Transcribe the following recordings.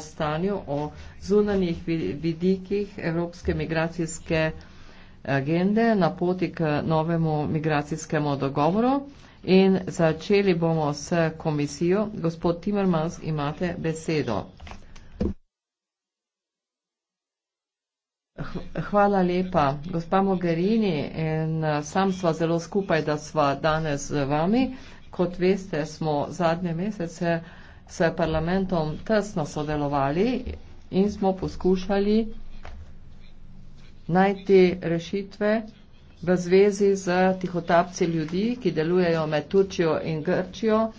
stanju, o zunanjih vidikih Evropske migracijske agende na poti k novemu migracijskemu dogovoru. In začeli bomo s komisijo. Gospod Timmermans, imate besedo. Hvala lepa, gospa Mogherini, in sam sva zelo skupaj, da sva danes z vami. Kot veste, smo zadnje mesece s parlamentom tesno sodelovali in smo poskušali najti rešitve v zvezi z tihotapci ljudi, ki delujejo med Turčijo in Grčijo. Uh,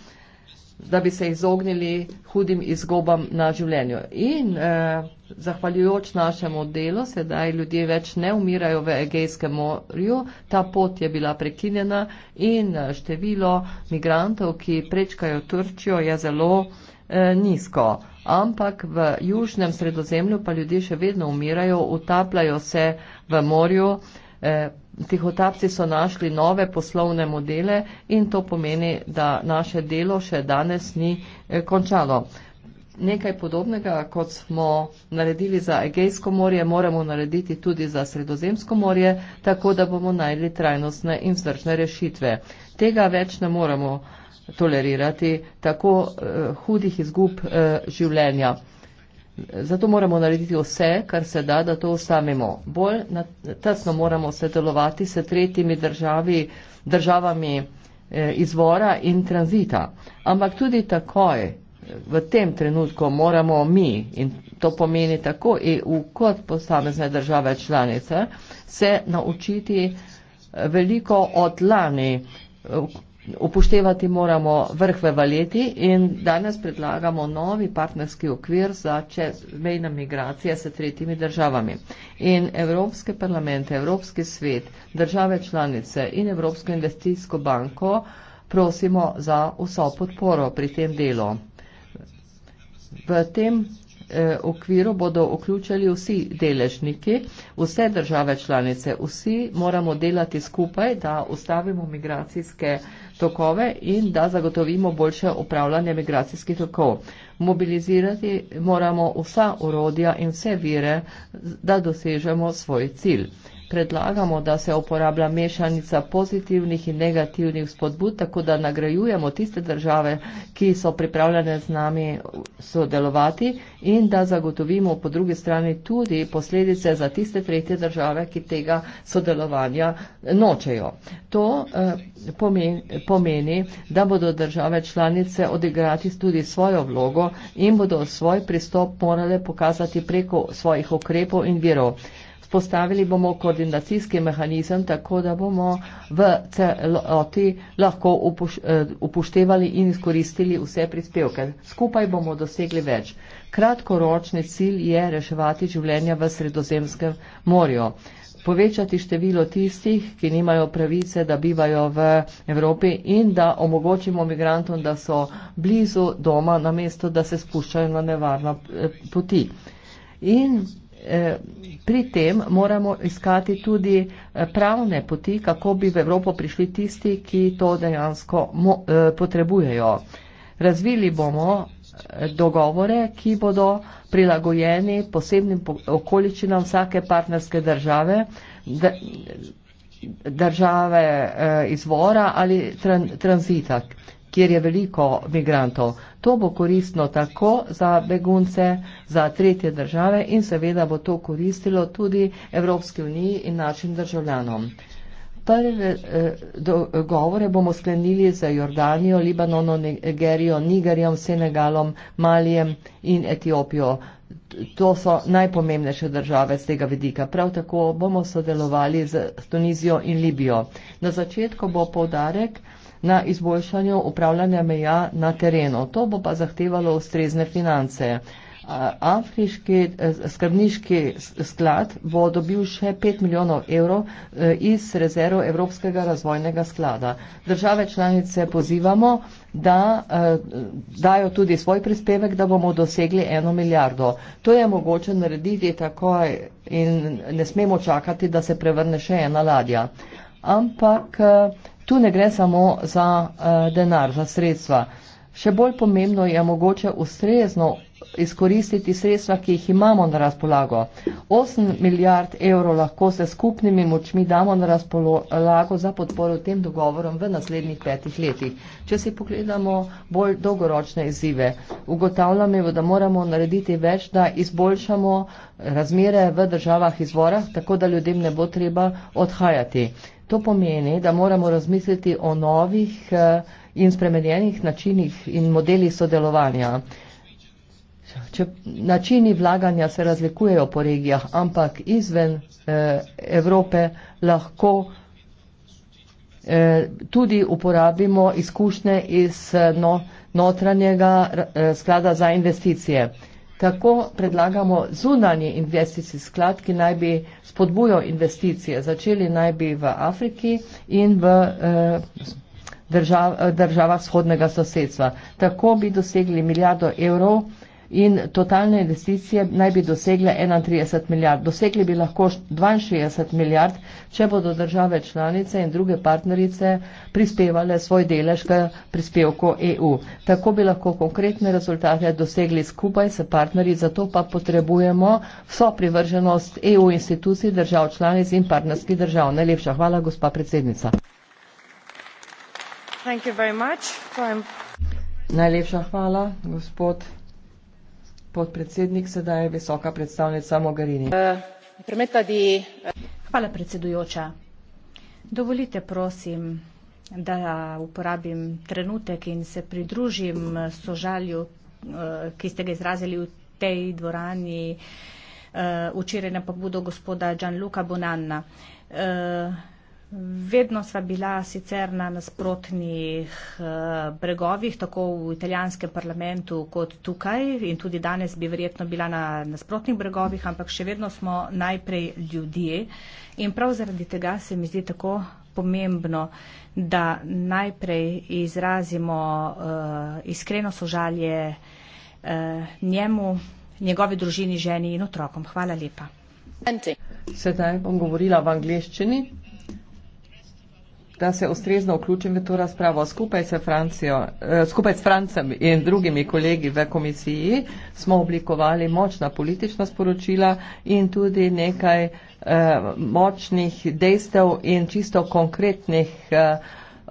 da bi se izognili hudim izgubam na življenju. In eh, zahvaljujoč našemu delu, sedaj ljudje več ne umirajo v Egejskem morju, ta pot je bila prekinjena in eh, število migrantov, ki prečkajo Turčijo, je zelo eh, nizko. Ampak v južnem sredozemlju pa ljudje še vedno umirajo, utapljajo se v morju. Eh, tihotapci so našli nove poslovne modele in to pomeni, da naše delo še danes ni eh, končalo. Nekaj podobnega, kot smo naredili za Egejsko morje, moramo narediti tudi za Sredozemsko morje, tako da bomo najli trajnostne in vzdržne rešitve. Tega več ne moremo tolerirati tako eh, hudih izgub eh, življenja zato moramo narediti vse, kar se da, da to ustavimo. Bolj tesno moramo sodelovati s tretjimi državi, državami eh, izvora in tranzita. Ampak tudi takoj, v tem trenutku moramo mi, in to pomeni tako EU kot posamezne države članice, se naučiti veliko od lani, upoštevati moramo vrh v valeti in danes predlagamo novi partnerski okvir za čezmejna migracija s tretjimi državami. In Evropske parlamente, Evropski svet, države članice in Evropsko investicijsko banko prosimo za vso podporo pri tem delu. V tem eh, okviru bodo vključili vsi deležniki, vse države članice, vsi moramo delati skupaj, da ustavimo migracijske tokove in da zagotovimo boljše upravljanje migracijskih tokov. Mobilizirati moramo vsa urodja in vse vire, da dosežemo svoj cilj predlagamo, da se uporablja mešanica pozitivnih in negativnih spodbud, tako da nagrajujemo tiste države, ki so pripravljene z nami sodelovati in da zagotovimo po drugi strani tudi posledice za tiste tretje države, ki tega sodelovanja nočejo. To eh, pomeni, pomeni da bodo države članice odigrati tudi svojo vlogo in bodo svoj pristop morale pokazati preko svojih ukrepov in virov. Vzpostavili bomo koordinacijski mehanizem, tako da bomo v celoti lahko upoš eh, upoštevali in izkoristili vse prispevke. Skupaj bomo dosegli več. Kratkoročni cilj je reševati življenja v sredozemskem morju. Povečati število tistih, ki nimajo pravice, da bivajo v Evropi in da omogočimo migrantom, da so blizu doma, namesto da se spuščajo na nevarna eh, poti. In Eh, pri tem moramo iskati tudi eh, pravne poti, kako bi v Evropo prišli tisti, ki to dejansko eh, potrebujejo. Razvili bomo dogovore, ki bodo prilagojeni posebnim okoličinam vsake partnerske države, države izvora ali tranzita kjer je veliko migrantov. To bo koristno tako za begunce, za tretje države in seveda bo to koristilo tudi Evropski uniji in našim državljanom. Prve eh, dogovore bomo sklenili za Jordanijo, Libanono, Nigerijo, Nigerjem, Senegalom, Malijem in Etiopijo. To so najpomembnejše države z tega vedika. Prav tako bomo sodelovali z Tunizijo in Libijo. Na začetku bo povdarek na izboljšanju upravljanja meja na terenu. To bo pa zahtevalo ustrezne finance. Afriški e, skrbniški sklad bo dobil še 5 milijonov evrov e, iz rezerv Evropskega razvojnega sklada. Države članice pozivamo, da e, dajo tudi svoj prispevek, da bomo dosegli eno milijardo. To je mogoče narediti takoj in ne smemo čakati, da se prevrne še ena ladja ampak eh, tu ne gre samo za eh, denar, za sredstva. Še bolj pomembno je mogoče ustrezno izkoristiti sredstva, ki jih imamo na razpolago. 8 milijard evrov lahko se skupnimi močmi damo na razpolago za podporo tem dogovorom v naslednjih petih letih. Če si pogledamo bolj dolgoročne izzive, ugotavljam, da moramo narediti več, da izboljšamo razmere v državah izvorah, tako da ljudem ne bo treba odhajati. To pomeni, da moramo razmisliti o novih eh, in spremenjenih načinih in modelih sodelovanja. Če načini vlaganja se razlikujejo po regijah, ampak izven eh, Evrope lahko eh, tudi uporabimo izkušnje iz eh, no, notranjega eh, sklada za investicije. Tako predlagamo zunanje investicijske sklad, ki naj bi spodbujal investicije. Začeli naj bi v Afriki in v eh, država, eh, država vzhodnega sosedstva. Tako bi dosegli milijardo evrov in totalne investicije naj bi dosegle 31 milijard. Dosegli bi lahko 62 milijard, če bodo države članice in druge partnerice prispevale svoj delež k prispevku EU. Tako bi lahko konkretne rezultate dosegli skupaj s partnerji, zato pa potrebujemo vso privrženost EU institucij, držav članic in partnerskih držav. Najlepša hvala, gospa predsednica. Najlepša hvala, gospod podpredsednik, sedaj visoka predstavnica Mogherini. Eh, eh. Hvala, predsedujoča. Dovolite, prosim, da uporabim trenutek in se pridružim sožalju, eh, ki ste ga izrazili v tej dvorani včeraj na pobudo gospoda Gianluca Bonanna. Vedno sva bila sicer na nasprotnih eh, bregovih, tako v italijanskem parlamentu kot tukaj in tudi danes bi verjetno bila na nasprotnih bregovih, ampak še vedno smo najprej ljudje in prav zaradi tega se mi zdi tako pomembno, da najprej izrazimo uh, iskreno sožalje uh, njemu, njegovi družini, ženi in otrokom. Hvala lepa. Sedaj bom govorila v angleščini da se ustrezno vključim v to razpravo. Skupaj, Francijo, eh, skupaj s Francem in drugimi kolegi v komisiji smo oblikovali močna politična sporočila in tudi nekaj eh, močnih dejstev in čisto konkretnih eh,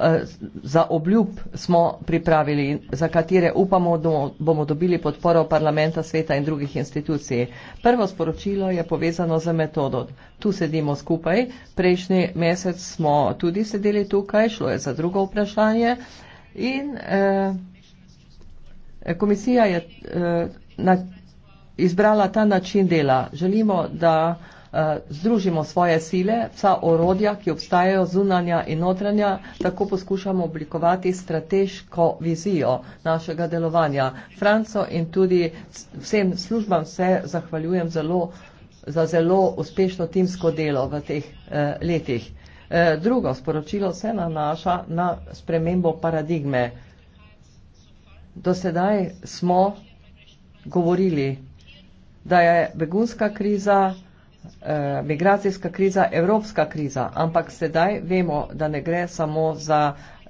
Eh, za obljub smo pripravili, za katere upamo, da bomo dobili podporo parlamenta, sveta in drugih institucij. Prvo sporočilo je povezano z metodo. Tu sedimo skupaj, prejšnji mesec smo tudi sedeli tukaj, šlo je za drugo vprašanje. In eh, komisija je eh, na, izbrala ta način dela. Želimo, da. Eh, Eh, združimo svoje sile, vsa orodja, ki obstajajo zunanja in notranja, tako poskušamo oblikovati strateško vizijo našega delovanja. Franco in tudi vsem službam se zahvaljujem zelo, za zelo uspešno timsko delo v teh eh, letih. Eh, drugo sporočilo se nanaša na spremembo paradigme. Do sedaj smo govorili, da je begunska kriza, Eh, migracijska kriza evropska kriza, ampak sedaj vemo, da ne gre samo za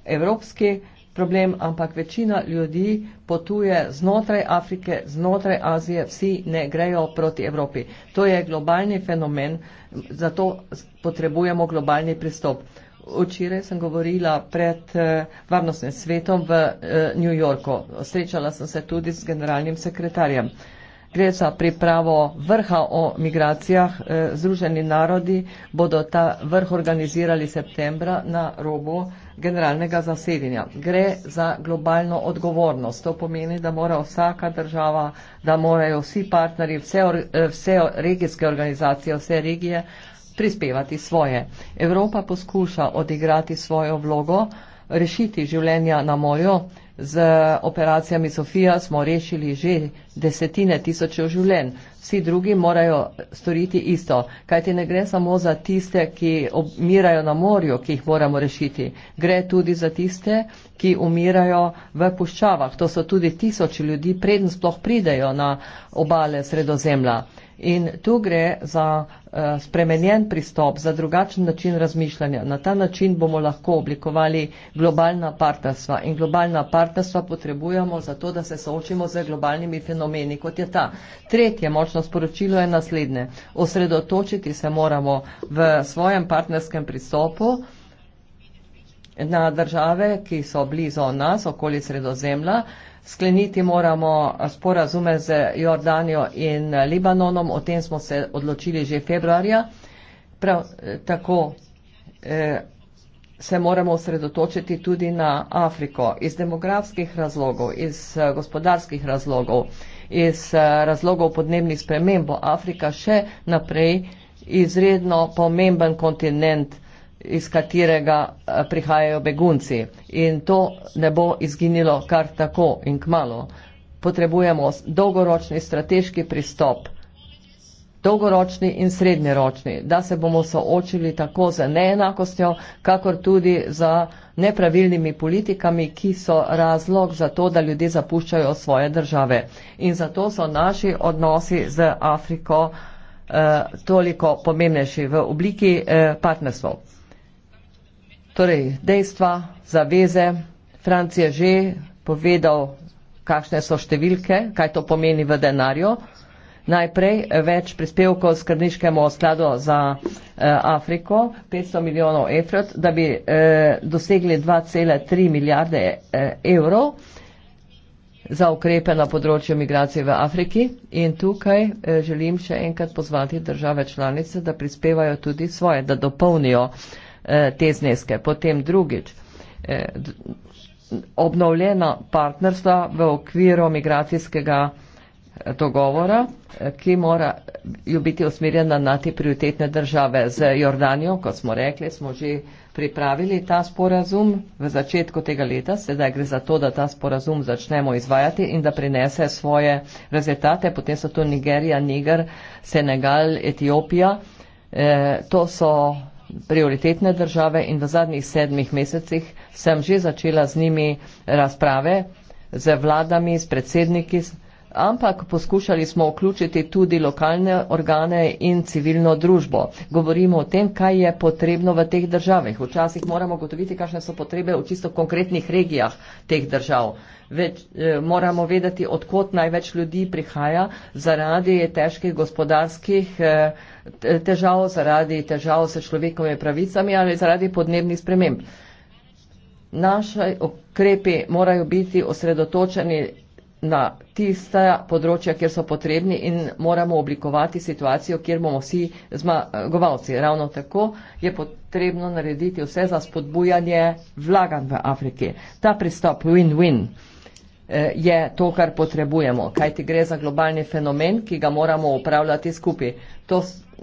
evropski problem, ampak večina ljudi potuje znotraj Afrike, znotraj Azije, vsi ne grejo proti Evropi. To je globalni fenomen, zato potrebujemo globalni pristop. Včeraj sem govorila pred eh, varnostnim svetom v eh, New Yorku. Srečala sem se tudi z generalnim sekretarjem. Gre za pripravo vrha o migracijah. E, Združeni narodi bodo ta vrh organizirali septembra na robu generalnega zasedanja. Gre za globalno odgovornost. To pomeni, da mora vsaka država, da morajo vsi partnerji, vse, e, vse regijske organizacije, vse regije prispevati svoje. Evropa poskuša odigrati svojo vlogo, rešiti življenja na morju, Z operacijami Sofija smo rešili že desetine tisočev življenj. Vsi drugi morajo storiti isto, kajti ne gre samo za tiste, ki umirajo na morju, ki jih moramo rešiti. Gre tudi za tiste, ki umirajo v puščavah. To so tudi tisoči ljudi, preden sploh pridejo na obale Sredozemlja. In tu gre za eh, spremenjen pristop, za drugačen način razmišljanja. Na ta način bomo lahko oblikovali globalna partnerstva in globalna partnerstva potrebujemo za to, da se soočimo z globalnimi fenomeni, kot je ta. Tretje močno sporočilo je naslednje. Osredotočiti se moramo v svojem partnerskem pristopu na države, ki so blizu nas, okoli sredozemlja, skleniti moramo sporazume z Jordanijo in Libanonom, o tem smo se odločili že februarja. Prav eh, tako eh, se moramo osredotočiti tudi na Afriko. Iz demografskih razlogov, iz eh, gospodarskih razlogov, iz razlogov podnebnih sprememb bo Afrika še naprej izredno pomemben kontinent iz katerega eh, prihajajo begunci. In to ne bo izginilo kar tako in kmalo. Potrebujemo dolgoročni strateški pristop, dolgoročni in srednjeročni, da se bomo soočili tako z neenakostjo, kakor tudi z nepravilnimi politikami, ki so razlog za to, da ljudje zapuščajo svoje države. In zato so naši odnosi z Afriko eh, toliko pomembnejši v obliki eh, partnerstva. Torej, dejstva, zaveze. Franc je že povedal, kakšne so številke, kaj to pomeni v denarju. Najprej več prispevkov skrbniškemu skladu za eh, Afriko, 500 milijonov evrov, da bi eh, dosegli 2,3 milijarde eh, evrov za ukrepe na področju migracije v Afriki. In tukaj eh, želim še enkrat pozvati države članice, da prispevajo tudi svoje, da dopolnijo eh, Eh, te zneske. Potem drugič, eh, obnovljena partnerstva v okviru migracijskega eh, dogovora, ki mora biti usmerjena na te prioritetne države z Jordanijo, kot smo rekli, smo že pripravili ta sporazum v začetku tega leta, sedaj gre za to, da ta sporazum začnemo izvajati in da prinese svoje rezultate, potem so to Nigerija, Niger, Senegal, Etiopija, e, to so prioritetne države in v zadnjih sedmih mesecih sem že začela z njimi razprave, z vladami, s predsedniki, ampak poskušali smo vključiti tudi lokalne organe in civilno družbo. Govorimo o tem, kaj je potrebno v teh državah. Včasih moramo gotoviti, kakšne so potrebe v čisto konkretnih regijah teh držav. Več, eh, moramo vedeti, odkot največ ljudi prihaja zaradi težkih gospodarskih eh, težav, zaradi težav s človekovimi pravicami ali zaradi podnebnih sprememb. Naše ukrepi morajo biti osredotočeni na tista področja, kjer so potrebni in moramo oblikovati situacijo, kjer bomo vsi zmagovalci. Ravno tako je potrebno narediti vse za spodbujanje vlagan v Afriki. Ta pristop win-win eh, je to, kar potrebujemo, kajti gre za globalni fenomen, ki ga moramo upravljati skupaj. To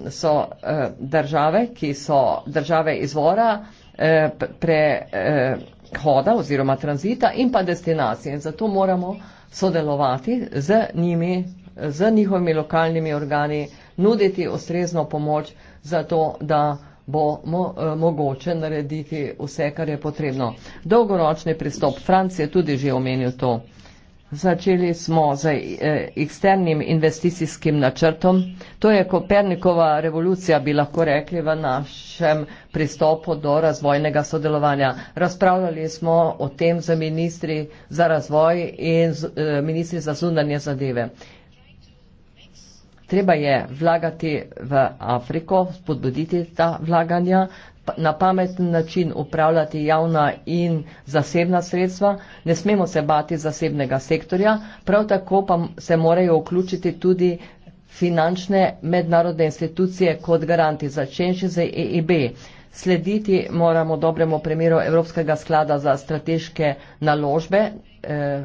so eh, države, ki so države izvora, eh, prehoda oziroma tranzita in pa destinacije. In zato moramo sodelovati z njimi, z njihovimi lokalnimi organi, nuditi ustrezno pomoč za to, da bo mo eh, mogoče narediti vse, kar je potrebno. Dolgoročni pristop Francije tudi že omenil to. Začeli smo z eh, eksternim investicijskim načrtom. To je Kopernikova revolucija, bi lahko rekli, v našem pristopu do razvojnega sodelovanja. Razpravljali smo o tem z ministri za razvoj in z, eh, ministri za zunanje zadeve. Treba je vlagati v Afriko, spodbuditi ta vlaganja, na pameten način upravljati javna in zasebna sredstva. Ne smemo se bati zasebnega sektorja, prav tako pa se morajo vključiti tudi finančne mednarodne institucije kot garanti za čenši e za EIB. Slediti moramo dobremu primeru Evropskega sklada za strateške naložbe. Eh,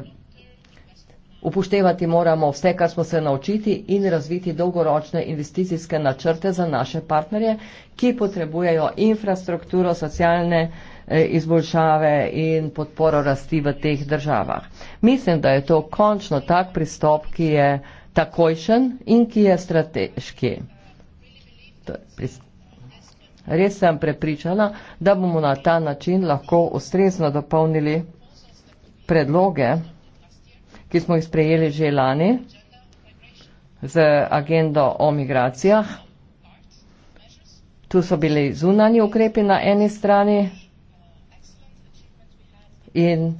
Upoštevati moramo vse, kar smo se naučili in razviti dolgoročne investicijske načrte za naše partnerje, ki potrebujejo infrastrukturo socialne eh, izboljšave in podporo rasti v teh državah. Mislim, da je to končno tak pristop, ki je takojšen in ki je strateški. Res sem prepričana, da bomo na ta način lahko ustrezno dopolnili predloge ki smo jih sprejeli že lani z agendo o migracijah. Tu so bili zunanji ukrepi na eni strani in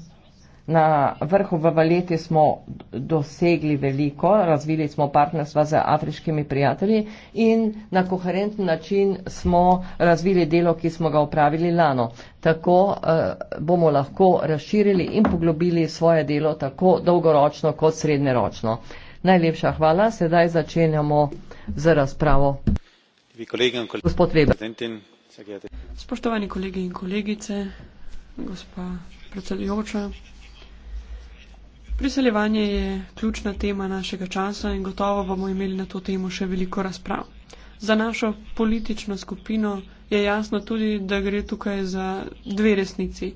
Na vrhu v Valeti smo dosegli veliko, razvili smo partnerstva z afriškimi prijatelji in na koherenten način smo razvili delo, ki smo ga upravili lano. Tako eh, bomo lahko razširili in poglobili svoje delo tako dolgoročno kot srednjeročno. Najlepša hvala. Sedaj začenjamo z razpravo. Gospod Weber. Spoštovani kolegi in kolegice, gospa predsedujoča. Priseljevanje je ključna tema našega časa in gotovo bomo imeli na to temo še veliko razprav. Za našo politično skupino je jasno tudi, da gre tukaj za dve resnici.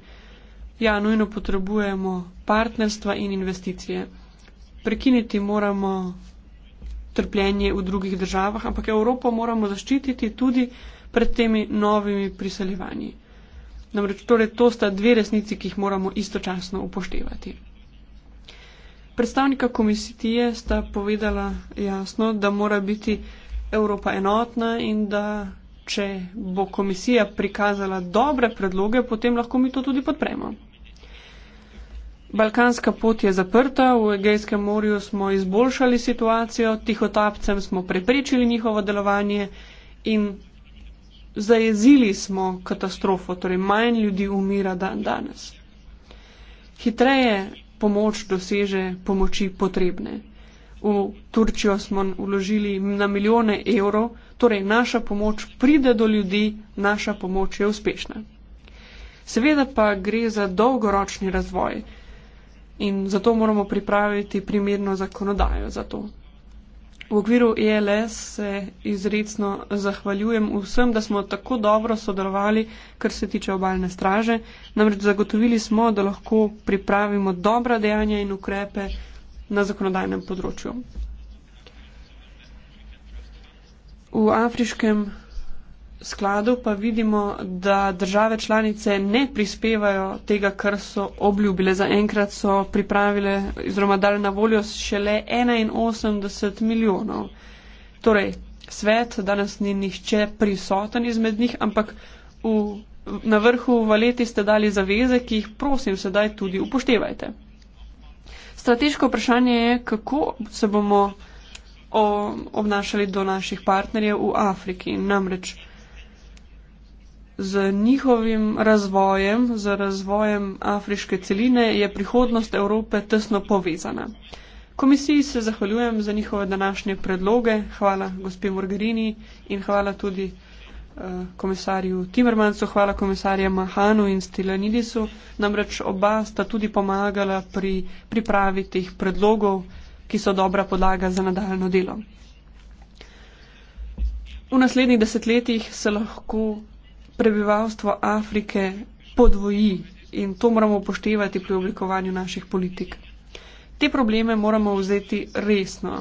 Ja, nujno potrebujemo partnerstva in investicije. Prekiniti moramo trpljenje v drugih državah, ampak Evropo moramo zaščititi tudi pred temi novimi priseljevanji. Namreč torej to sta dve resnici, ki jih moramo istočasno upoštevati. Predstavnika komisije sta povedala jasno, da mora biti Evropa enotna in da če bo komisija prikazala dobre predloge, potem lahko mi to tudi podpremo. Balkanska pot je zaprta, v Egejskem morju smo izboljšali situacijo, tihotapcem smo preprečili njihovo delovanje in zajezili smo katastrofo, torej manj ljudi umira dan danes. Hitreje pomoč doseže pomoči potrebne. V Turčijo smo vložili na milijone evrov, torej naša pomoč pride do ljudi, naša pomoč je uspešna. Seveda pa gre za dolgoročni razvoj in zato moramo pripraviti primerno zakonodajo za to. V okviru ELS se izredno zahvaljujem vsem, da smo tako dobro sodelovali, kar se tiče obaljne straže. Namreč zagotovili smo, da lahko pripravimo dobra dejanja in ukrepe na zakonodajnem področju. V afriškem skladu pa vidimo, da države članice ne prispevajo tega, kar so obljubile. Za enkrat so pripravile oziroma dali na voljo šele 81 milijonov. Torej, svet danes ni nihče prisoten izmed njih, ampak v, na vrhu valeti ste dali zaveze, ki jih prosim sedaj tudi upoštevajte. Strateško vprašanje je, kako se bomo o, obnašali do naših partnerjev v Afriki. Namreč, z njihovim razvojem, z razvojem afriške celine je prihodnost Evrope tesno povezana. Komisiji se zahvaljujem za njihove današnje predloge. Hvala gospe Morgerini in hvala tudi eh, komisarju Timmermansu, hvala komisarja Mahanu in Stilanidisu, namreč oba sta tudi pomagala pri pripravi teh predlogov, ki so dobra podlaga za nadaljno delo. V naslednjih desetletjih se lahko prebivalstvo Afrike podvoji in to moramo upoštevati pri oblikovanju naših politik. Te probleme moramo vzeti resno.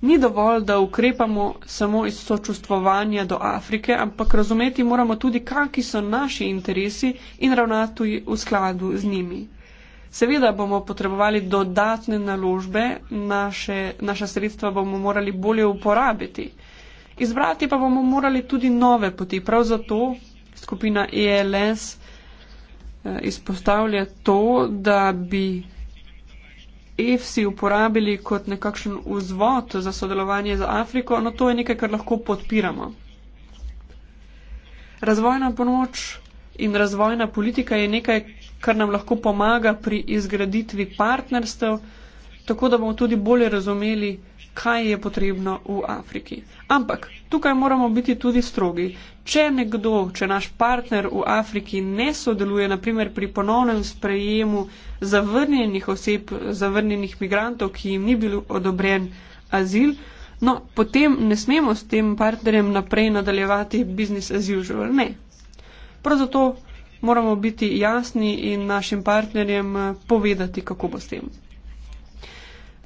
Ni dovolj, da ukrepamo samo iz sočustvovanja do Afrike, ampak razumeti moramo tudi, kakšni so naši interesi in ravnati v skladu z njimi. Seveda bomo potrebovali dodatne naložbe, naše, naša sredstva bomo morali bolje uporabiti. Izbrati pa bomo morali tudi nove poti. Prav zato skupina ELS eh, izpostavlja to, da bi EFSI uporabili kot nekakšen vzvod za sodelovanje z Afriko, no to je nekaj, kar lahko podpiramo. Razvojna pomoč in razvojna politika je nekaj, kar nam lahko pomaga pri izgraditvi partnerstev, tako da bomo tudi bolje razumeli, kaj je potrebno v Afriki. Ampak tukaj moramo biti tudi strogi. Če nekdo, če naš partner v Afriki ne sodeluje, naprimer pri ponovnem sprejemu zavrnjenih oseb, zavrnjenih migrantov, ki jim ni bil odobren azil, no, potem ne smemo s tem partnerjem naprej nadaljevati business as usual. Ne. Prav zato moramo biti jasni in našim partnerjem eh, povedati, kako bo s tem.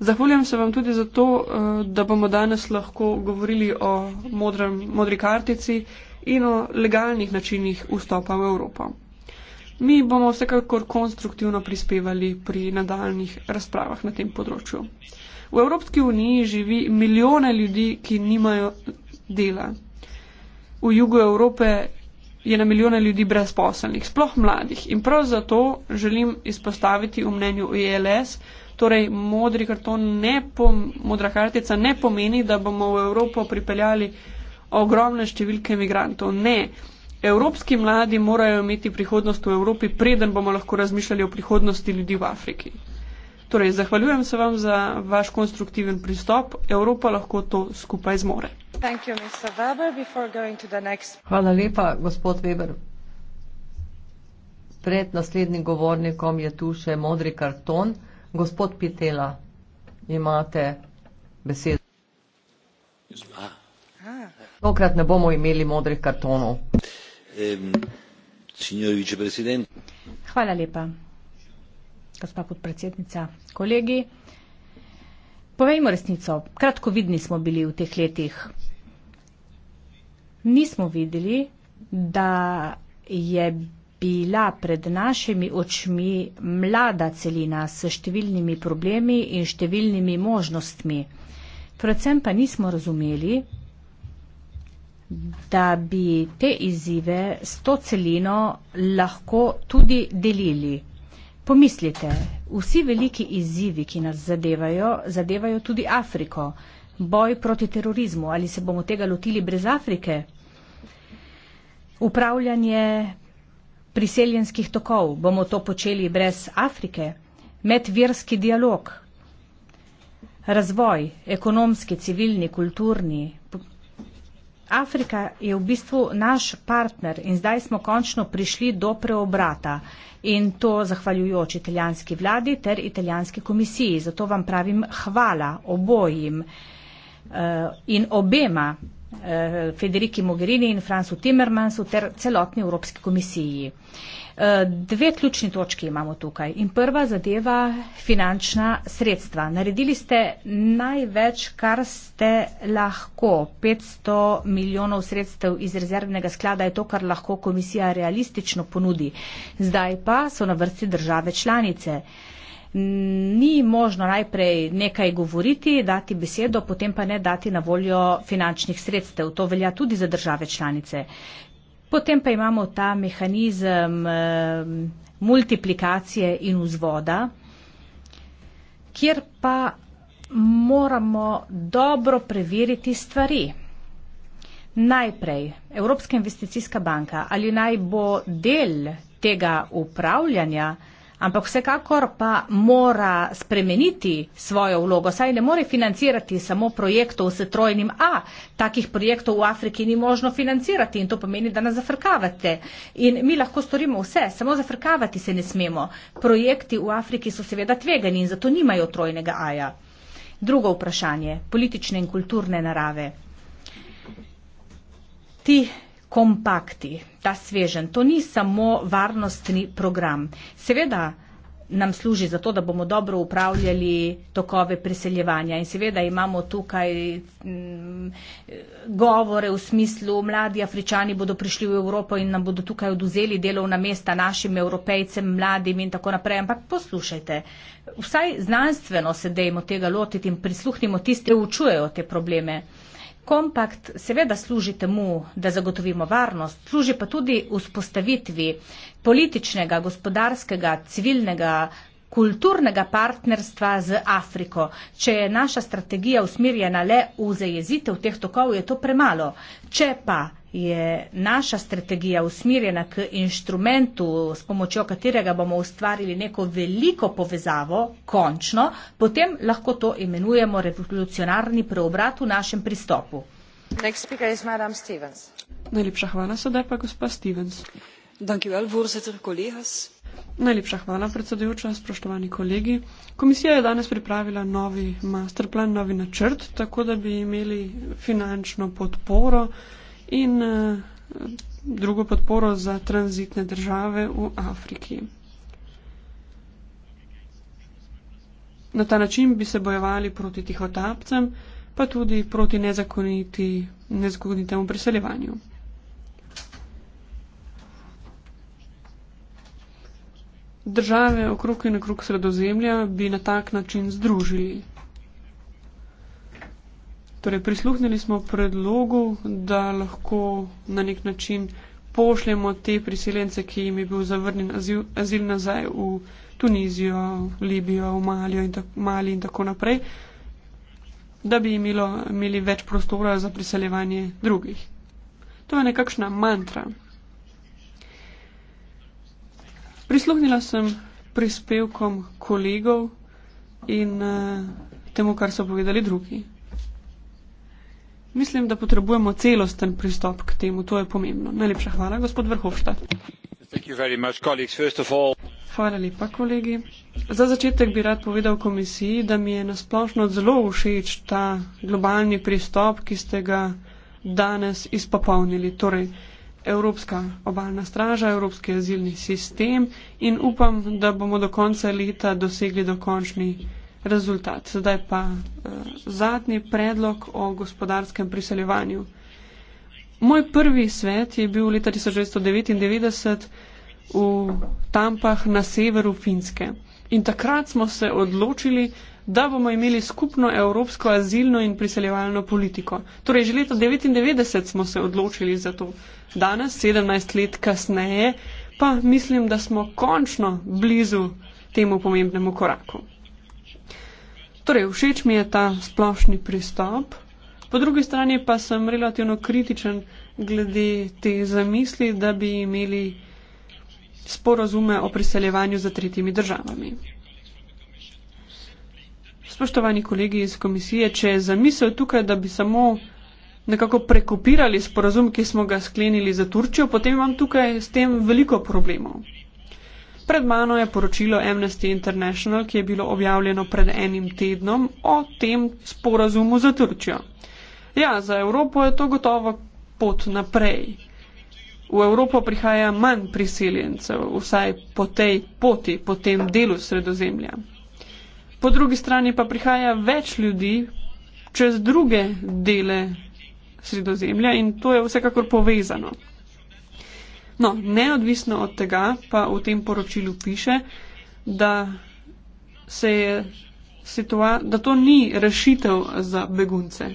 Zahvaljujem se vam tudi za to, eh, da bomo danes lahko govorili o modrem, modri kartici in o legalnih načinih vstopa v Evropo. Mi bomo vsekakor konstruktivno prispevali pri nadaljnih razpravah na tem področju. V Evropski uniji živi milijone ljudi, ki nimajo dela. V jugu Evrope je na milijone ljudi brezposelnih, sploh mladih. In prav zato želim izpostaviti v mnenju ELS, Torej, modri karton, ne pom, modra kartica ne pomeni, da bomo v Evropo pripeljali ogromne številke imigrantov. Ne. Evropski mladi morajo imeti prihodnost v Evropi, preden bomo lahko razmišljali o prihodnosti ljudi v Afriki. Torej, zahvaljujem se vam za vaš konstruktiven pristop. Evropa lahko to skupaj zmore. You, Weber, next... Hvala lepa, gospod Weber. Pred naslednjim govornikom je tu še modri karton. Gospod Pitela, imate besedo. Tokrat ne bomo imeli modrih kartonov. Hvala lepa, gospa podpredsednica. Kolegi, povejmo resnico. Kratkovidni smo bili v teh letih. Nismo videli, da je bilo bila pred našimi očmi mlada celina s številnimi problemi in številnimi možnostmi. Predvsem pa nismo razumeli, da bi te izzive s to celino lahko tudi delili. Pomislite, vsi veliki izzivi, ki nas zadevajo, zadevajo tudi Afriko. Boj proti terorizmu, ali se bomo tega lotili brez Afrike? Upravljanje priseljenskih tokov? Bomo to počeli brez Afrike? Medverski dialog? Razvoj, ekonomski, civilni, kulturni. Afrika je v bistvu naš partner in zdaj smo končno prišli do preobrata in to zahvaljujoč italijanski vladi ter italijanski komisiji. Zato vam pravim hvala obojim uh, in obema Eh, Federiki Mogherini in Francu Timmermansu ter celotni Evropski komisiji. Eh, dve ključni točki imamo tukaj in prva zadeva finančna sredstva. Naredili ste največ, kar ste lahko. 500 milijonov sredstev iz rezervnega sklada je to, kar lahko komisija realistično ponudi. Zdaj pa so na vrsti države članice ni možno najprej nekaj govoriti, dati besedo, potem pa ne dati na voljo finančnih sredstev. To velja tudi za države članice. Potem pa imamo ta mehanizem eh, multiplikacije in vzvoda, kjer pa moramo dobro preveriti stvari. Najprej Evropska investicijska banka ali naj bo del tega upravljanja, ampak vsekakor pa mora spremeniti svojo vlogo, saj ne more financirati samo projektov s trojnim A. Takih projektov v Afriki ni možno financirati in to pomeni, da nas zafrkavate. In mi lahko storimo vse, samo zafrkavati se ne smemo. Projekti v Afriki so seveda tvegani in zato nimajo trojnega A-ja. Drugo vprašanje, politične in kulturne narave. Ti kompakti, ta svežen. To ni samo varnostni program. Seveda nam služi za to, da bomo dobro upravljali tokove priseljevanja in seveda imamo tukaj mm, govore v smislu, mladi Afričani bodo prišli v Evropo in nam bodo tukaj oduzeli delovna mesta našim evropejcem, mladim in tako naprej. Ampak poslušajte, vsaj znanstveno se dejmo tega lotiti in prisluhnimo tistim, ki učujejo te probleme. Kompakt seveda služi temu, da zagotovimo varnost, služi pa tudi vzpostavitvi političnega, gospodarskega, civilnega kulturnega partnerstva z Afriko. Če je naša strategija usmerjena le v zajezitev teh tokov, je to premalo. Če pa je naša strategija usmerjena k inštrumentu, s pomočjo katerega bomo ustvarili neko veliko povezavo, končno, potem lahko to imenujemo revolucionarni preobrat v našem pristopu. Najlepša hvala, sedaj pa gospa Stevens. Well, voorzitter, collega's. Najlepša hvala, predsedujoča, spoštovani kolegi. Komisija je danes pripravila novi masterplan, novi načrt, tako da bi imeli finančno podporo in eh, drugo podporo za tranzitne države v Afriki. Na ta način bi se bojevali proti tihotapcem, pa tudi proti nezakonitemu priseljevanju. države okrog in okrog sredozemlja bi na tak način združili. Torej, prisluhnili smo predlogu, da lahko na nek način pošljemo te priseljence, ki jim je bil zavrnjen azil, azil nazaj v Tunizijo, Libijo, v Malijo in tako, Mali in tako naprej, da bi imelo, imeli več prostora za priseljevanje drugih. To je nekakšna mantra. prisluhnila sem prispevkom kolegov in uh, temu, kar so povedali drugi. Mislim, da potrebujemo celosten pristop k temu. To je pomembno. Najlepša hvala, gospod Vrhovšta. Hvala lepa, kolegi. Za začetek bi rad povedal komisiji, da mi je nasplošno zelo všeč ta globalni pristop, ki ste ga danes izpopolnili. Torej, Evropska obaljna straža, Evropski azilni sistem in upam, da bomo do konca leta dosegli dokončni rezultat. Sedaj pa eh, zadnji predlog o gospodarskem priseljevanju. Moj prvi svet je bil leta 1999 v Tampah na severu Finske. In takrat smo se odločili, da bomo imeli skupno evropsko azilno in priseljevalno politiko. Torej, že leta 1999 smo se odločili za to. Danes, 17 let kasneje, pa mislim, da smo končno blizu temu pomembnemu koraku. Torej, všeč mi je ta splošni pristop, po drugi strani pa sem relativno kritičen glede te zamisli, da bi imeli sporozume o priseljevanju za tretjimi državami spoštovani kolegi iz komisije, če je zamisel tukaj, da bi samo nekako prekopirali sporazum, ki smo ga sklenili za Turčjo, potem imam tukaj s tem veliko problemov. Pred mano je poročilo Amnesty International, ki je bilo objavljeno pred enim tednom o tem sporazumu za Turčjo. Ja, za Evropo je to gotovo pot naprej. V Evropo prihaja manj priseljencev, vsaj po tej poti, po tem delu sredozemlja po drugi strani pa prihaja več ljudi čez druge dele sredozemlja in to je vsekakor povezano. No, neodvisno od tega pa v tem poročilu piše, da, se je situa da to ni rešitev za begunce.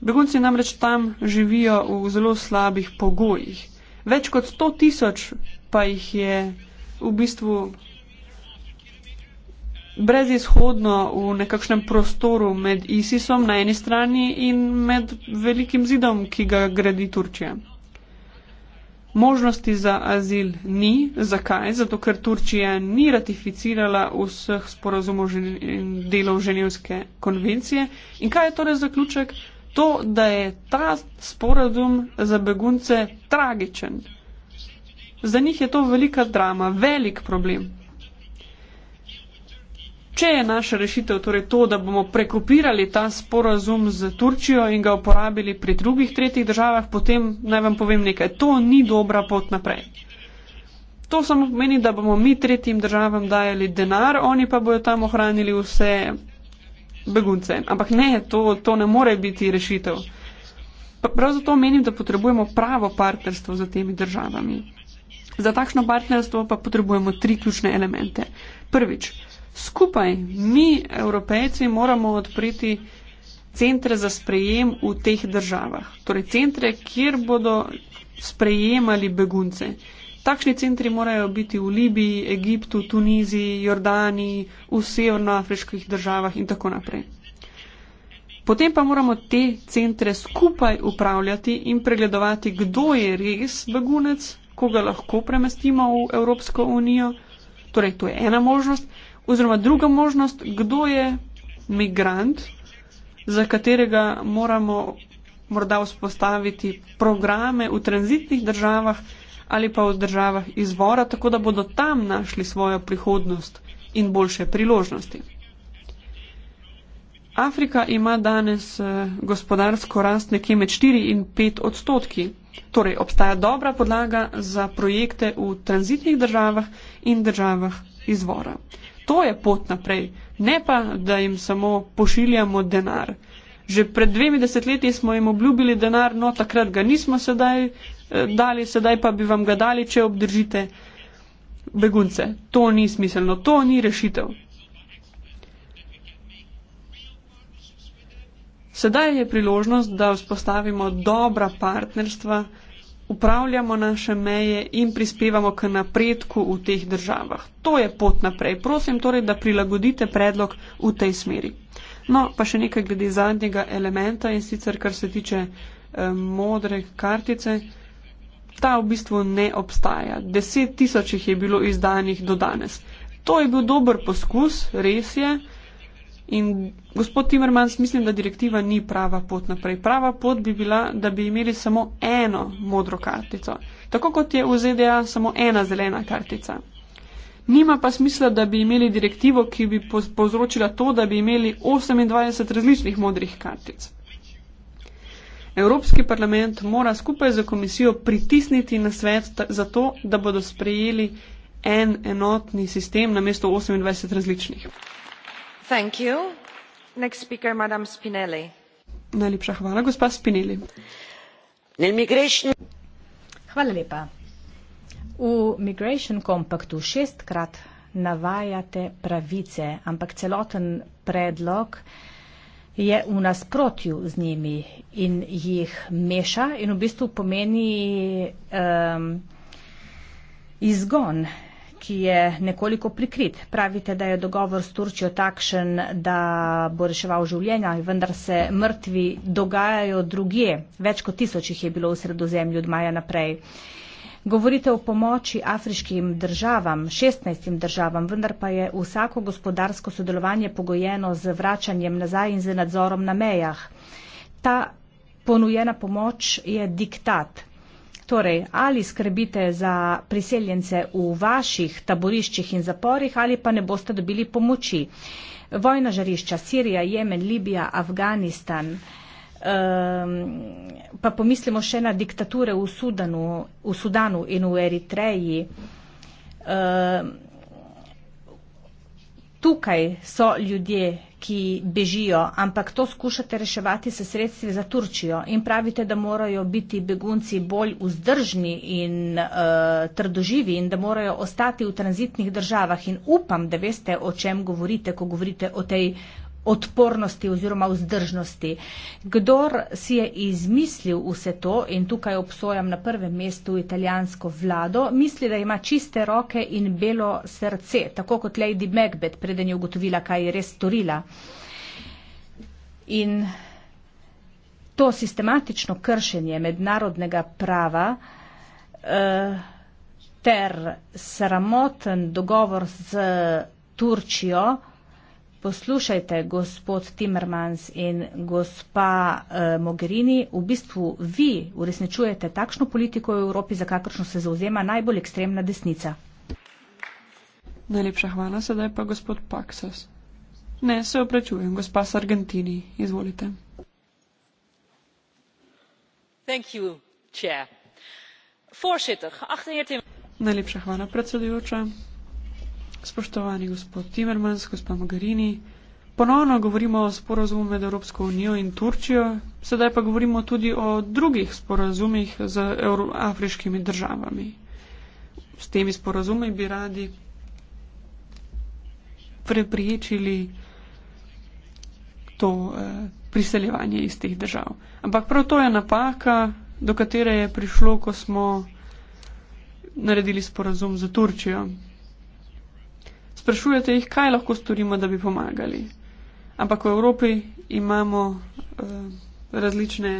Begunci namreč tam živijo v zelo slabih pogojih. Več kot 100 tisoč pa jih je v bistvu brezizhodno v nekakšnem prostoru med ISISom na eni strani in med velikim zidom, ki ga gradi Turčija. Možnosti za azil ni. Zakaj? Zato, ker Turčija ni ratificirala vseh sporozumov in delov Ženevske konvencije. In kaj je torej zaključek? To, da je ta sporozum za begunce tragičen. Za njih je to velika drama, velik problem. Če je naša rešitev torej to, da bomo prekopirali ta sporazum z Turčijo in ga uporabili pri drugih tretjih državah, potem naj vam povem nekaj. To ni dobra pot naprej. To samo pomeni, da bomo mi tretjim državam dajali denar, oni pa bojo tam ohranili vse begunce. Ampak ne, to, to ne more biti rešitev. Prav zato menim, da potrebujemo pravo partnerstvo z temi državami. Za takšno partnerstvo pa potrebujemo tri ključne elemente. Prvič, skupaj, mi, evropejci, moramo odpreti centre za sprejem v teh državah. Torej, centre, kjer bodo sprejemali begunce. Takšni centri morajo biti v Libiji, Egiptu, Tuniziji, Jordaniji, v severnoafriških državah in tako naprej. Potem pa moramo te centre skupaj upravljati in pregledovati, kdo je res begunec, koga lahko premestimo v Evropsko unijo. Torej, to je ena možnost. Oziroma druga možnost, kdo je migrant, za katerega moramo morda vzpostaviti programe v tranzitnih državah ali pa v državah izvora, tako da bodo tam našli svojo prihodnost in boljše priložnosti. Afrika ima danes eh, gospodarsko rast nekje med 4 in 5 odstotki. Torej obstaja dobra podlaga za projekte v tranzitnih državah in državah izvora. To je pot naprej, ne pa, da jim samo pošiljamo denar. Že pred dvemi desetletji smo jim obljubili denar, no takrat ga nismo sedaj eh, dali, sedaj pa bi vam ga dali, če obdržite begunce. To ni smiselno, to ni rešitev. Sedaj je priložnost, da vzpostavimo dobra partnerstva upravljamo naše meje in prispevamo k napredku v teh državah. To je pot naprej. Prosim torej, da prilagodite predlog v tej smeri. No, pa še nekaj glede zadnjega elementa in sicer, kar se tiče eh, modre kartice, ta v bistvu ne obstaja. Deset tisočih je bilo izdanih do danes. To je bil dober poskus, res je. In gospod Timmermans, mislim, da direktiva ni prava pot naprej. Prava pot bi bila, da bi imeli samo eno modro kartico. Tako kot je v ZDA samo ena zelena kartica. Nima pa smisla, da bi imeli direktivo, ki bi povzročila to, da bi imeli 28 različnih modrih kartic. Evropski parlament mora skupaj z komisijo pritisniti na svet za to, da bodo sprejeli en enotni sistem namesto 28 različnih v migration compactu šestkrat navajate pravice, ampak celoten predlog je v nasprotju z njimi in jih meša in v bistvu pomeni ehm, izgon ki je nekoliko prikrit. Pravite, da je dogovor s Turčijo takšen, da bo reševal življenja, vendar se mrtvi dogajajo druge. Več kot tisoč jih je bilo v sredozemlju od maja naprej. Govorite o pomoči afriškim državam, 16 državam, vendar pa je vsako gospodarsko sodelovanje pogojeno z vračanjem nazaj in z nadzorom na mejah. Ta ponujena pomoč je diktat. Torej, ali skrbite za priseljence v vaših taboriščih in zaporih ali pa ne boste dobili pomoči. Vojna žarišča Sirija, Jemen, Libija, Afganistan. Um, pa pomislimo še na diktature v Sudanu, v Sudanu in v Eritreji. Um, tukaj so ljudje, ki bežijo, ampak to skušate reševati se sredstvi za Turčijo in pravite, da morajo biti begunci bolj vzdržni in uh, trdoživi in da morajo ostati v tranzitnih državah. In upam, da veste, o čem govorite, ko govorite o tej odpornosti oziroma vzdržnosti. Kdor si je izmislil vse to in tukaj obsojam na prvem mestu italijansko vlado, misli, da ima čiste roke in belo srce, tako kot Lady Macbeth, preden je ugotovila, kaj je res storila. In to sistematično kršenje mednarodnega prava eh, ter sramoten dogovor z Turčijo, Poslušajte, gospod Timmermans in gospa eh, Mogherini, v bistvu vi uresničujete takšno politiko v Evropi, za kakršno se zauzema najbolj ekstremna desnica. Najlepša hvala, sedaj pa gospod Paksas. Ne, se oprečujem, gospa s Argentini, izvolite. You, Forsitr, Najlepša hvala, predsedujoča spoštovani gospod Timmermans, gospa Mogherini. Ponovno govorimo o sporazumu med Evropsko unijo in Turčijo, sedaj pa govorimo tudi o drugih sporazumih z afriškimi državami. S temi sporazumi bi radi preprečili to eh, priseljevanje iz teh držav. Ampak prav to je napaka, do katere je prišlo, ko smo naredili sporazum z Turčijo sprašujete jih, kaj lahko storimo, da bi pomagali. Ampak v Evropi imamo uh, različne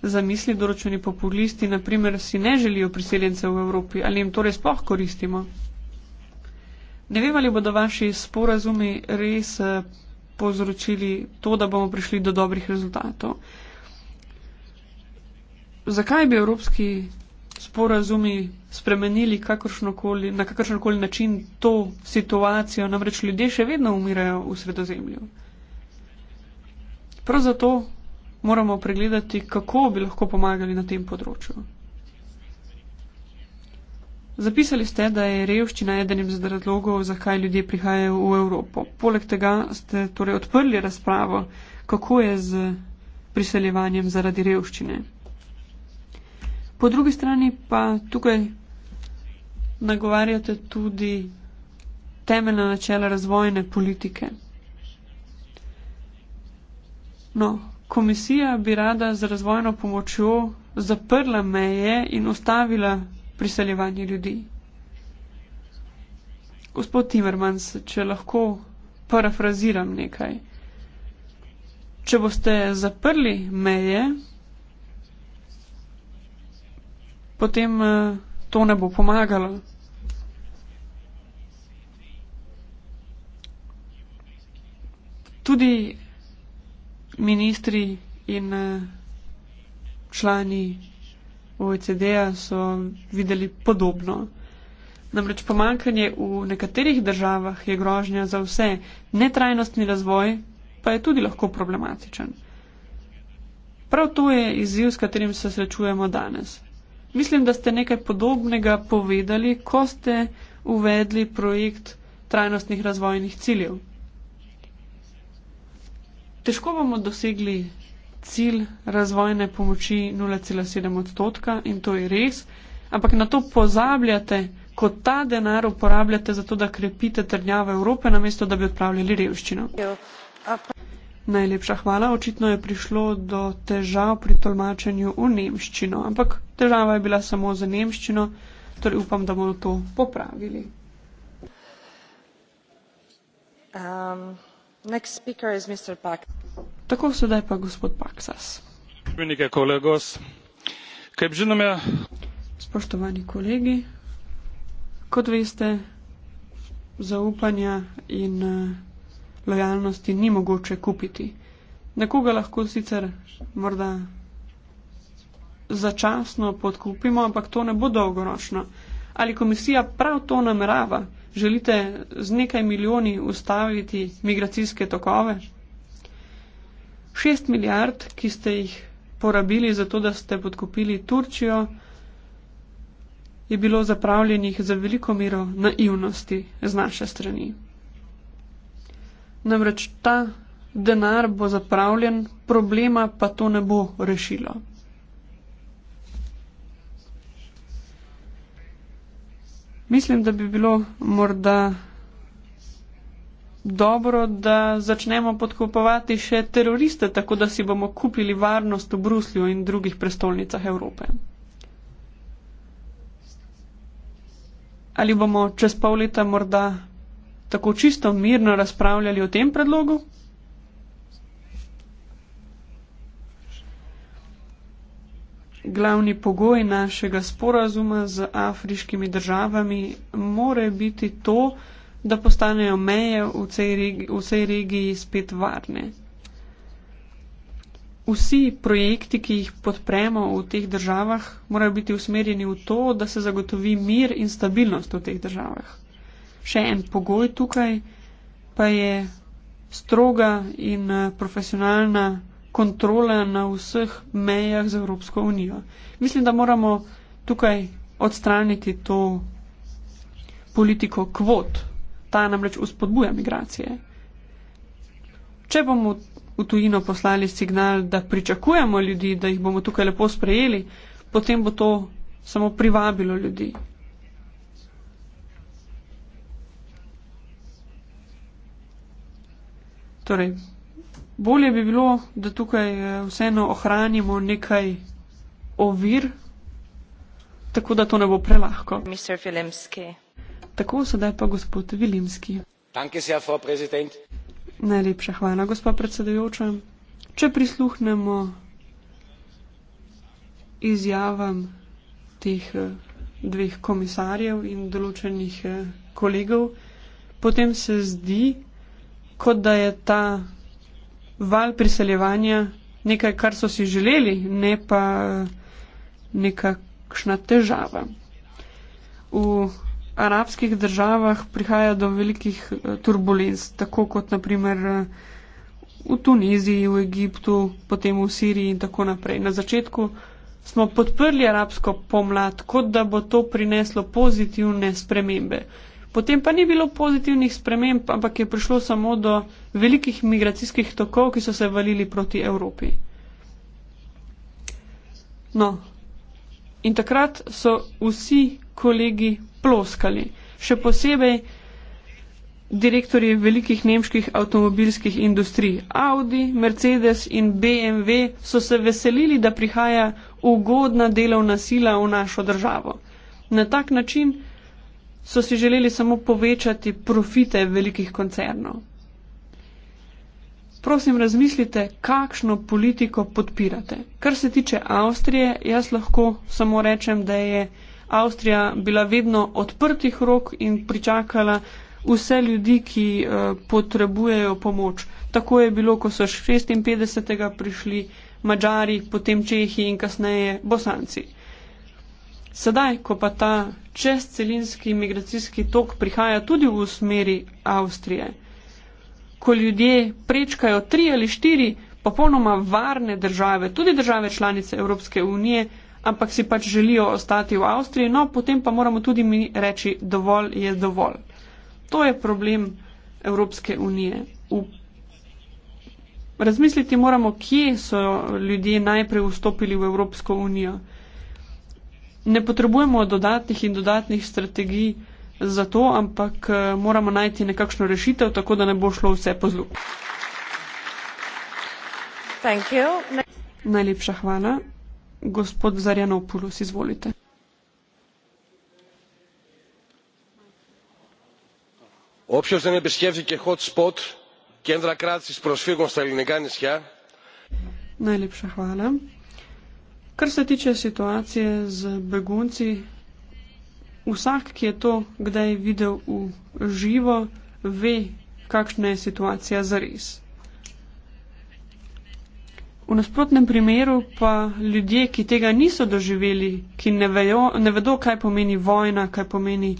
zamisli, določeni populisti, naprimer, si ne želijo priseljencev v Evropi ali jim torej sploh koristimo. Ne vem, ali bodo vaši sporazumi res uh, povzročili to, da bomo prišli do dobrih rezultatov. Zakaj bi evropski sporazumi spremenili kakršnokoli, na kakršenkoli način to situacijo, namreč ljudje še vedno umirajo v sredozemlju. Prav zato moramo pregledati, kako bi lahko pomagali na tem področju. Zapisali ste, da je revščina eden izmed razlogov, zakaj ljudje prihajajo v Evropo. Poleg tega ste torej odprli razpravo, kako je z priseljevanjem zaradi revščine. Po drugi strani pa tukaj nagovarjate tudi temeljna načela razvojne politike. No, komisija bi rada z razvojno pomočjo zaprla meje in ustavila priseljevanje ljudi. Gospod Timmermans, če lahko parafraziram nekaj. Če boste zaprli meje, potem eh, to ne bo pomagalo. Tudi ministri in eh, člani OECD-a so videli podobno. Namreč pomankanje v nekaterih državah je grožnja za vse, netrajnostni razvoj pa je tudi lahko problematičen. Prav to je izziv, s katerim se srečujemo danes. Mislim, da ste nekaj podobnega povedali, ko ste uvedli projekt trajnostnih razvojnih ciljev. Težko bomo dosegli cilj razvojne pomoči 0,7 odstotka in to je res, ampak na to pozabljate, ko ta denar uporabljate za to, da krepite trdnjave Evrope, namesto da bi odpravljali revščino. Jo. Najlepša hvala. Očitno je prišlo do težav pri tolmačenju v nemščino, ampak težava je bila samo za nemščino, torej upam, da bomo to popravili. Um, Tako sedaj pa gospod Paksas. Spoštovani kolegi, kot veste, zaupanja in. Uh, lojalnosti ni mogoče kupiti. Nekoga lahko sicer morda začasno podkupimo, ampak to ne bo dolgoročno. Ali komisija prav to namerava? Želite z nekaj milijoni ustaviti migracijske tokove? Šest milijard, ki ste jih porabili za to, da ste podkupili Turčijo, je bilo zapravljenih za veliko mero naivnosti z naše strani. Namreč ta denar bo zapravljen, problema pa to ne bo rešilo. Mislim, da bi bilo morda dobro, da začnemo podkopavati še teroriste, tako da si bomo kupili varnost v Bruslju in drugih prestolnicah Evrope. Ali bomo čez pol leta morda tako čisto mirno razpravljali o tem predlogu? Glavni pogoj našega sporazuma z afriškimi državami more biti to, da postanejo meje v vsej, regi, vsej regiji spet varne. Vsi projekti, ki jih podpremo v teh državah, morajo biti usmerjeni v to, da se zagotovi mir in stabilnost v teh državah še en pogoj tukaj, pa je stroga in eh, profesionalna kontrola na vseh mejah z Evropsko unijo. Mislim, da moramo tukaj odstraniti to politiko kvot. Ta namreč uspodbuja migracije. Če bomo v tujino poslali signal, da pričakujemo ljudi, da jih bomo tukaj lepo sprejeli, potem bo to samo privabilo ljudi. Torej, bolje bi bilo, da tukaj eh, vseeno ohranimo nekaj ovir, tako da to ne bo prelahko. Tako sedaj pa gospod Vilimski. Najlepša hvala, gospa predsedujoča. Če prisluhnemo izjavam teh eh, dveh komisarjev in določenih eh, kolegov, potem se zdi, kot da je ta val priseljevanja nekaj, kar so si želeli, ne pa eh, nekakšna težava. V arabskih državah prihaja do velikih eh, turbulenc, tako kot naprimer eh, v Tuniziji, v Egiptu, potem v Siriji in tako naprej. Na začetku smo podprli arabsko pomlad, kot da bo to prineslo pozitivne spremembe. Potem pa ni bilo pozitivnih sprememb, ampak je prišlo samo do velikih migracijskih tokov, ki so se valili proti Evropi. No, in takrat so vsi kolegi ploskali, še posebej direktori velikih nemških avtomobilskih industrij. Audi, Mercedes in BMW so se veselili, da prihaja ugodna delovna sila v našo državo. Na tak način so si želeli samo povečati profite velikih koncernov. Prosim, razmislite, kakšno politiko podpirate. Kar se tiče Avstrije, jaz lahko samo rečem, da je Avstrija bila vedno odprtih rok in pričakala vse ljudi, ki uh, potrebujejo pomoč. Tako je bilo, ko so 56. prišli Mačari, potem Čehi in kasneje Bosanci. Sedaj, ko pa ta čez celinski migracijski tok prihaja tudi v smeri Avstrije. Ko ljudje prečkajo tri ali štiri popolnoma varne države, tudi države članice Evropske unije, ampak si pač želijo ostati v Avstriji, no potem pa moramo tudi mi reči, dovolj je dovolj. To je problem Evropske unije. V Razmisliti moramo, kje so ljudje najprej vstopili v Evropsko unijo ne potrebujemo dodatnih in dodatnih strategij za to, ampak eh, moramo najti nekakšno rešitev, tako da ne bo šlo vse po zlu. Najlepša hvala. Gospod Zarjanopulos, izvolite. Najlepša hvala. Kar se tiče situacije z begunci, vsak, ki je to kdaj videl v živo, ve, kakšna je situacija zares. V nasprotnem primeru pa ljudje, ki tega niso doživeli, ki ne, vejo, ne vedo, kaj pomeni vojna, kaj pomeni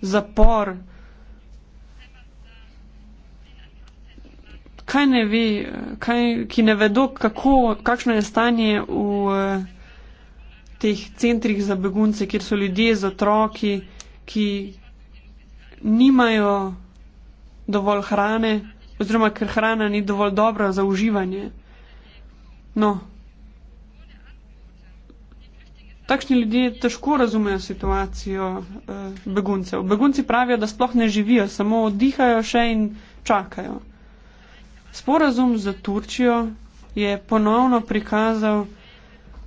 zapor, kaj ne ve, kaj, ki ne vedo, kako, kakšno je stanje v teh centrih za begunce, kjer so ljudje z otroki, ki nimajo dovolj hrane, oziroma ker hrana ni dovolj dobra za uživanje. No, takšni ljudje težko razumejo situacijo eh, beguncev. Begunci pravijo, da sploh ne živijo, samo dihajo še in čakajo. Sporazum za Turčijo je ponovno prikazal,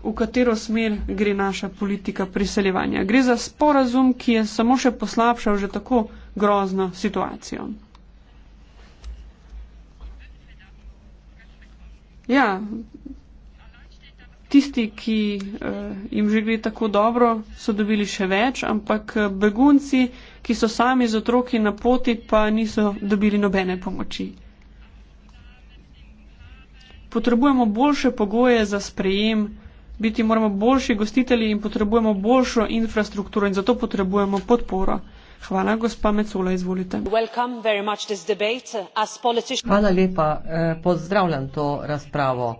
v katero smer gre naša politika priseljevanja. Gre za sporazum, ki je samo še poslabšal že tako grozno situacijo. Ja, tisti, ki eh, jim že gre tako dobro, so dobili še več, ampak eh, begunci, ki so sami z otroki na poti, pa niso dobili nobene pomoči. Potrebujemo boljše pogoje za sprejem, biti moramo boljši gostitelji in potrebujemo boljšo infrastrukturo in zato potrebujemo podporo. Hvala, gospa Mecula, izvolite. Hvala lepa, eh, pozdravljam to razpravo.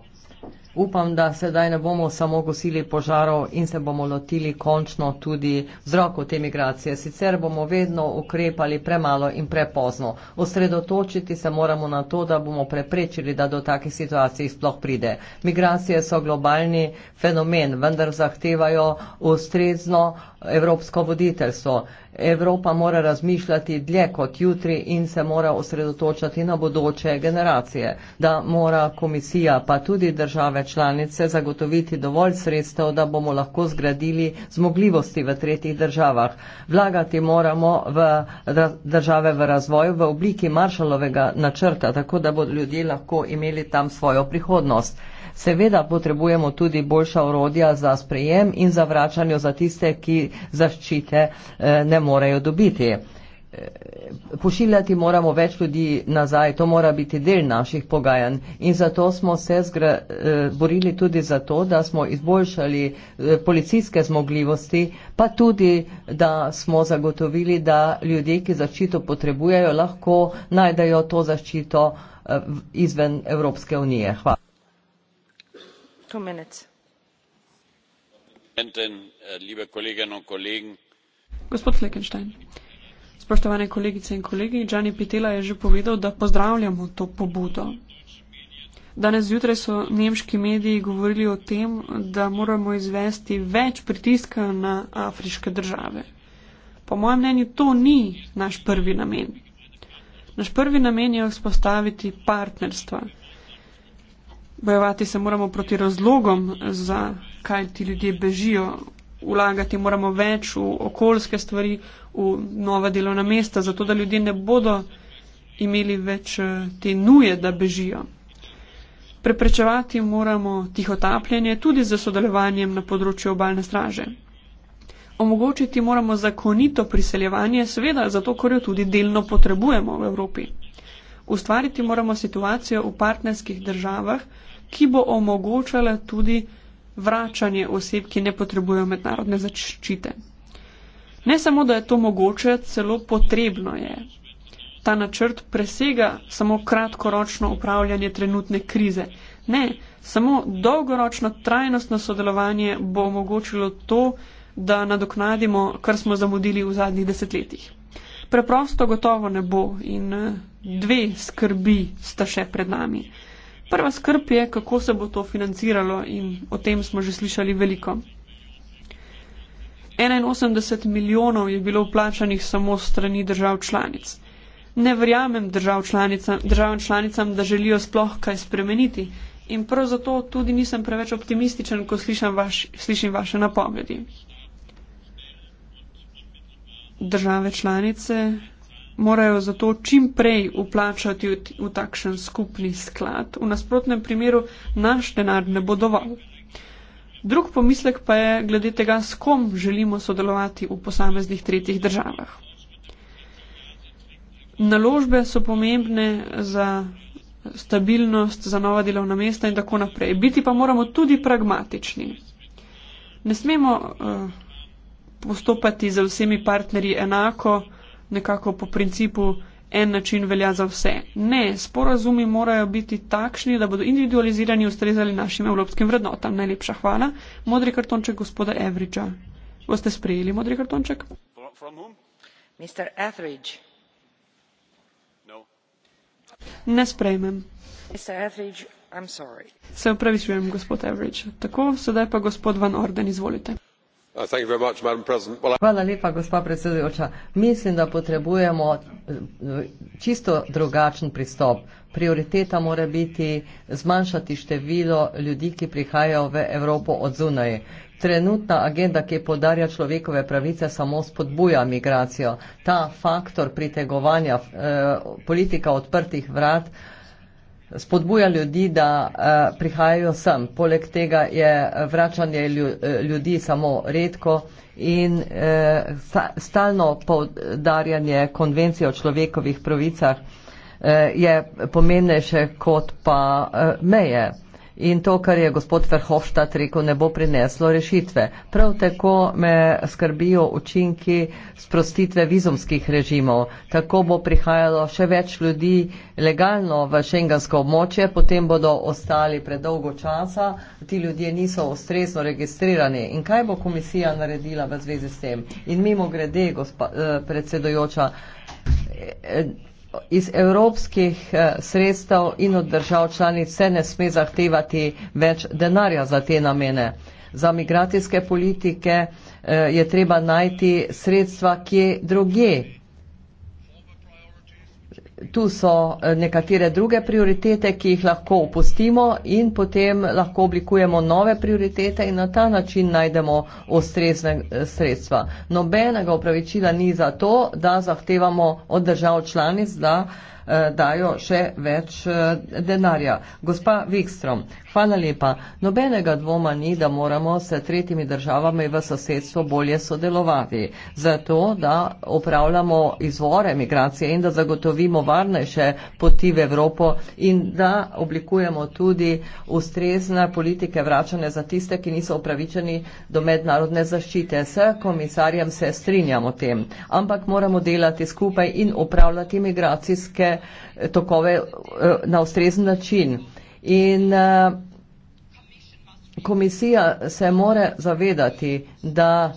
Upam, da sedaj ne bomo samo gosili požarov in se bomo lotili končno tudi vzrokov te migracije. Sicer bomo vedno ukrepali premalo in prepozno. Osredotočiti se moramo na to, da bomo preprečili, da do takih situacij sploh pride. Migracije so globalni fenomen, vendar zahtevajo ustrezno evropsko voditeljstvo. Evropa mora razmišljati dlje kot jutri in se mora osredotočati na bodoče generacije, da mora komisija pa tudi države članice zagotoviti dovolj sredstev, da bomo lahko zgradili zmogljivosti v tretjih državah. Vlagati moramo v države v razvoju v obliki maršalovega načrta, tako da bodo ljudje lahko imeli tam svojo prihodnost. Seveda potrebujemo tudi boljša orodja za sprejem in za vračanje za tiste, ki zaščite eh, ne morejo dobiti. Eh, pošiljati moramo več ljudi nazaj, to mora biti del naših pogajanj in zato smo se zgra, eh, borili tudi za to, da smo izboljšali policijske zmogljivosti, pa tudi, da smo zagotovili, da ljudje, ki zaščito potrebujejo, lahko najdejo to zaščito izven Evropske unije. Hvala frau präsidentin uh, liebe kolleginnen und kollegen! gospod fleckenstein spoštovane kolegice in kolegi gianni pittella je že povedal da pozdravljamo to pobudo. danes zjutraj so nemški mediji govorili o tem da moramo izvesti več pritiska na afriške države. po mojem mnenju to ni naš prvi namen. naš prvi namen je vzpostaviti partnerstva. Bojevati se moramo proti razlogom, zakaj ti ljudje bežijo. Vlagati moramo več v okoljske stvari, v nova delovna mesta, zato da ljudje ne bodo imeli več eh, te nuje, da bežijo. Preprečevati moramo tihotapljanje tudi z sodelovanjem na področju obalne straže. Omogočiti moramo zakonito priseljevanje, seveda, zato, ker jo tudi delno potrebujemo v Evropi. Ustvariti moramo situacijo v partnerskih državah, ki bo omogočala tudi vračanje oseb, ki ne potrebujejo mednarodne zaščite. Ne samo, da je to mogoče, celo potrebno je. Ta načrt presega samo kratkoročno upravljanje trenutne krize. Ne, samo dolgoročno trajnostno sodelovanje bo omogočilo to, da nadoknadimo, kar smo zamudili v zadnjih desetletjih. Preprosto gotovo ne bo in eh, dve skrbi sta še pred nami. Prva skrb je, kako se bo to financiralo in o tem smo že slišali veliko. 81 milijonov je bilo vplačanih samo strani držav članic. Ne verjamem držav članicam, državam članicam, da želijo sploh kaj spremeniti in prav zato tudi nisem preveč optimističen, ko vaš, slišim vaše napovedi. Države članice morajo zato čim prej uplačati v takšen skupni sklad. V nasprotnem primeru naš denar ne bo dovolj. Drug pomislek pa je glede tega, s kom želimo sodelovati v posameznih tretjih državah. Naložbe so pomembne za stabilnost, za nova delovna mesta in tako naprej. Biti pa moramo tudi pragmatični. Ne smemo uh, postopati za vsemi partnerji enako, nekako po principu en način velja za vse. Ne, sporazumi morajo biti takšni, da bodo individualizirani in ustrezali našim evropskim vrednotam. Najlepša hvala. Modri kartonček gospoda Evriča. Boste sprejeli modri kartonček? No. Ne sprejmem. Se upravičujem, gospod Evrič. Tako, sedaj pa gospod Van Orden, izvolite. Uh, Hvala lepa, gospa predsedujoča. Mislim, da potrebujemo uh, čisto drugačen pristop. Prioriteta mora biti zmanjšati število ljudi, ki prihajajo v Evropo od zunaj. Trenutna agenda, ki podarja človekove pravice, samo spodbuja migracijo. Ta faktor pritegovanja, uh, politika odprtih vrat, spodbuja ljudi, da uh, prihajajo sem. Poleg tega je vračanje ljudi samo redko in uh, stalno povdarjanje konvencije o človekovih pravicah uh, je pomenejše kot pa uh, meje in to, kar je gospod Verhofstadt rekel, ne bo prineslo rešitve. Prav tako me skrbijo učinki sprostitve vizumskih režimov. Tako bo prihajalo še več ljudi legalno v šengansko območje, potem bodo ostali predolgo časa, ti ljudje niso ustrezno registrirani. In kaj bo komisija naredila v zvezi s tem? In mimo grede, gospod eh, predsedujoča, eh, iz evropskih eh, sredstev in od držav članic se ne sme zahtevati več denarja za te namene. Za migracijske politike eh, je treba najti sredstva, kje drugje tu so eh, nekatere druge prioritete, ki jih lahko opustimo in potem lahko oblikujemo nove prioritete in na ta način najdemo ustrezne eh, sredstva. Nobenega upravičila ni za to, da zahtevamo od držav članic, da eh, dajo še več denarja. Gospa Wikstrom, Hvala lepa. Nobenega dvoma ni, da moramo s tretjimi državami v sosedstvu bolje sodelovati, zato da upravljamo izvore migracije in da zagotovimo varnejše poti v Evropo in da oblikujemo tudi ustrezne politike vračanja za tiste, ki niso upravičeni do mednarodne zaščite. S komisarjem se strinjamo tem, ampak moramo delati skupaj in upravljati migracijske tokove eh, na ustrezen način. In eh, komisija se more zavedati, da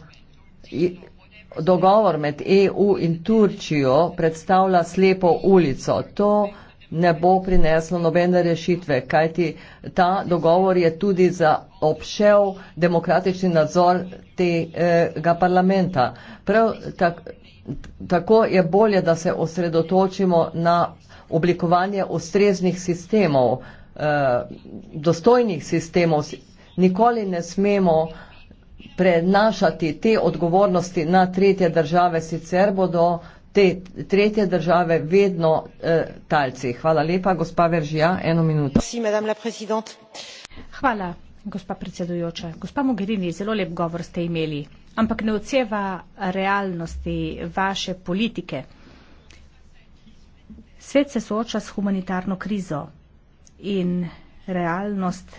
dogovor med EU in Turčijo predstavlja slepo ulico. To ne bo prineslo nobene rešitve, kajti ta dogovor je tudi za obšel demokratični nadzor tega parlamenta. Prav tak, tako je bolje, da se osredotočimo na oblikovanje ustreznih sistemov, uh, dostojnih sistemov, nikoli ne smemo prenašati te odgovornosti na tretje države, sicer bodo te tretje države vedno uh, talci. Hvala lepa, gospa Veržija, eno minuto. Hvala, gospa predsedujoča. Gospa Mogherini, zelo lep govor ste imeli, ampak ne odseva realnosti vaše politike. Svet se sooča s humanitarno krizo in realnost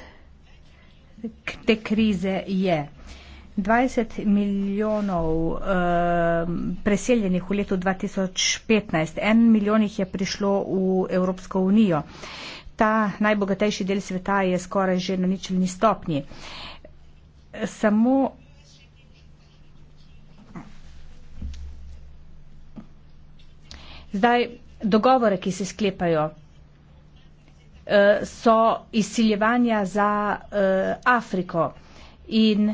te krize je. 20 milijonov uh, preseljenih v letu 2015, en milijon jih je prišlo v Evropsko unijo. Ta najbogatejši del sveta je skoraj že na ničelni stopnji. Samo zdaj dogovore, ki se sklepajo, Eh, so izsiljevanja za eh, Afriko. In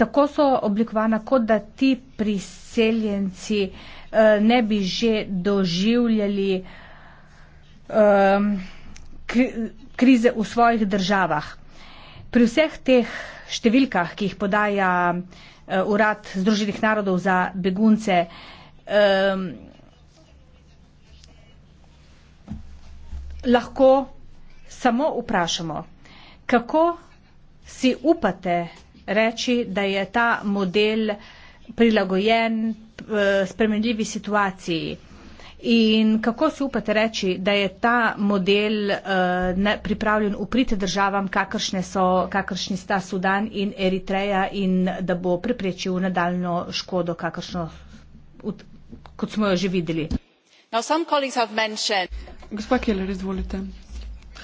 tako so oblikovana, kot da ti priseljenci eh, ne bi že doživljali krize v svojih državah. Pri vseh teh številkah, ki jih podaja Urad Združenih narodov za begunce, lahko samo vprašamo, kako si upate reči, da je ta model prilagojen eh, spremenljivi situaciji in kako si upate reči, da je ta model eh, pripravljen upriti državam, kakršne so, kakršni sta Sudan in Eritreja in da bo preprečil nadaljno škodo, kakršno, kot smo jo že videli. Now some colleagues have mentioned Gospa Keller, izvolite.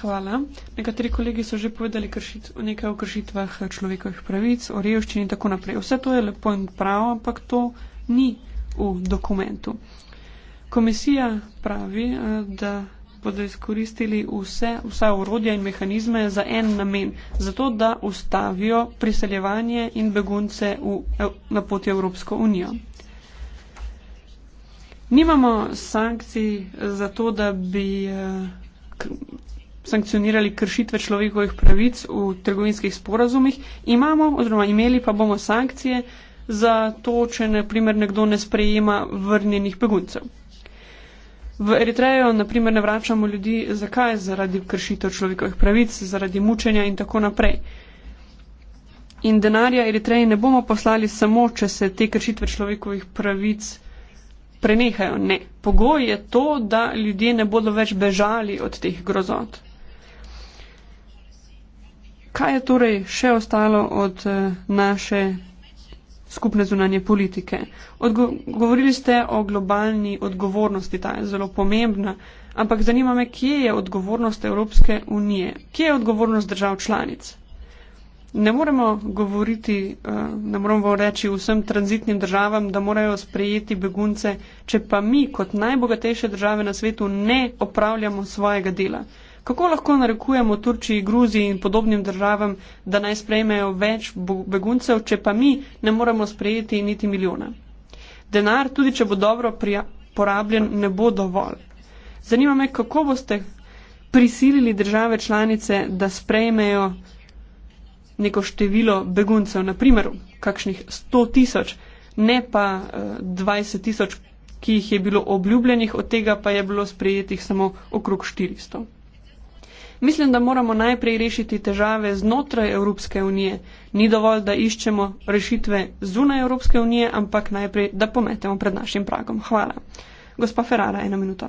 Hvala. Nekateri kolegi so že povedali kršit, nekaj o kršitvah človekovih pravic, o revščini in tako naprej. Vse to je lepo in prav, ampak to ni v dokumentu. Komisija pravi, eh, da bodo izkoristili vse, vsa urodja in mehanizme za en namen, zato da ustavijo priseljevanje in begunce v, na poti Evropsko unijo. Nimamo sankcij za to, da bi eh, sankcionirali kršitve človekovih pravic v trgovinskih sporazumih. Imamo oziroma imeli pa bomo sankcije za to, če naprimer nekdo ne sprejema vrnjenih beguncev. V Eritrejo naprimer ne vračamo ljudi, zakaj? Zaradi kršitev človekovih pravic, zaradi mučenja in tako naprej. In denarja Eritreji ne bomo poslali samo, če se te kršitve človekovih pravic vrnjenih prenehajo. Ne. Pogoj je to, da ljudje ne bodo več bežali od teh grozot. Kaj je torej še ostalo od eh, naše skupne zunanje politike? Odgo govorili ste o globalni odgovornosti, ta je zelo pomembna, ampak zanima me, kje je odgovornost Evropske unije, kje je odgovornost držav članic? ne moremo govoriti, eh, ne moremo reči vsem tranzitnim državam, da morajo sprejeti begunce, če pa mi kot najbogatejše države na svetu ne opravljamo svojega dela. Kako lahko narekujemo Turčiji, Gruziji in podobnim državam, da naj sprejmejo več beguncev, če pa mi ne moremo sprejeti niti milijona? Denar, tudi če bo dobro porabljen, ne bo dovolj. Zanima me, kako boste prisilili države članice, da sprejmejo neko število beguncev, naprimer kakšnih 100 tisoč, ne pa 20 eh, tisoč, ki jih je bilo obljubljenih, od tega pa je bilo sprejetih samo okrog 400. Mislim, da moramo najprej rešiti težave znotraj Evropske unije. Ni dovolj, da iščemo rešitve zunaj Evropske unije, ampak najprej, da pometemo pred našim pragom. Hvala. Gospa Ferrara, ena minuta.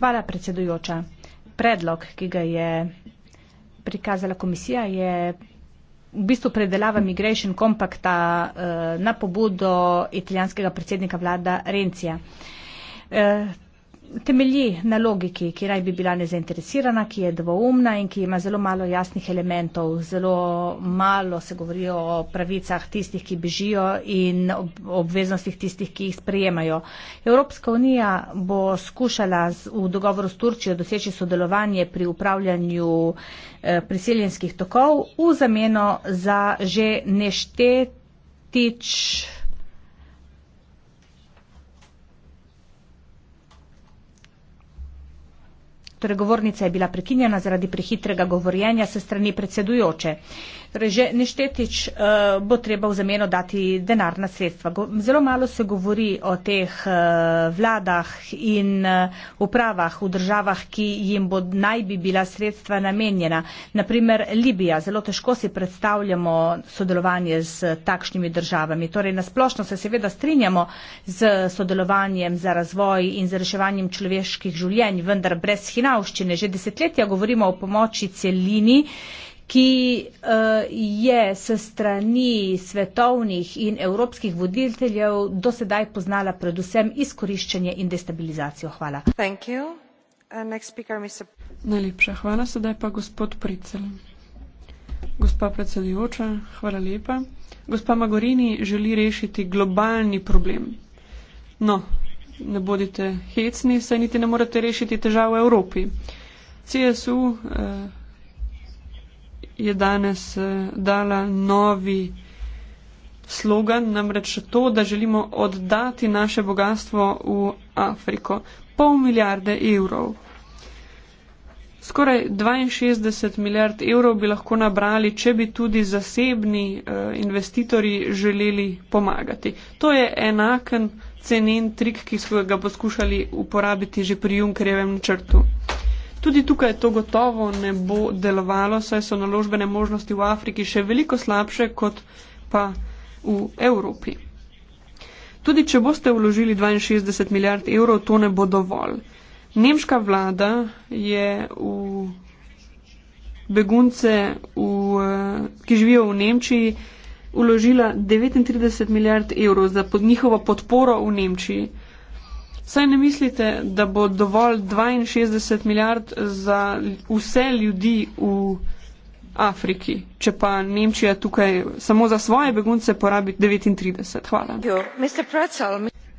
Hvala, predsedujoča. Predlog, ki ga je prikazala komisija, je v bistvu predelava Migration Compacta eh, na pobudo italijanskega predsednika vlada Rencija. Eh, temelji na logiki, ki naj bi bila nezainteresirana, ki je dvoumna in ki ima zelo malo jasnih elementov. Zelo malo se govori o pravicah tistih, ki bežijo in obveznostih tistih, ki jih sprejemajo. Evropska unija bo skušala v dogovoru s Turčijo doseči sodelovanje pri upravljanju eh, priseljenskih tokov v zameno za že neštetič Torej, govornica je bila prekinjena zaradi prehitrega govorjenja se strani predsedujoče. Torej, že neštetič uh, bo treba v zameno dati denarna sredstva. Go zelo malo se govori o teh uh, vladah in uh, upravah v državah, ki jim bo naj bi bila sredstva namenjena. Naprimer, Libija. Zelo težko si predstavljamo sodelovanje z takšnimi državami. Torej, nasplošno se seveda strinjamo z sodelovanjem za razvoj in za reševanjem človeških življenj, vendar brez hinavščine. Že desetletja govorimo o pomoči celini ki eh, je se strani svetovnih in evropskih voditeljev do sedaj poznala predvsem izkoriščanje in destabilizacijo. Hvala. Uh, speaker, Mr... Najlepša hvala, sedaj pa gospod Pricel. Gospa predsedujoča, hvala lepa. Gospa Magorini želi rešiti globalni problem. No, ne bodite hecni, saj niti ne morete rešiti težav v Evropi. CSU eh, je danes eh, dala novi slogan, namreč to, da želimo oddati naše bogatstvo v Afriko. Pol milijarde evrov. Skoraj 62 milijard evrov bi lahko nabrali, če bi tudi zasebni eh, investitorji želeli pomagati. To je enaken cenen trik, ki smo ga poskušali uporabiti že pri Junkerjevem črtu. Tudi tukaj to gotovo ne bo delovalo, saj so naložbene možnosti v Afriki še veliko slabše kot pa v Evropi. Tudi če boste vložili 62 milijard evrov, to ne bo dovolj. Nemška vlada je v begunce, v, eh, ki živijo v Nemčiji, vložila 39 milijard evrov za pod njihovo podporo v Nemčiji. Saj ne mislite, da bo dovolj 62 milijard za vse ljudi v Afriki, če pa Nemčija tukaj samo za svoje begunce porabi 39. Hvala.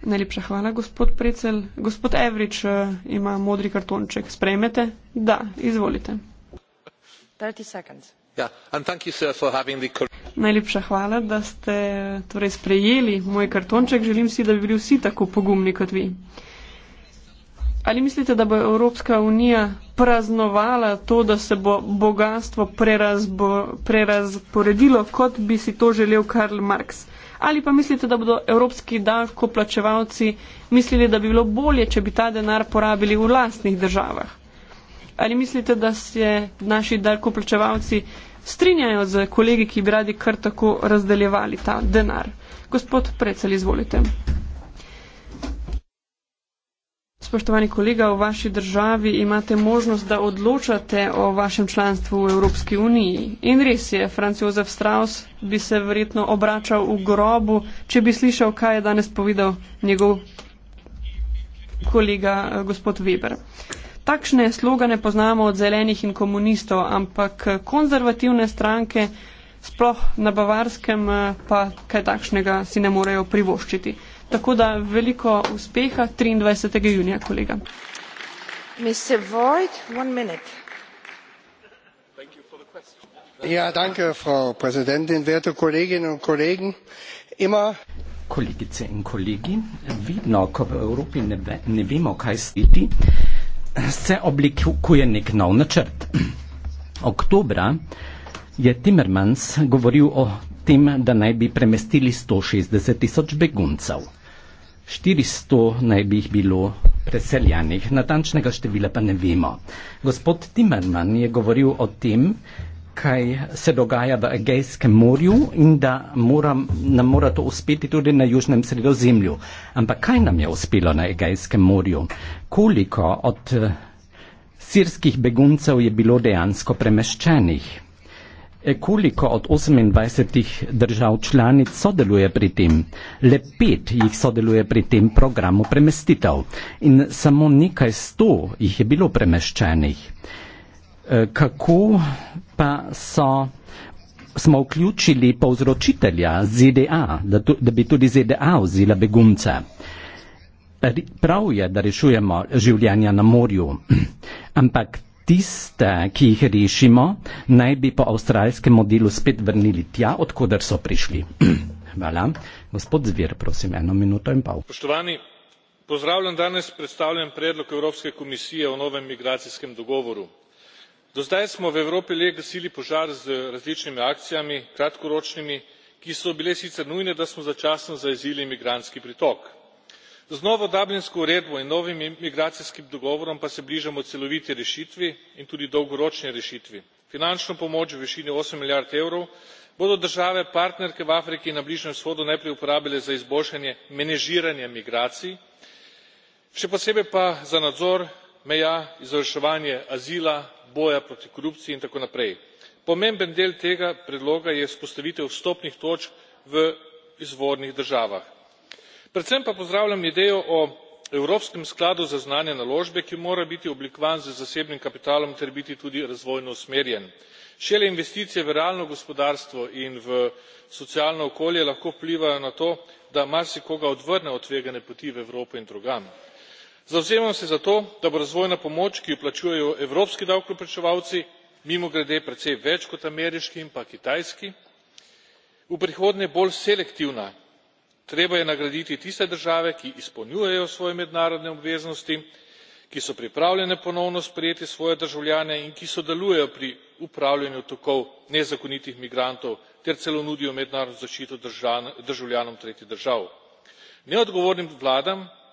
Najlepša hvala, gospod Precel. Gospod Evrič eh, ima modri kartonček. Spremete? Da, izvolite. 30 sekund. Najlepša hvala, da ste torej sprejeli moj kartonček. Želim si, da bi bili vsi tako pogumni kot vi. Ali mislite, da bo Evropska unija praznovala to, da se bo bogatstvo prerazporedilo, kot bi si to želel Karl Marx? Ali pa mislite, da bodo evropski davkoplačevalci mislili, da bi bilo bolje, če bi ta denar porabili v lastnih državah? Ali mislite, da se naši davkoplačevalci strinjajo z kolegi, ki bi radi kar tako razdeljevali ta denar? Gospod Precel, izvolite. Spoštovani kolega, v vaši državi imate možnost, da odločate o vašem članstvu v Evropski uniji. In res je, Franz Josef Strauss bi se verjetno obračal v grobu, če bi slišal, kaj je danes povedal njegov kolega eh, gospod Weber. Takšne slogane poznamo od zelenih in komunistov, ampak eh, konzervativne stranke, sploh na Bavarskem, eh, pa kaj takšnega si ne morejo privoščiti. Tako da veliko uspeha 23. junija, kolega. Ja, danke, frau Präsidentin, werte Kolleginnen und Kollegen. Immer. Kolegice in kolegi, vidno, ko v Evropi ne, ve, ne vemo, kaj sliti, se oblikuje nek nov načrt. Oktobra je Timmermans govoril o tem, da naj bi premestili 160 tisoč beguncev. 400 naj bi jih bilo preseljenih, natančnega števila pa ne vemo. Gospod Timmerman je govoril o tem, kaj se dogaja v Egejskem morju in da mora, nam mora to uspeti tudi na južnem sredozemlju. Ampak kaj nam je uspelo na Egejskem morju? Koliko od eh, sirskih beguncev je bilo dejansko premeščenih? E koliko od 28 držav članic sodeluje pri tem? Le pet jih sodeluje pri tem programu premestitev in samo nekaj sto jih je bilo premeščenih. Eh, kako pa so, smo vključili povzročitelja ZDA, da, tu, da bi tudi ZDA vzela begunce. Prav je, da rešujemo življenja na morju, ampak tiste, ki jih rešimo, naj bi po avstralskem modelu spet vrnili tja, odkudar so prišli. Hvala. Gospod Zvir, prosim, eno minuto in pol. Poštovani, pozdravljam danes predstavljen predlog Evropske komisije o novem migracijskem dogovoru do zdaj smo v evropi le gasili požar z različnimi akcijami kratkoročnimi ki so bile sicer nujne da smo začasno zajezili migrantski pritok z novo dublinsko uredbo in novim migracijskim dogovorom pa se bližamo celoviti rešitvi in tudi dolgoročni rešitvi. finančno pomoč v višini osem milijard evrov bodo države partnerke v afriki in na bližnjem vzhodu najprej uporabile za izboljšanje menedžiranja migracij še posebej pa za nadzor meja izvrševanje azila boja proti korupciji in tako naprej. pomemben del tega predloga je vzpostavitev vstopnih točk v izvornih državah. predvsem pa pozdravljam idejo o evropskem skladu za zunanje naložbe ki mora biti oblikovan z zasebnim kapitalom ter biti tudi razvojno usmerjen. šele investicije v realno gospodarstvo in v socialno okolje lahko vplivajo na to da marsikoga odvrne od tvegane poti v evropo in drugam zavzemam se za to da bo razvojna pomoč ki jo plačujejo evropski davkoplačevalci mimogrede precej več kot ameriški in pa kitajski v prihodnje bolj selektivna treba je nagraditi tiste države ki izpolnjujejo svoje mednarodne obveznosti ki so pripravljene ponovno sprejeti svoje državljane in ki sodelujejo pri upravljanju tokov nezakonitih migrantov ter celo nudijo mednarodno zaščito državljanom tretjih držav. neodgovornim vladam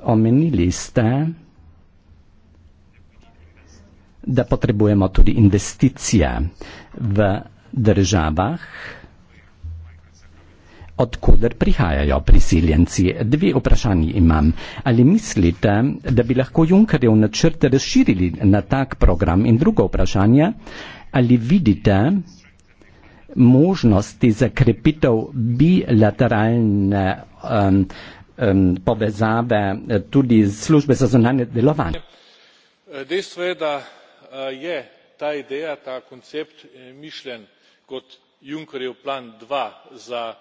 omenili ste, da potrebujemo tudi investicije v državah, odkuder prihajajo prisiljenci. Dve vprašanji imam. Ali mislite, da bi lahko Junkerjev načrt razširili na tak program? In drugo vprašanje, ali vidite možnosti za krepitev bilateralne um, povezave e, tudi službe za zunanje delovanje. E, dejstvo je da e, je ta ideja ta koncept mišljen kot junckerjev plan ii za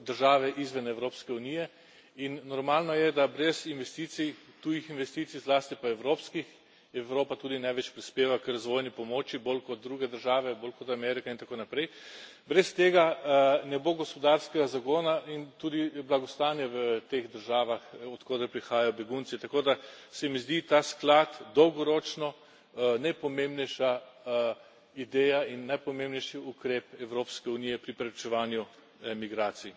države izven evropske unije in normalno je da brez investicij tujih investicij zlasti pa evropskih evropa tudi največ prispeva k razvojni pomoči bolj kot druge države bolj kot amerika in tako naprej brez tega eh, ne bo gospodarskega zagona in tudi blagostanja v teh državah eh, od koder prihajajo begunci tako da se mi zdi ta sklad dolgoročno eh, najpomembnejša ideja in najpomembnejši ukrep evropske unije pri preprečevanju migracij.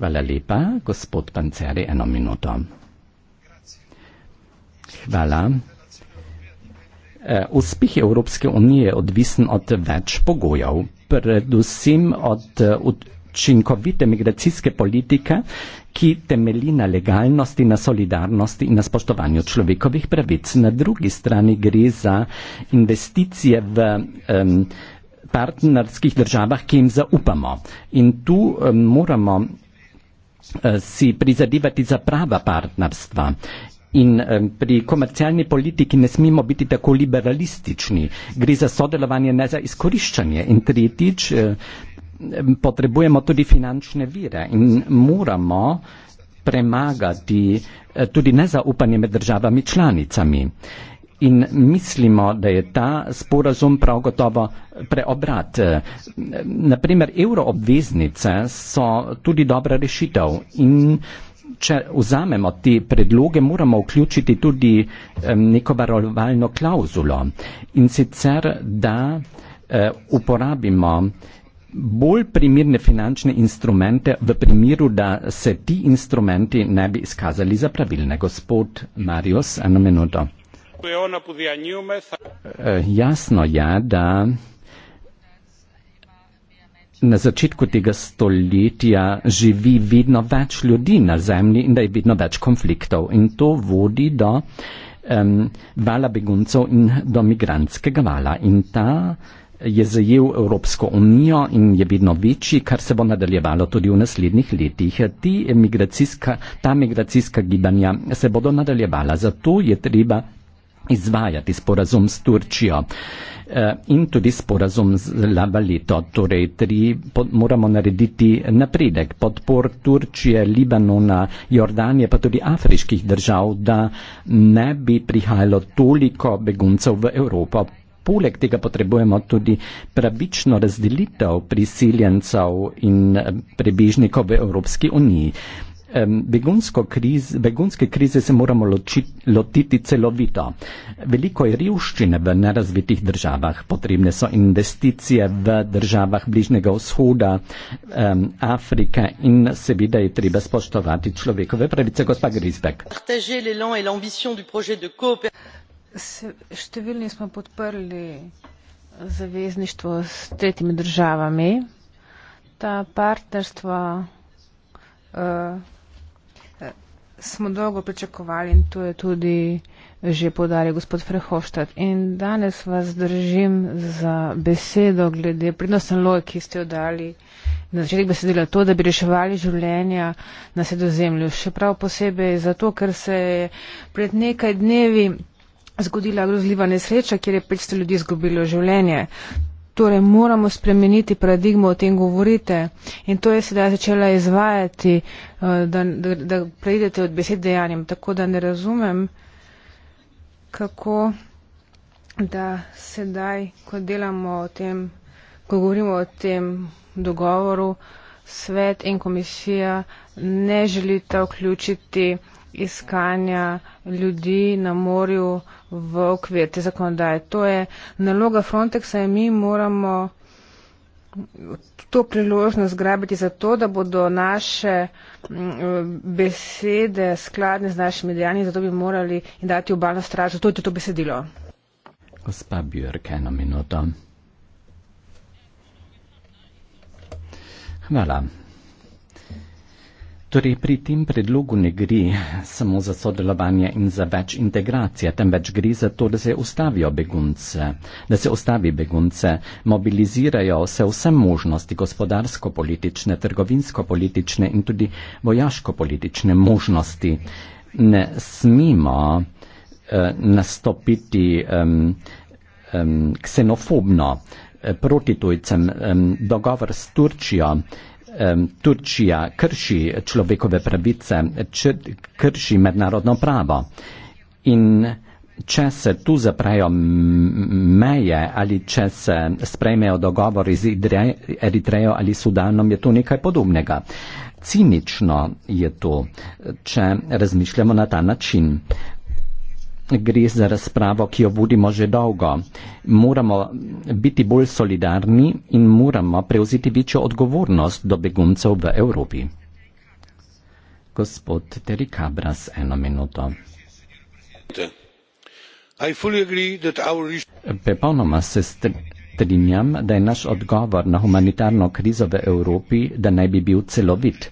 Hvala lepa, gospod Panceri, eno minuto. Hvala. Eh, uspeh Evropske unije je odvisen od več pogojev, predvsem od eh, učinkovite migracijske politike, ki temelji na legalnosti, na solidarnosti in na spoštovanju človekovih pravic. Na drugi strani gre za investicije v um, partnerskih državah, ki jim zaupamo. In tu um, moramo Eh, si prizadevati za prava partnerstva. In eh, pri komercialni politiki ne smemo biti tako liberalistični. Gre za sodelovanje, ne za izkoriščanje. In tretjič, eh, potrebujemo tudi finančne vire in moramo premagati tudi nezaupanje med državami članicami in mislimo, da je ta sporazum prav gotovo preobrat. Naprimer, euroobveznice so tudi dobra rešitev in če vzamemo te predloge, moramo vključiti tudi neko varovalno klauzulo in sicer, da eh, uporabimo bolj primirne finančne instrumente v primeru, da se ti instrumenti ne bi izkazali za pravilne. Gospod Marius, eno minuto. Jasno je, da na začetku tega stoletja živi vedno več ljudi na zemlji in da je vedno več konfliktov. In to vodi do um, vala beguncev in do migranskega vala. In ta je zajel Evropsko unijo in je vedno večji, kar se bo nadaljevalo tudi v naslednjih letih. Migracijska, ta migracijska gibanja se bodo nadaljevala, zato je treba izvajati sporazum s Turčijo e, in tudi sporazum z Lavalito. Torej, tri moramo narediti napredek, podpor Turčije, Libanona, Jordanije, pa tudi afriških držav, da ne bi prihajalo toliko beguncev v Evropo. Poleg tega potrebujemo tudi pravično razdelitev prisiljencev in e, prebežnikov v Evropski uniji. Kriz, begunske krize se moramo loči, lotiti celovito. Veliko je rivščine v nerazvitih državah, potrebne so investicije v državah Bližnjega vzhoda, um, Afrike in seveda je treba spoštovati človekove pravice, gospa Grisbek. Številni smo podprli zavezništvo s tretjimi državami. Ta partnerstva. Uh, smo dolgo pričakovali in to je tudi že podaril gospod Frehoštad. In danes vas držim za besedo glede prednostne loje, ki ste jo dali na začetek besedila to, da bi reševali življenja na sredozemlju. Še prav posebej zato, ker se je pred nekaj dnevi zgodila grozljiva nesreča, kjer je 500 ljudi izgubilo življenje torej moramo spremeniti paradigmo, o tem govorite. In to je sedaj začela izvajati, eh, da, da, da preidete od besed dejanjem. Tako da ne razumem, kako da sedaj, ko delamo o tem, ko govorimo o tem dogovoru, svet in komisija ne želita vključiti iskanja ljudi na morju v okvir te zakonodaje. To je naloga Frontexa in mi moramo to priložnost zgrabiti zato, da bodo naše mm, besede skladne z našimi dejanji, zato bi morali dati obalno stražo. To je tudi to besedilo. Gospa Björk, eno minuto. Hvala. Torej, pri tem predlogu ne gre samo za sodelovanje in za več integracije, temveč gre za to, da se ustavijo begunce, da se ustavi begunce, mobilizirajo se vse možnosti, gospodarsko-politične, trgovinsko-politične in tudi vojaško-politične možnosti. Ne smemo eh, nastopiti eh, eh, ksenofobno eh, proti tujcem, eh, dogovor s Turčijo. Eh, Turčija krši človekove pravice, krši mednarodno pravo. In če se tu zaprejo meje ali če se sprejmejo dogovori z Eritrejo ali Sudanom, je to nekaj podobnega. Cinično je to, če razmišljamo na ta način gre za razpravo, ki jo vodimo že dolgo. Moramo biti bolj solidarni in moramo prevzeti večjo odgovornost do beguncev v Evropi. Gospod Terry Cabras, eno minuto. Popolnoma se strinjam, da je naš odgovor na humanitarno krizo v Evropi, da naj bi bil celovit.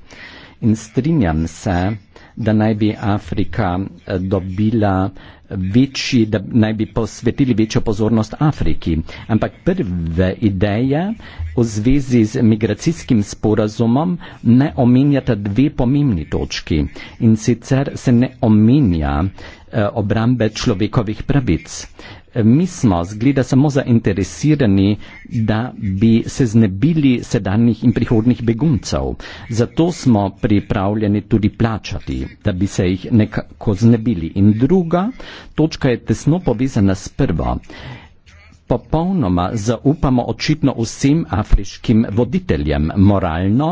In strinjam se, da naj bi Afrika eh, dobila večji, da naj bi posvetili večjo pozornost Afriki. Ampak prve ideje v zvezi z migracijskim sporazumom ne omenjata dve pomembni točki in sicer se ne omenja eh, obrambe človekovih pravic. Mi smo, zgleda, samo zainteresirani, da bi se znebili sedanjih in prihodnih beguncev. Zato smo pripravljeni tudi plačati, da bi se jih nekako znebili. In druga točka je tesno povezana s prvo popolnoma zaupamo očitno vsem afriškim voditeljem, moralno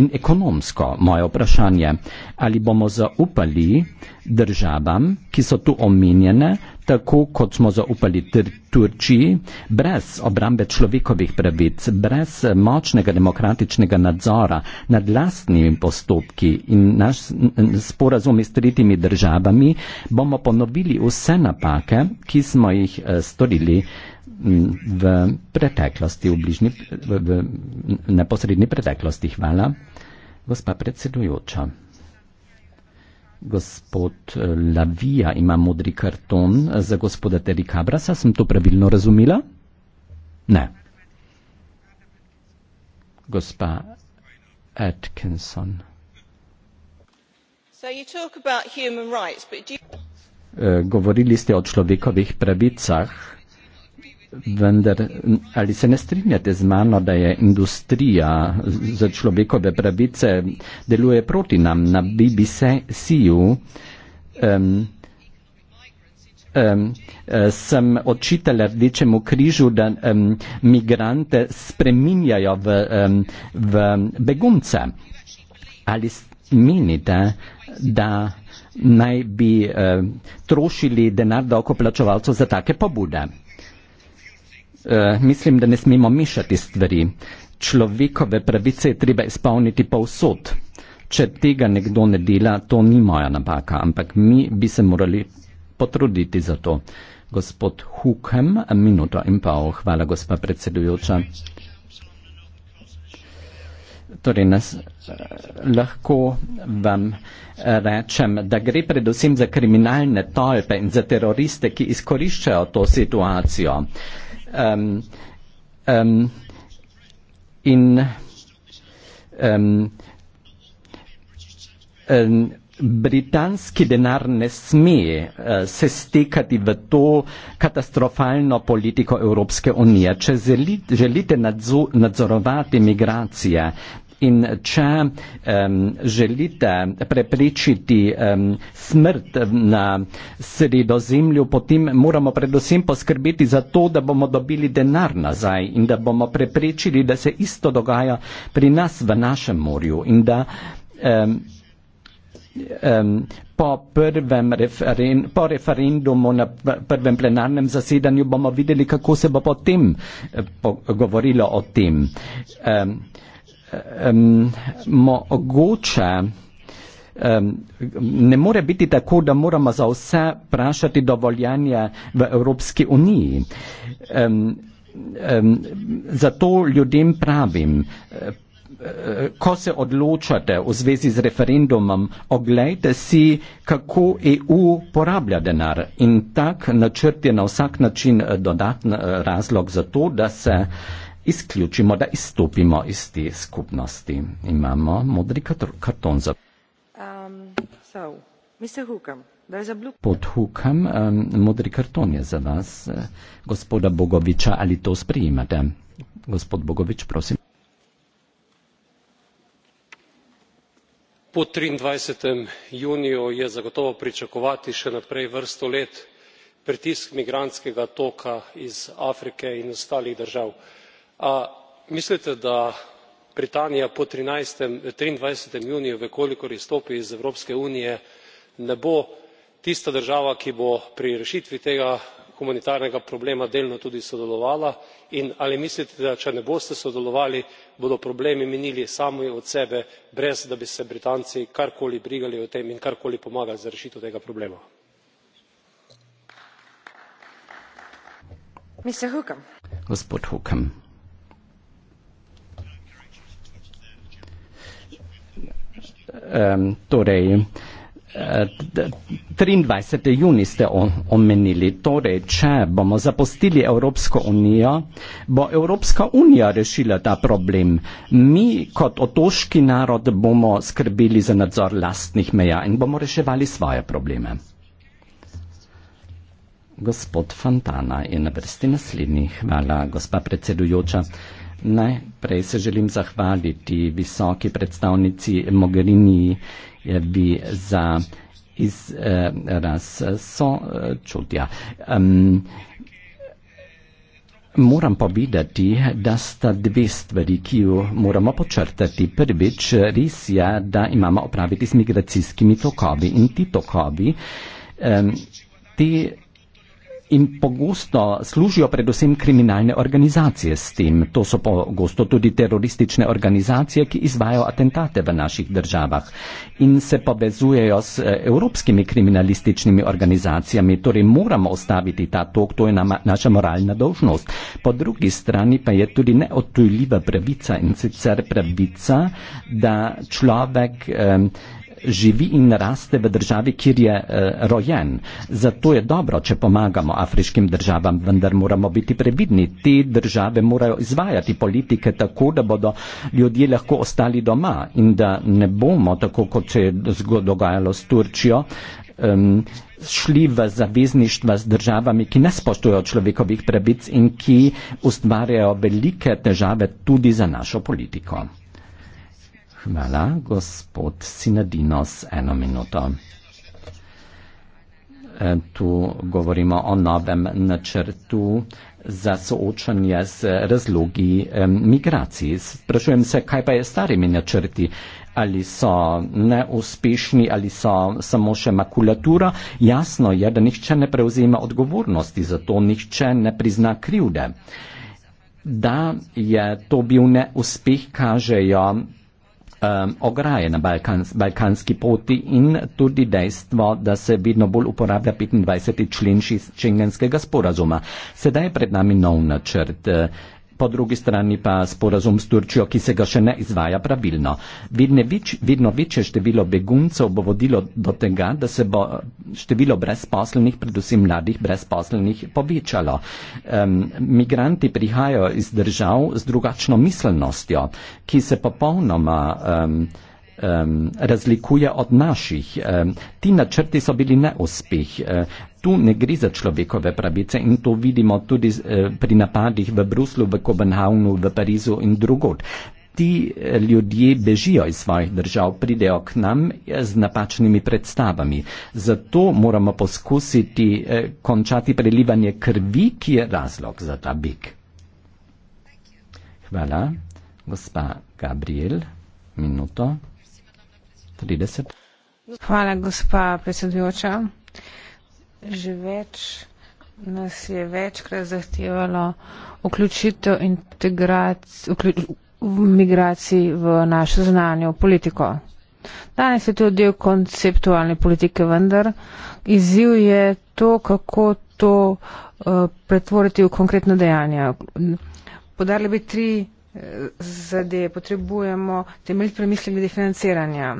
in ekonomsko. Moje vprašanje, ali bomo zaupali državam, ki so tu omenjene, tako kot smo zaupali Turčiji, brez obrambe človekovih pravic, brez močnega demokratičnega nadzora nad lastnimi postopki in naš sporazum s tretjimi državami, bomo ponovili vse napake, ki smo jih eh, storili v preteklosti, v bližnji, v, v neposredni preteklosti. Hvala, gospa predsedujoča. Gospod eh, Lavija ima modri karton za gospoda Teri Kabrasa. Sem to pravilno razumela? Ne. Gospa Atkinson. Eh, govorili ste o človekovih pravicah. Vendar, ali se ne strinjate z mano, da je industrija za človekove pravice deluje proti nam na BBC-ju? Um, Um, eh, sem očitelj Rdečemu križu, da um, migrante spreminjajo v, um, v begunce. Ali menite, da naj bi um, trošili denar davkoplačevalcev za take pobude? Eh, mislim, da ne smemo mešati stvari. Človekove pravice je treba izpolniti povsod. Če tega nekdo ne dela, to ni moja napaka, ampak mi bi se morali potruditi za to. Gospod Hukem, minuto in pol. Hvala, gospa predsedujoča. Torej, nas, eh, lahko vam eh, rečem, da gre predvsem za kriminalne tolpe in za teroriste, ki izkoriščajo to situacijo um, um, in, um, in um, britanski denar ne sme uh, se stekati v to katastrofalno politiko Evropske unije. Če želite nadzo nadzorovati migracije, In če um, želite preprečiti um, smrt na sredozemlju, potem moramo predvsem poskrbeti za to, da bomo dobili denar nazaj in da bomo preprečili, da se isto dogaja pri nas v našem morju in da um, um, po, referen po referendumu na prvem plenarnem zasedanju bomo videli, kako se bo potem eh, govorilo o tem. Um, um, mogoče um, ne more biti tako, da moramo za vse prašati dovoljenje v Evropski uniji. Um, um, zato ljudem pravim, ko se odločate v zvezi z referendumom, oglejte si, kako EU porablja denar in tak načrt je na vsak način eh, dodatni eh, razlog za to, da se uh, izključimo, da izstopimo iz te skupnosti. Imamo modri karton za. Um, so, Blue... Pod hukam, um, modri karton je za vas, uh, gospoda Bogoviča, ali to sprijemate? Gospod Bogovič, prosim. Po 23. juniju je zagotovo pričakovati še naprej vrsto let pritisk migranskega toka iz Afrike in ostalih držav. Uh, mislite da britanija po triindvajset juniju v kolikor izstopi iz evropske unije ne bo tista država ki bo pri rešitvi tega humanitarnega problema delno tudi sodelovala in ali mislite da če ne boste sodelovali bodo problemi minili sami od sebe brez da bi se britanci karkoli brigali o tem in karkoli pomagali za rešitev tega problema? um, torej, uh, 23. juni ste omenili, torej, če bomo zapustili Evropsko unijo, bo Evropska unija rešila ta problem. Mi kot otoški narod bomo skrbeli za nadzor lastnih meja in bomo reševali svoje probleme. Gospod Fantana je na vrsti naslednji. Hvala, gospa predsedujoča. Najprej se želim zahvaliti visoki predstavnici Mogherini eh, bi za izraz eh, sočutja. Um, moram povedati, da sta dve stvari, ki jo moramo počrtati. Prvič, res je, da imamo opraviti s migracijskimi tokovi in ti tokovi, um, ti in pogosto služijo predvsem kriminalne organizacije s tem. To so pogosto tudi teroristične organizacije, ki izvajo atentate v naših državah in se povezujejo s eh, evropskimi kriminalističnimi organizacijami. Torej moramo ostaviti ta tok, to je nama, naša moralna dolžnost. Po drugi strani pa je tudi neodtujljiva pravica in sicer pravica, da človek. Eh, živi in raste v državi, kjer je uh, rojen. Zato je dobro, če pomagamo afriškim državam, vendar moramo biti previdni. Te države morajo izvajati politike tako, da bodo ljudje lahko ostali doma in da ne bomo, tako kot se je dogajalo s Turčijo, um, šli v zavezništva z državami, ki ne spoštujejo človekovih pravic in ki ustvarjajo velike težave tudi za našo politiko. Hvala, gospod Sinadino s eno minuto. E, tu govorimo o novem načrtu za soočanje z razlogi e, migracij. Sprašujem se, kaj pa je starimi načrti? Ali so neuspešni, ali so samo še makulatura? Jasno je, da nihče ne prevzema odgovornosti za to, nihče ne prizna krivde. Da je to bil neuspeh, kažejo um, ograje na Balkans, balkanski poti in tudi dejstvo, da se vedno bolj uporablja 25. člen šengenskega sporazuma. Sedaj je pred nami nov načrt. Uh, po drugi strani pa sporazum s Turčijo, ki se ga še ne izvaja pravilno. Vič, vidno večje število beguncev bo vodilo do tega, da se bo eh, število brezposlenih, predvsem mladih brezposlenih, povečalo. Um, migranti prihajajo iz držav z drugačno miselnostjo, ki se popolnoma um, um, razlikuje od naših. Um, ti načrti so bili neuspeh. Uh, tu ne gre za človekove pravice in to vidimo tudi uh, pri napadih v Bruslu, v Kopenhavnu, v Parizu in drugod. Ti e, ljudje bežijo iz svojih držav, pridejo k nam z napačnimi predstavami. Zato moramo poskusiti eh, končati prelivanje krvi, ki je razlog za ta beg. Hvala. Gospa Gabriel, minuto. 30. Hvala, gospa predsedujoča. Že več nas je večkrat zahtevalo vključitev integracij, vključ, migracij v našo znanje, v politiko. Danes je to del konceptualne politike, vendar izziv je to, kako to uh, pretvoriti v konkretno dejanje. Podarili bi tri uh, zadeve. Potrebujemo temelj premisli glede financiranja.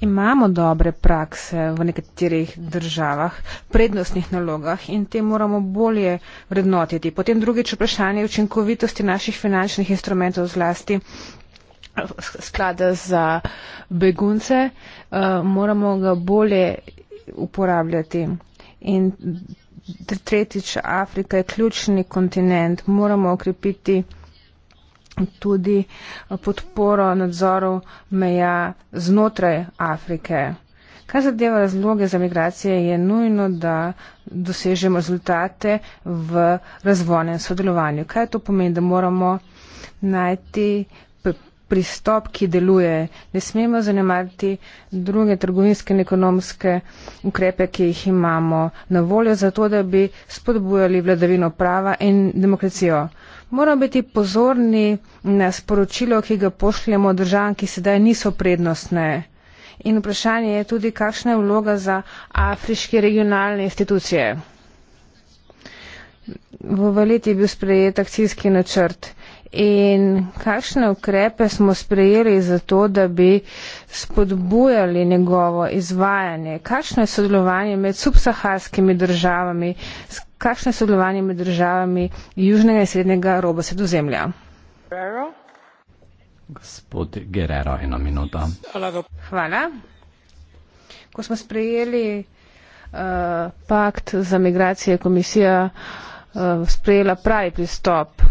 Imamo dobre prakse v nekaterih državah, prednostnih nalogah in te moramo bolje vrednotiti. Potem drugič vprašanje učinkovitosti naših finančnih instrumentov zlasti eh, sklada za begunce, eh, moramo ga bolje uporabljati. In tretjič, Afrika je ključni kontinent, moramo okrepiti tudi eh, podporo nadzorov meja znotraj Afrike. Kar zadeva razloge za migracije, je nujno, da dosežemo rezultate v razvojnem sodelovanju. Kaj to pomeni, da moramo najti pristop, ki deluje. Ne smemo zanimati druge trgovinske in ekonomske ukrepe, ki jih imamo na voljo, zato da bi spodbujali vladavino prava in demokracijo. Moramo biti pozorni na sporočilo, ki ga pošljemo državam, ki sedaj niso prednostne. In vprašanje je tudi, kakšna je vloga za afriške regionalne institucije. V valeti je bil sprejet akcijski načrt. In kakšne ukrepe smo sprejeli za to, da bi spodbujali njegovo izvajanje? Kakšno je sodelovanje med subsaharskimi državami, kakšno je sodelovanje med državami južnega in srednjega roba sredozemlja? Gospod Gerero, ena minuta. Hvala. Ko smo sprejeli uh, pakt za migracije, komisija uh, sprejela pravi pristop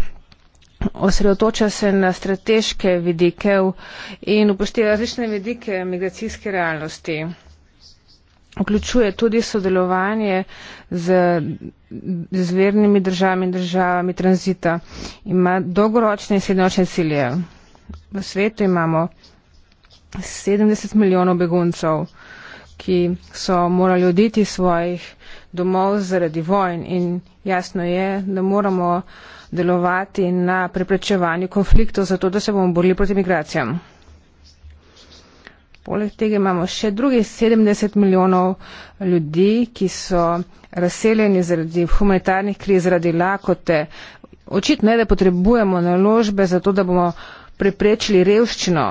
osredotoča se na strateške vidike in upošteva različne vidike migracijske realnosti. Vključuje tudi sodelovanje z zvernimi državami in državami tranzita. Ima dolgoročne in srednjoročne cilje. V svetu imamo 70 milijonov beguncov, ki so morali oditi svojih domov zaradi vojn in jasno je, da moramo delovati na preprečevanju konfliktov, zato da se bomo borili proti migracijam. Poleg tega imamo še drugih 70 milijonov ljudi, ki so razseljeni zaradi humanitarnih kriz, zaradi lakote. Očitno je, da potrebujemo naložbe za to, da bomo preprečili revščino.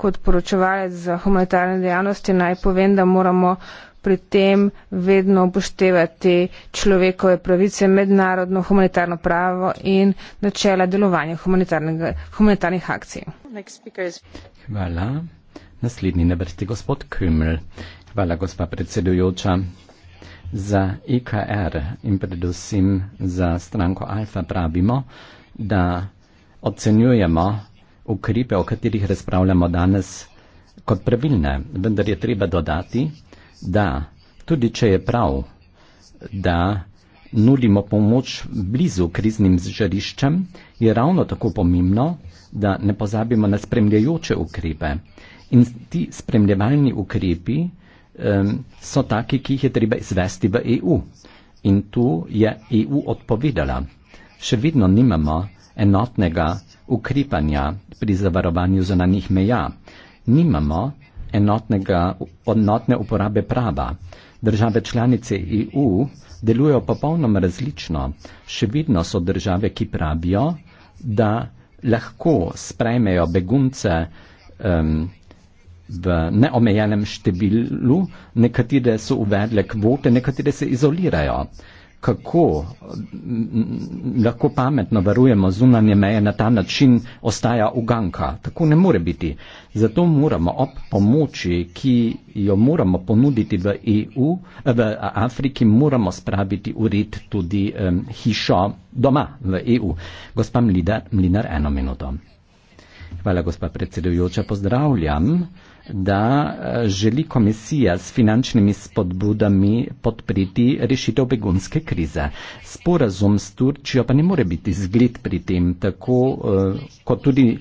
Kot poročevalec za humanitarne dejavnosti naj povem, da moramo pri tem vedno upoštevati človekove pravice, mednarodno humanitarno pravo in načela delovanja humanitarnih akcij. Hvala. Naslednji na vrsti gospod Kümmel. Hvala, gospa predsedujoča. Za IKR e in predvsem za stranko Alfa pravimo, da ocenjujemo ukripe, o katerih razpravljamo danes, kot pravilne. Vendar je treba dodati, da, tudi če je prav, da nudimo pomoč blizu kriznim žariščem, je ravno tako pomembno, da ne pozabimo na spremljajoče ukrepe. In ti spremljevalni ukrepi um, so taki, ki jih je treba izvesti v EU. In tu je EU odpovedala. Še vedno nimamo enotnega ukrepanja pri zavarovanju zunanjih meja. Nimamo enotnega, enotne uporabe prava. Države članice EU delujejo popolnoma različno. Še vedno so države, ki pravijo, da lahko sprejmejo begunce um, v neomejenem številu, nekatere so uvedle kvote, nekatere se izolirajo kako lahko pametno varujemo zunanje meje na ta način, ostaja uganka. Tako ne more biti. Zato moramo ob pomoči, ki jo moramo ponuditi v EU, eh, v Afriki, moramo spraviti ured tudi um, hišo doma v EU. Gospa Mlinar, eno minuto. Hvala, gospa predsedujoča. Pozdravljam da eh, želi komisija s finančnimi spodbudami podpriti rešitev begunske krize. Sporazum s Turčijo pa ne more biti zgled pri tem, tako uh, kot tudi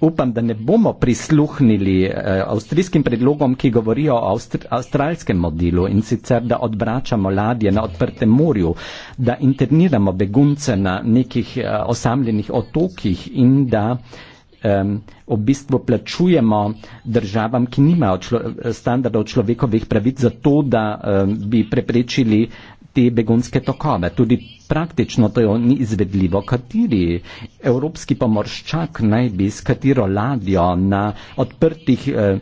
upam, da ne bomo prisluhnili uh, avstrijskim predlogom, ki govorijo o Austr avstralskem modelu in sicer, da odvračamo ladje na odprtem morju, da interniramo begunce na nekih uh, osamljenih otokih in da uh, um, v bistvu plačujemo državam, ki nimajo člo, standardov človekovih pravic, zato da um, bi preprečili te begonske tokove. Tudi praktično to ni izvedljivo, kateri evropski pomorščak naj bi s katero ladjo na, eh,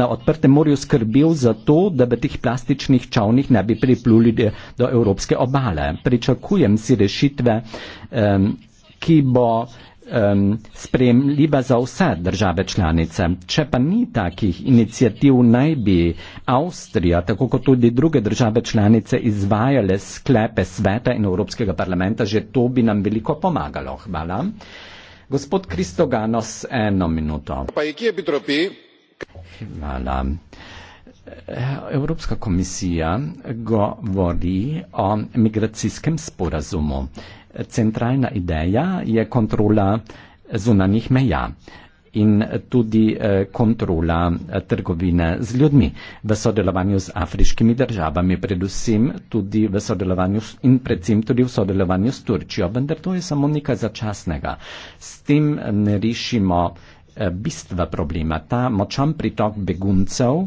na odprtem morju skrbel za to, da bi teh plastičnih čavnih ne bi pripluli eh, do evropske obale. Pričakujem si rešitve, eh, ki bo um, sprejemljiva za vse države članice. Če pa ni takih inicijativ, naj bi Avstrija, tako kot tudi druge države članice, izvajale sklepe sveta in Evropskega parlamenta, že to bi nam veliko pomagalo. Hvala. Gospod Kristoganos, eno minuto. Pa je kje bi tropi? Hvala. Evropska komisija govori o migracijskem sporazumu centralna ideja je kontrola zunanjih meja in tudi eh, kontrola eh, trgovine z ljudmi v sodelovanju z afriškimi državami, predvsem tudi v sodelovanju in predvsem tudi v sodelovanju s Turčijo. Vendar to je samo nekaj začasnega. S tem ne rešimo eh, bistva problema. Ta močan pritok beguncev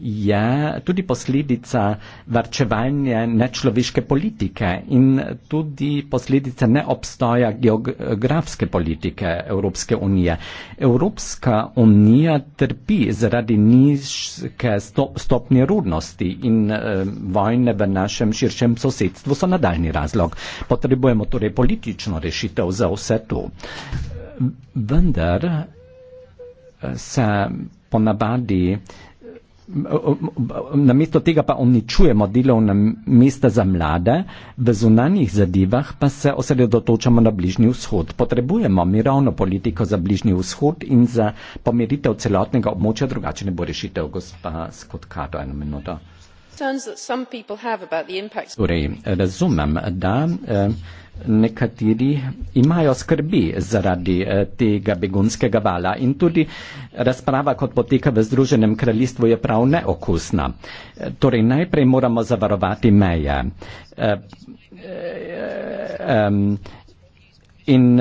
je tudi posledica varčevanja nečloveške politike in tudi posledica neobstoja geografske politike Evropske unije. Evropska unija trpi zaradi nizke stopnje rudnosti in eh, vojne v našem širšem sosedstvu so nadaljni razlog. Potrebujemo torej politično rešitev za vse to. Vendar eh, se ponavadi namesto tega pa uničujemo delovna mesta za mlade, v zunanjih zadevah pa se osredotočamo na Bližnji vzhod. Potrebujemo mirovno politiko za Bližnji vzhod in za pomiritev celotnega območja, drugače ne bo rešitev, gospa Skotkato, eno minuto. Torej, razumem, da. Eh, nekateri imajo skrbi zaradi eh, tega begunskega vala in tudi razprava, kot poteka v Združenem kraljestvu, je prav neokusna. Eh, torej, najprej moramo zavarovati meje. Eh, in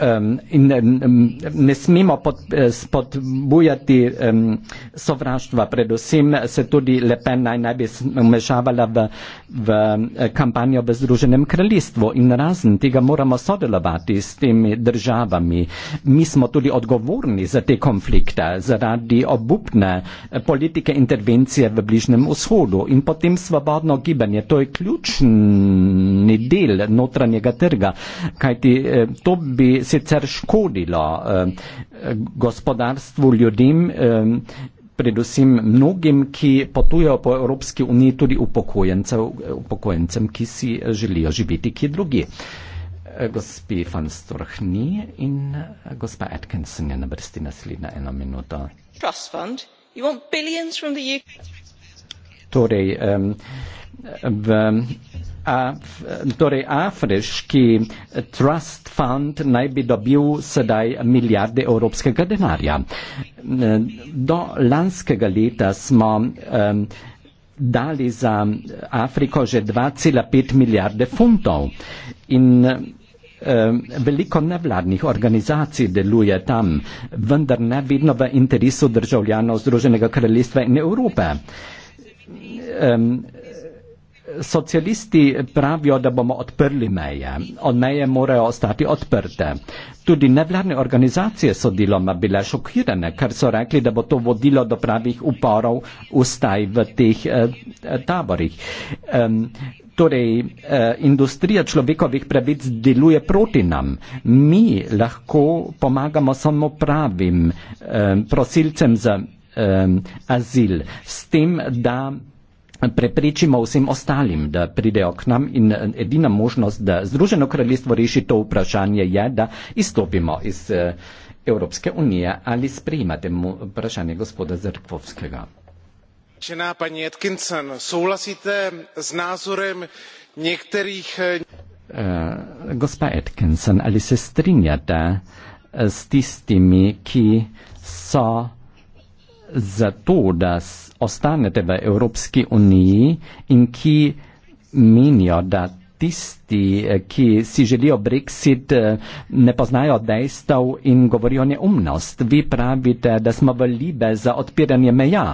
um, in, um, ne smemo pod, eh, spodbujati um, sovraštva. Predvsem se tudi Lepen naj naj bi umešavala v, v eh, kampanjo v Združenem kraljestvu. In razen tega moramo sodelovati s temi državami. Mi smo tudi odgovorni za te konflikte, zaradi obupne eh, politike intervencije v bližnjem vzhodu. In potem svobodno gibanje. To je ključni del notranjega trga. Kajti to bi sicer škodilo eh, gospodarstvu, ljudem, eh, predvsem mnogim, ki potujejo po Evropski uniji, tudi upokojencem, ki si želijo živeti kje drugi. Eh, Gospi van Storchni in gospa Atkinson je na vrsti naslednja eno minuto. Trust fund. You want billions from the UK. Torej, um, v Af, torej afriški trust fund naj bi dobil sedaj milijarde evropskega denarja. Do lanskega leta smo um, dali za Afriko že 2,5 milijarde funtov in um, veliko nevladnih organizacij deluje tam, vendar ne vedno v interesu državljanov Združenega kraljestva in Evrope. Um, socialisti pravijo, da bomo odprli meje. Od meje morajo ostati odprte. Tudi nevladne organizacije so deloma bile šokirane, ker so rekli, da bo to vodilo do pravih uporov vstaj v teh eh, taborih. Um, torej, eh, industrija človekovih pravic deluje proti nam. Mi lahko pomagamo samo pravim eh, prosilcem za eh, azil. S tem, da prepričimo vsem ostalim, da pridejo k nam in edina možnost, da Združeno kraljestvo reši to vprašanje, je, da izstopimo iz eh, Evropske unije ali sprejmate mu vprašanje gospoda Zrkovskega. Žená paní Atkinson, souhlasíte s názorem některých... Uh, gospa Atkinson, ali se stríňate s tistými, ki so za to, da ostanete v Evropski uniji in ki menijo, da tisti, eh, ki si želijo Brexit, eh, ne poznajo dejstev in govorijo neumnost. Vi pravite, da smo v libe za odpiranje meja.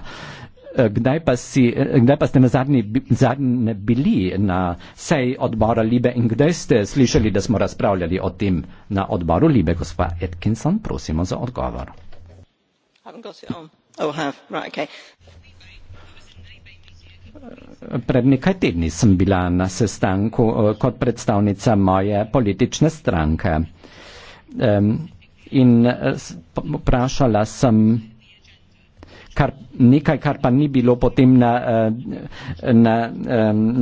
Eh, kdaj pa, si, kdaj pa ste na zadnji, zadnji bili na seji odbora Libe in kdaj ste slišali, da smo razpravljali o tem na odboru Libe? Gospa Atkinson, prosimo za odgovor. Oh, right, okay. Pred nekaj tedni sem bila na sestanku eh, kot predstavnica moje politične stranke in eh, vprašala sem kar nekaj, kar pa ni bilo potem na, eh, na,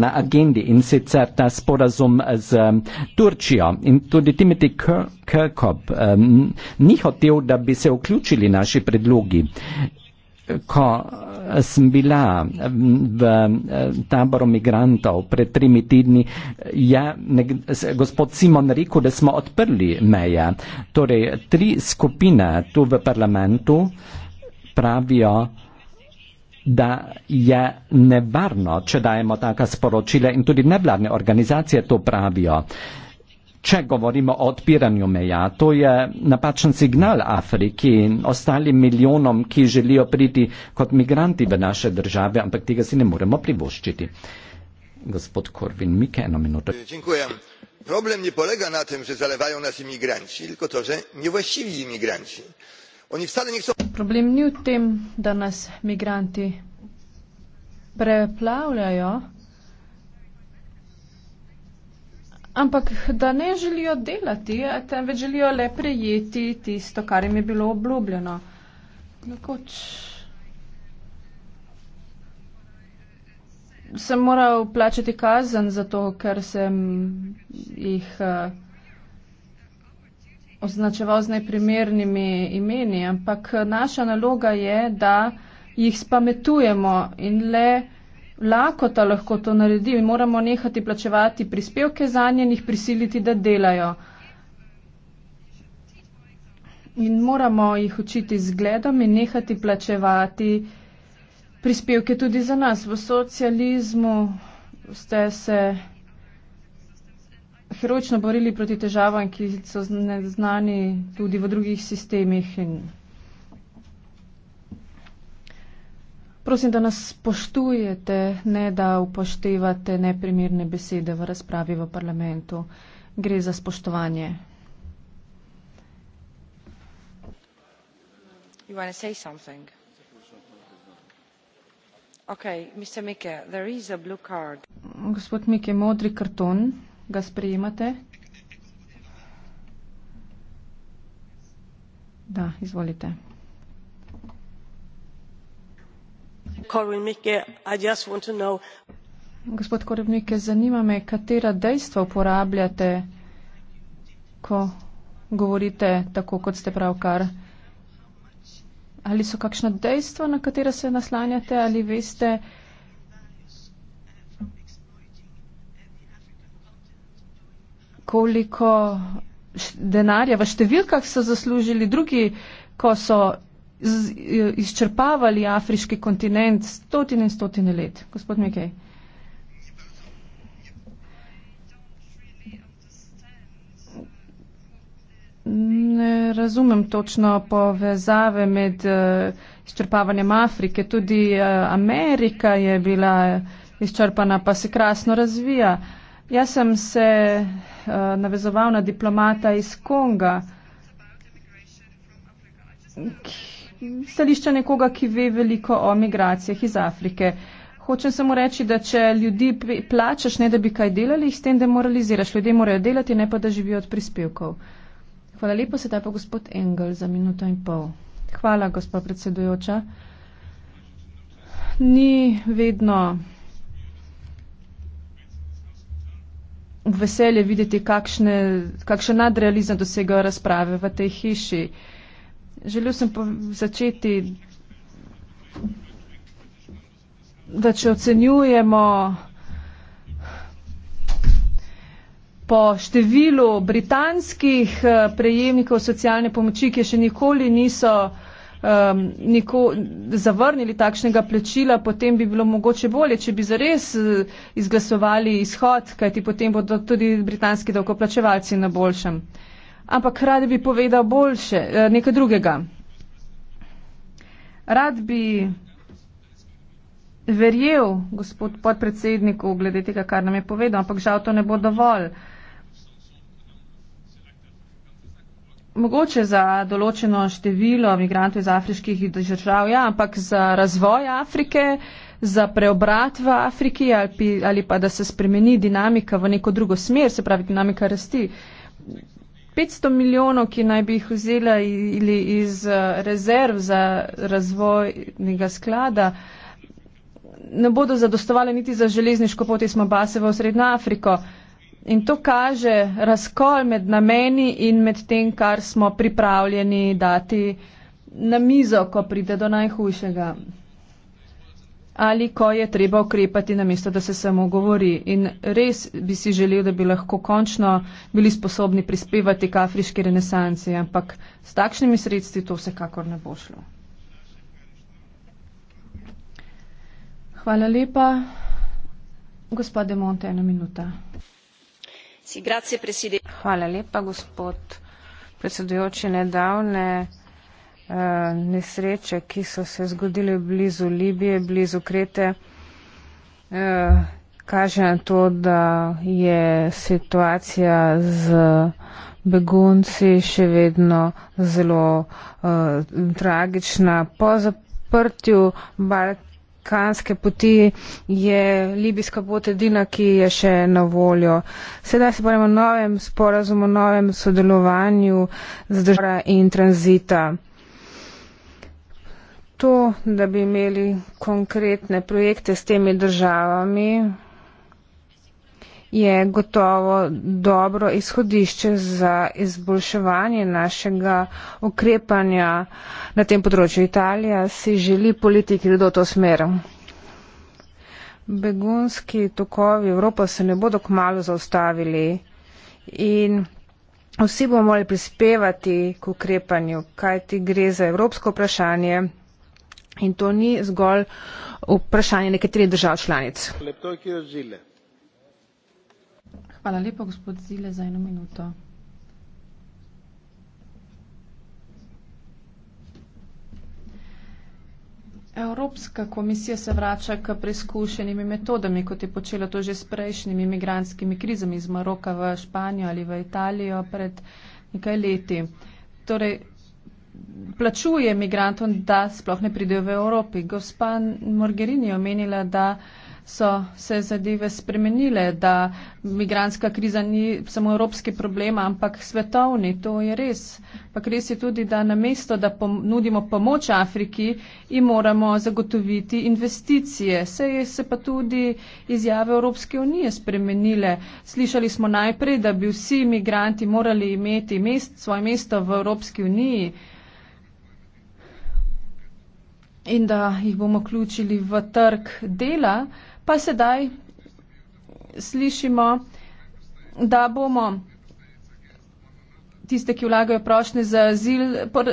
na agendi in sicer ta sporazum z Turčijo. In tudi Timothy Kirkhope ni hotel, da bi se vključili naši predlogi ko eh, sem bila v eh, taboru migrantov pred trimi tedni, je nek, gospod Simon rekel, da smo odprli meje. Torej, tri skupine tu v parlamentu pravijo, da je nevarno, če dajemo taka sporočila in tudi nevladne organizacije to pravijo. Uh, Če govorimo o odpiranju meja, to je napačen signal Afriki in ostalim milijonom, ki želijo priti kot migranti v naše države, ampak tega si ne moremo privoščiti. Gospod Korvin, Mike, eno minuto. Problem nie polega na tym, że zalewają nas imigranci, tylko to, że niewłaściwi imigranci. Oni wcale nie chcą. Problem nie w tym, że nas migranci preplawiają. Ampak da ne želijo delati, temveč želijo le prejeti tisto, kar jim je bilo obljubljeno. Nekoč sem moral plačati kazen zato, ker sem jih eh, označeval z najprimernimi imeni, ampak eh, naša naloga je, da jih spametujemo in le lakota lahko to naredi. Mi moramo nehati plačevati prispevke za nje in jih prisiliti, da delajo. In moramo jih učiti zgledom in nehati plačevati prispevke tudi za nas. V socializmu ste se heroično borili proti težavam, ki so neznani tudi v drugih sistemih. In Prosim, da nas poštujete, ne da upoštevate neprimerne besede v razpravi v parlamentu. Gre za spoštovanje. You want to say something? Okay, Mr. Mike, there is a blue card. Gospod Mike, modri karton, ga sprejemate? Da, izvolite. gospod korwin-mikke zanima me katera dejstva uporabljate ko govorite tako kot ste pravkar ali so kakšna dejstva na katera se naslanjate ali veste koliko denarja v številkah so zaslužili drugi ko so z, eh, izčrpavali afriški kontinent stotine in stotine let. Gospod Mikej. Ne razumem točno povezave med uh, izčrpavanjem Afrike. Tudi uh, Amerika je bila izčrpana, pa se krasno razvija. Jaz sem se uh, navezoval na diplomata iz Konga, stališča nekoga, ki ve veliko o migracijah iz Afrike. Hočem samo reči, da če ljudi plačaš, ne da bi kaj delali, jih s tem demoraliziraš. Ljudje morajo delati, ne pa da živijo od prispevkov. Hvala lepo, sedaj pa gospod Engel za minuto in pol. Hvala, gospod predsedujoča. Ni vedno veselje videti, kakšne, kakšen nadrealizem dosegajo razprave v tej hiši želel sem pa začeti, da če ocenjujemo po številu britanskih eh, prejemnikov socialne pomoči, ki še nikoli niso um, niko, zavrnili takšnega plačila, potem bi bilo mogoče bolje, če bi zares eh, izglasovali izhod, kajti potem bodo tudi britanski davkoplačevalci na boljšem. Uh, ampak rad bi povedal boljše, eh, nekaj drugega. Rad bi verjel, gospod podpredsedniku, glede tega, kar nam je povedal, ampak žal to ne bo dovolj. Mogoče za določeno število migrantov iz afriških držav, ja, ampak za razvoj Afrike, za preobrat v Afriki ali pa da se spremeni dinamika v neko drugo smer, se pravi dinamika rasti. 500 milijonov, ki naj bi jih vzela ili iz eh, rezerv za razvojnega sklada, ne bodo zadostovali niti za železniško pot iz Mabase v Srednjo Afriko. In to kaže razkol med nameni in med tem, kar smo pripravljeni dati na mizo, ko pride do najhujšega ali ko je treba ukrepati na mesto, da se samo govori. In res bi si želel, da bi lahko končno bili sposobni prispevati k afriški renesanci, ampak s takšnimi sredstvi to vsekakor ne bo šlo. Hvala lepa. Gospod Demonte, ena minuta. Hvala lepa, gospod predsedujoči, nedavne. Eh, nesreče, ki so se zgodili blizu Libije, blizu Krete, eh, kaže na to, da je situacija z begunci še vedno zelo eh, tragična. Po zaprtju Balkanske poti je libijska pot edina, ki je še na voljo. Sedaj se bomo o novem sporazumu, o novem sodelovanju z država in tranzita to, da bi imeli konkretne projekte s temi državami, je gotovo dobro izhodišče za izboljševanje našega ukrepanja na tem področju. Italija si želi politiki, da do to smer. Begunski tokovi Evropa se ne bodo kmalo zaustavili in vsi bomo morali prispevati k ukrepanju, kajti gre za evropsko vprašanje. In to ni zgolj vprašanje nekaterih držav članic. Hvala lepa, gospod Zile, za eno minuto. Evropska komisija se vrača k preizkušenimi metodami, kot je počela to že s prejšnjimi imigranskimi krizami iz Maroka v Španijo ali v Italijo pred nekaj leti. Torej, plačuje migrantom, da sploh ne pridejo v Evropi. Gospa Morgerini je omenila, da so se zadeve spremenile, da migranska kriza ni samo evropski problem, ampak svetovni. To je res. Pa res je tudi, da namesto, da nudimo pomoč Afriki, jim moramo zagotoviti investicije. Se je se pa tudi izjave Evropske unije spremenile. Slišali smo najprej, da bi vsi migranti morali imeti mest, svoje mesto v Evropski uniji in da jih bomo vključili v trg dela, pa sedaj slišimo, da bomo tiste, ki vlagajo prošnje za azil,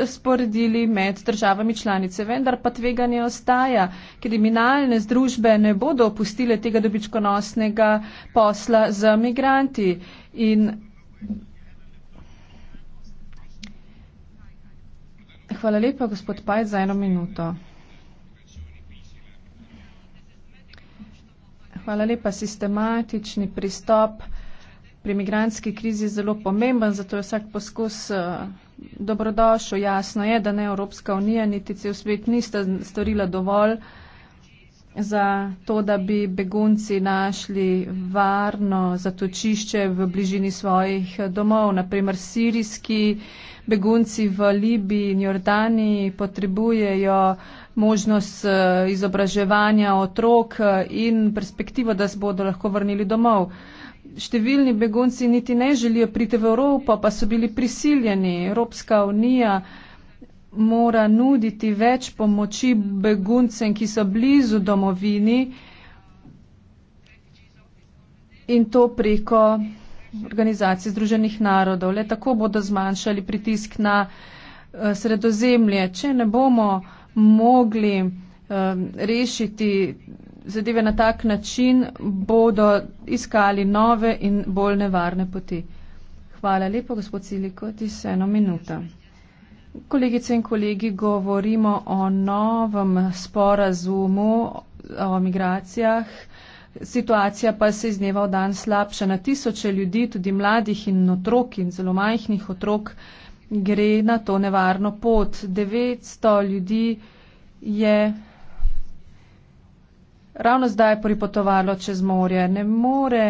sporedili med državami članice. Vendar pa tveganje ostaja. Kriminalne združbe ne bodo opustile tega dobičkonosnega posla za migranti. In Hvala lepa, gospod Pajd, za eno minuto. hvala lepa. Sistematični pristop pri migranski krizi je zelo pomemben, zato je vsak poskus eh, dobrodošel. Jasno je, da ne Evropska unija, niti cel svet nista storila dovolj za to, da bi begunci našli varno zatočišče v bližini svojih domov. Naprimer, sirijski begunci v Libiji in Jordaniji potrebujejo možnost eh, izobraževanja otrok eh, in perspektivo, da se bodo lahko vrnili domov. Številni begunci niti ne želijo priti v Evropo, pa so bili prisiljeni. Evropska unija mora nuditi več pomoči beguncem, ki so blizu domovini in to preko organizacije Združenih narodov. Le tako bodo zmanjšali pritisk na eh, sredozemlje. Če ne bomo mogli eh, rešiti zadeve na tak način, bodo iskali nove in bolj nevarne poti. Hvala lepo, gospod Siliko, ti se eno minuto. Kolegice in kolegi, govorimo o novem sporazumu o migracijah. Situacija pa se iz dneva v dan slabša. Na tisoče ljudi, tudi mladih in otrok in zelo majhnih otrok, gre na to nevarno pot. 900 ljudi je ravno zdaj pripotovalo čez morje. Ne more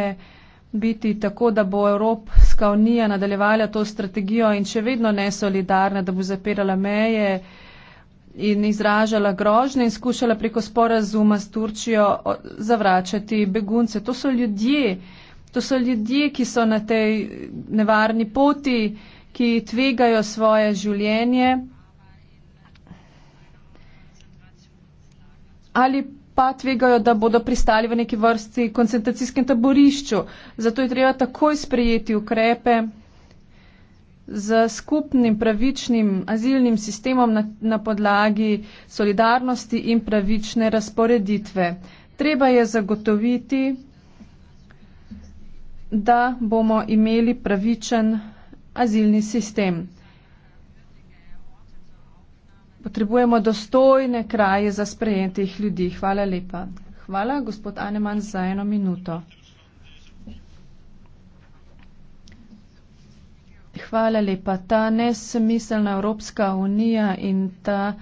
biti tako, da bo Evropska unija nadaljevala to strategijo in še vedno nesolidarna, da bo zapirala meje in izražala grožnje in skušala preko sporazuma s Turčijo zavračati begunce. To so ljudje, to so ljudje, ki so na tej nevarni poti, ki tvegajo svoje življenje. Ali pa tvegajo, da bodo pristali v neki vrsti koncentracijskem taborišču. Zato je treba takoj sprejeti ukrepe z skupnim pravičnim azilnim sistemom na, na podlagi solidarnosti in pravične razporeditve. Treba je zagotoviti, da bomo imeli pravičen azilni sistem. Potrebujemo dostojne kraje za sprejetih ljudi. Hvala lepa. Hvala, gospod Aneman, za eno minuto. Hvala lepa. Ta nesmiselna Evropska unija in ta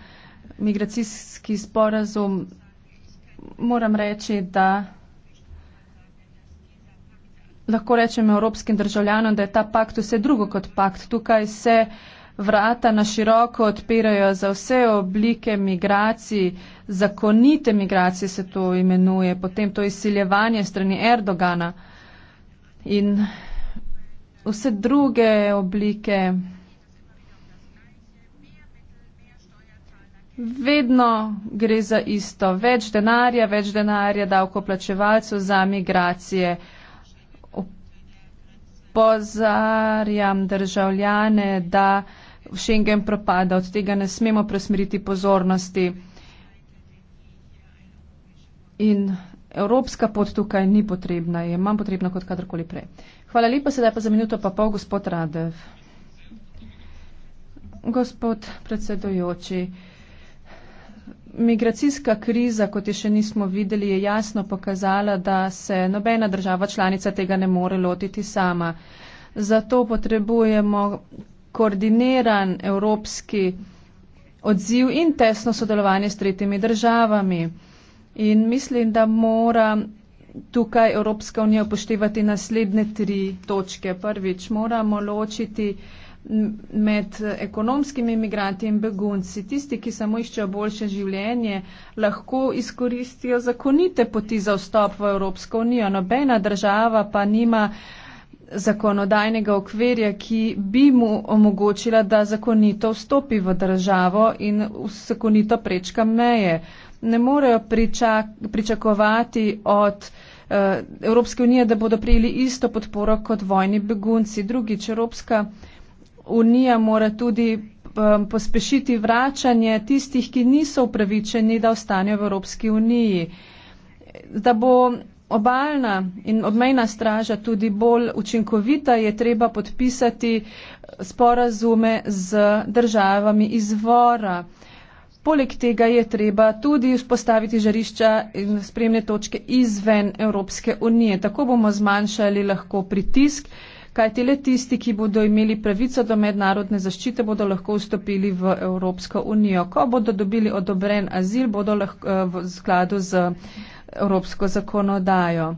migracijski sporazum, moram reči, da lahko rečem evropskim državljanom, da je ta pakt vse drugo kot pakt. Tukaj se. Uh, vrata na široko odpirajo za vse oblike migracij, zakonite migracije se to imenuje, potem to izsiljevanje strani Erdogana in vse druge oblike. Vedno gre za isto. Več denarja, več denarja davkoplačevalcev za migracije. Pozarjam državljane, da Schengen propada, od tega ne smemo presmeriti pozornosti. In evropska pot tukaj ni potrebna, je manj potrebna kot kadarkoli prej. Hvala lepa, sedaj pa za minuto pa pol, gospod Radev. Gospod predsedojoči, migracijska kriza, kot je še nismo videli, je jasno pokazala, da se nobena država članica tega ne more lotiti sama. Zato potrebujemo koordiniran evropski odziv in tesno sodelovanje s tretjimi državami. In mislim, da mora tukaj Evropska unija upoštevati naslednje tri točke. Prvič, moramo ločiti med ekonomskimi imigranti in begunci. Tisti, ki samo iščejo boljše življenje, lahko izkoristijo zakonite poti za vstop v Evropsko unijo. Nobena država pa nima uh, zakonodajnega okvirja, ki bi mu omogočila, da zakonito vstopi v državo in zakonito prečka meje. Ne morejo pričak, pričakovati od eh, Evropske unije, da bodo prijeli isto podporo kot vojni begunci. Drugič, Evropska unija mora tudi eh, pospešiti vračanje tistih, ki niso upravičeni, da ostanejo v Evropski uniji. Da bo obaljna in obmejna straža tudi bolj učinkovita, je treba podpisati sporazume z državami izvora. Poleg tega je treba tudi vzpostaviti žarišča in spremne točke izven Evropske unije. Tako bomo zmanjšali lahko pritisk, kajti le tisti, ki bodo imeli pravico do mednarodne zaščite, bodo lahko vstopili v Evropsko unijo. Ko bodo dobili odobren azil, bodo lahko eh, v skladu z evropsko zakonodajo.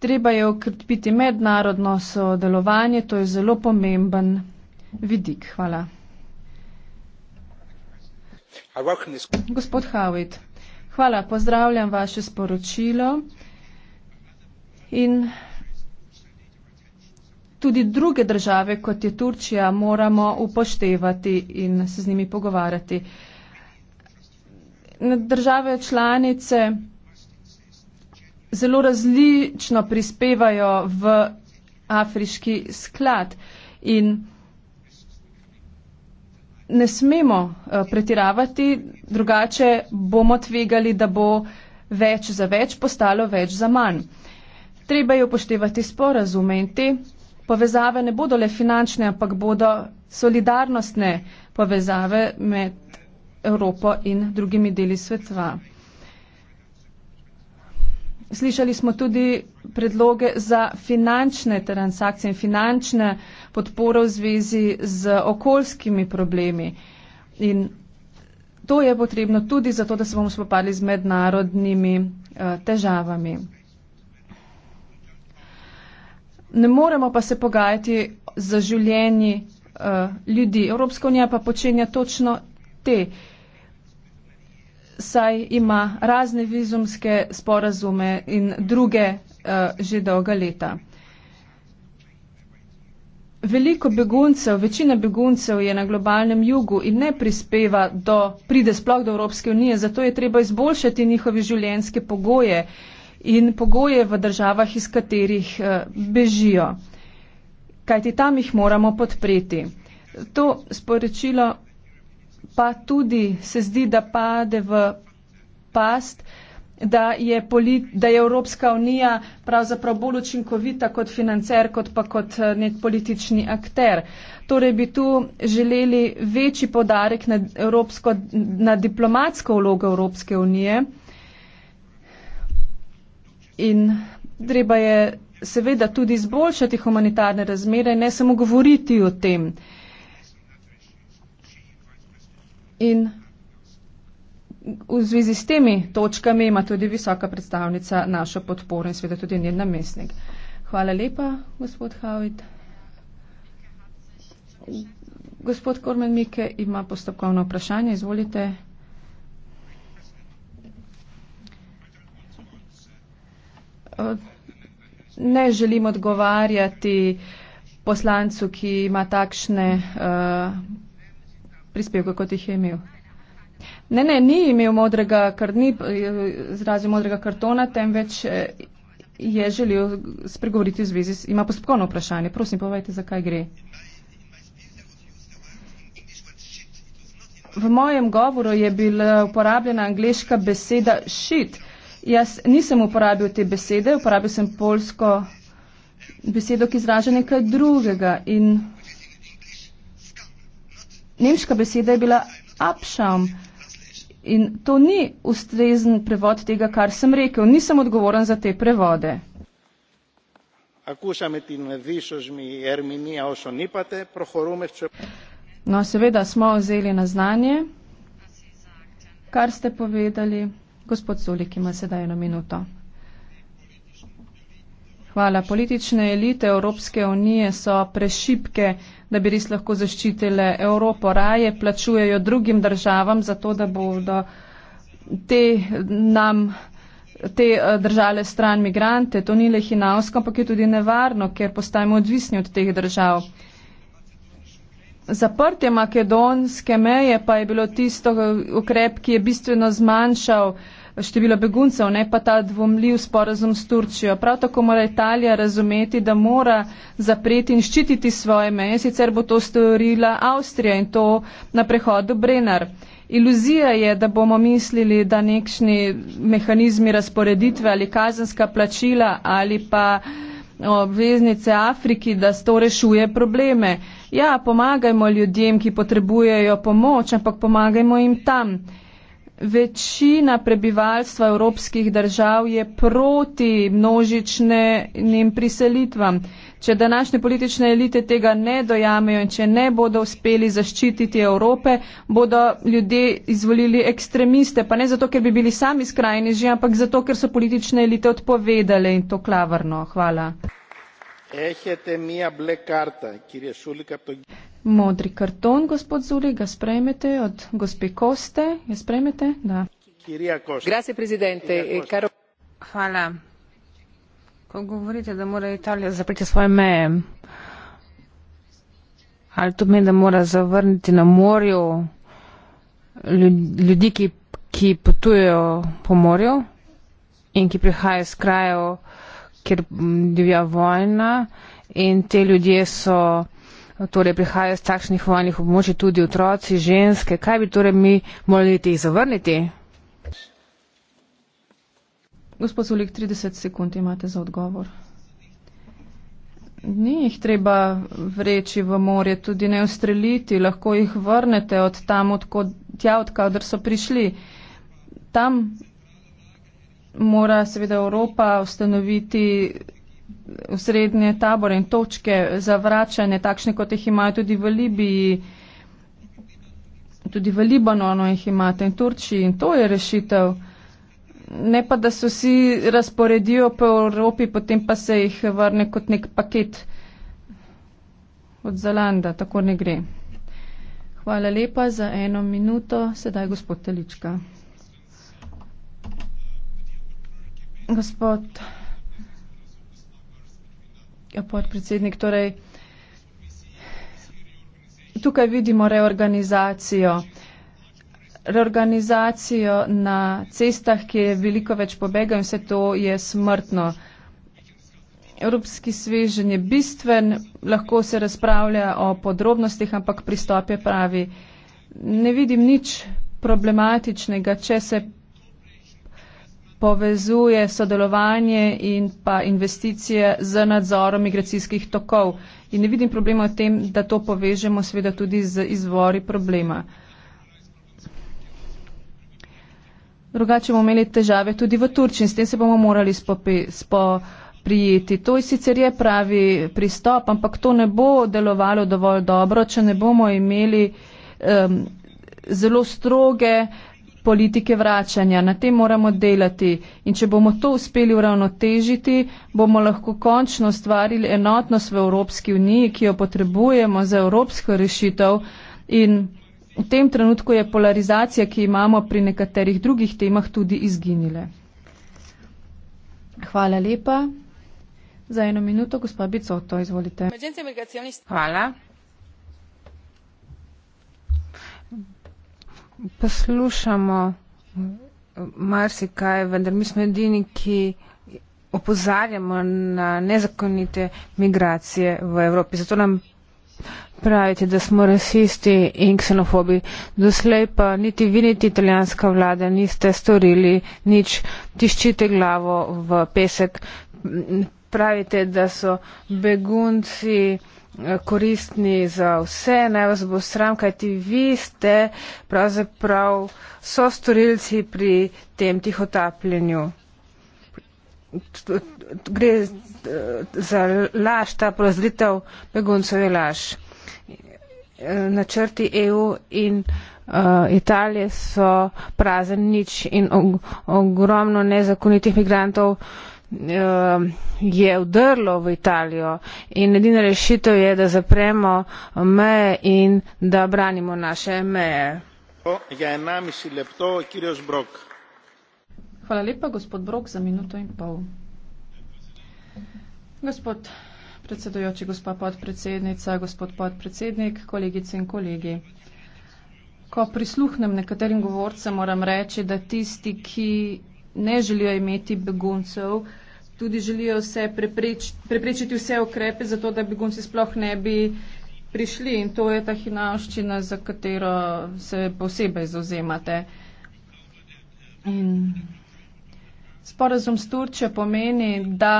Treba je okrepiti mednarodno sodelovanje, to je zelo pomemben vidik. Hvala. Gospod Howitt, hvala, pozdravljam vaše sporočilo in tudi druge države, kot je Turčija, moramo upoštevati in se z njimi pogovarjati države članice zelo različno prispevajo v afriški sklad in ne smemo eh, pretiravati, drugače bomo tvegali, da bo več za več postalo več za manj. Treba je upoštevati sporazume in te povezave ne bodo le finančne, ampak bodo solidarnostne povezave med Evropo in drugimi deli sveta. Slišali smo tudi predloge za finančne transakcije in finančne podporo v zvezi z okoljskimi problemi. In to je potrebno tudi zato, da se bomo spopadli z mednarodnimi eh, težavami. Ne moremo pa se pogajati za življenji uh, ljudi. Evropska unija pa počenja točno te uh, saj ima razne vizumske sporazume in druge uh, že dolga leta. Veliko beguncev, večina beguncev je na globalnem jugu in ne prispeva do, pride sploh do Evropske unije, zato je treba izboljšati njihove življenjske pogoje in pogoje v državah, iz katerih eh, bežijo. Kajti tam jih moramo podpreti. To sporočilo pa tudi se zdi, da pade v past, da je, polit, da je Evropska unija pravzaprav bolj učinkovita kot financer, kot pa kot eh, nek politični akter. Torej bi tu želeli večji podarek na, Evropsko, na diplomatsko vlogo Evropske unije. In treba je seveda tudi izboljšati humanitarne razmere, ne samo govoriti o tem. Uh, In v zvezi s temi točkami ima tudi visoka predstavnica našo podporo in seveda tudi njen namestnik. Hvala lepa, gospod Havit. Gospod Kormen Mike ima postopkovno vprašanje. Izvolite. Ne želim odgovarjati poslancu, ki ima takšne uh, prispevka, kot jih je imel. Ne, ne, ni imel modrega, kar ni eh, izrazil modrega kartona, temveč eh, je želel spregovoriti v zvezi s, ima postopkovno vprašanje, prosim, povejte, zakaj gre. V mojem govoru je bila uporabljena angliška beseda shit. Jaz nisem uporabil te besede, uporabil sem polsko besedo, ki izraža nekaj drugega. In nemška beseda je bila abšam. In to ni ustrezen prevod tega, kar sem rekel. Nisem odgovoren za te prevode. No, seveda smo vzeli na znanje, kar ste povedali. Gospod Sulik ima sedaj eno minuto. Hvala. Politične elite Evropske unije so prešipke, da bi res lahko zaščitile Evropo. Raje plačujejo drugim državam, zato da bodo te nam te eh, države stran migrante. To ni le hinavsko, ampak je tudi nevarno, ker postajamo odvisni od teh držav. Zaprtje makedonske meje pa je bilo tisto eh, ukrep, ki je bistveno zmanjšal število beguncev, ne pa ta dvomljiv sporazum s Turčijo. Prav tako mora Italija razumeti, da mora zapreti in ščititi svoje meje, sicer bo to storila Avstrija in to na prehodu Brenar. Iluzija je, da bomo mislili, da nekšni mehanizmi razporeditve ali kazenska plačila ali pa obveznice Afriki, da s to rešuje probleme. Ja, pomagajmo ljudem, ki potrebujejo pomoč, ampak pomagajmo jim tam. Večina prebivalstva evropskih držav je proti množičnim priselitvam. Če današnje politične elite tega ne dojamejo in če ne bodo uspeli zaščititi Evrope, bodo ljudje izvolili ekstremiste. Pa ne zato, ker bi bili sami skrajni že, ampak zato, ker so politične elite odpovedale in to klavrno. Hvala modri karton, gospod Zuri, ga sprejmete od gospe Koste. Ga sprejmete? Da. Hvala. Ko govorite, da mora Italija zapreti svoje meje, ali to pomeni, da mora zavrniti na morju ljudi, ki, ki potujejo po morju in ki prihajajo z krajev, kjer divja vojna in te ljudje so torej prihajajo iz takšnih vojnih območij tudi otroci, ženske. Kaj bi torej mi morali teh zavrniti? Gospod Zulik, 30 sekund imate za odgovor. Ni jih treba vreči v morje, tudi ne ustreliti, lahko jih vrnete od tam, odkud, tja, odkud so prišli. Tam mora seveda Evropa ustanoviti osrednje tabore in točke za vračanje, takšne kot jih imajo tudi v Libiji, tudi v Libanonu jih imate in Turčiji in to je rešitev. Ne pa, da so vsi razporedijo po Evropi, potem pa se jih vrne kot nek paket od Zalanda, tako ne gre. Hvala lepa za eno minuto, sedaj gospod Telička. Gospod. Ja, podpredsednik. Torej, tukaj vidimo reorganizacijo. Reorganizacijo na cestah, ki je veliko več pobega in vse to je smrtno. Evropski svežen je bistven, lahko se razpravlja o podrobnostih, ampak pristop je pravi. Ne vidim nič problematičnega, če se povezuje sodelovanje in pa investicije z nadzorom migracijskih tokov. In ne vidim problema v tem, da to povežemo seveda tudi z izvori problema. Drugače bomo imeli težave tudi v Turčiji in s tem se bomo morali spoprijeti. To sicer je pravi pristop, ampak to ne bo delovalo dovolj dobro, če ne bomo imeli um, zelo stroge politike vračanja. Na tem moramo delati in če bomo to uspeli uravnotežiti, bomo lahko končno ustvarili enotnost v Evropski uniji, ki jo potrebujemo za evropsko rešitev in v tem trenutku je polarizacija, ki imamo pri nekaterih drugih temah, tudi izginile. Hvala lepa. Za eno minuto, gospod Bicoto, izvolite. Hvala. poslušamo marsikaj, vendar mi smo edini, ki opozarjamo na nezakonite migracije v Evropi. Zato nam pravite, da smo rasisti in ksenofobi. Doslej pa niti vi, niti italijanska vlada niste storili nič, tiščite glavo v pesek. Pravite, da so begunci koristni za vse, naj vas bo sram, kajti vi ste pravzaprav so storilci pri tem tihotapljenju. Gre eh, za laž, ta porazlitev beguncev je laž. Načrti EU in uh, Italije so prazen nič in og ogromno nezakonitih migrantov uh, Eh, je vdrlo v Italijo in edina rešitev je, da zapremo meje in da branimo naše meje. Hvala lepa, gospod Brok, za minuto in pol. Gospod predsedujoči, gospa podpredsednica, gospod podpredsednik, kolegice in kolegi. Ko prisluhnem nekaterim govorcem, moram reči, da tisti, ki ne želijo imeti beguncev, tudi želijo vse preprič, preprečiti vse ukrepe, zato da begunci sploh ne bi prišli. In to je ta hinavščina, za katero se posebej zauzemate. In sporazum s Turčjo pomeni, da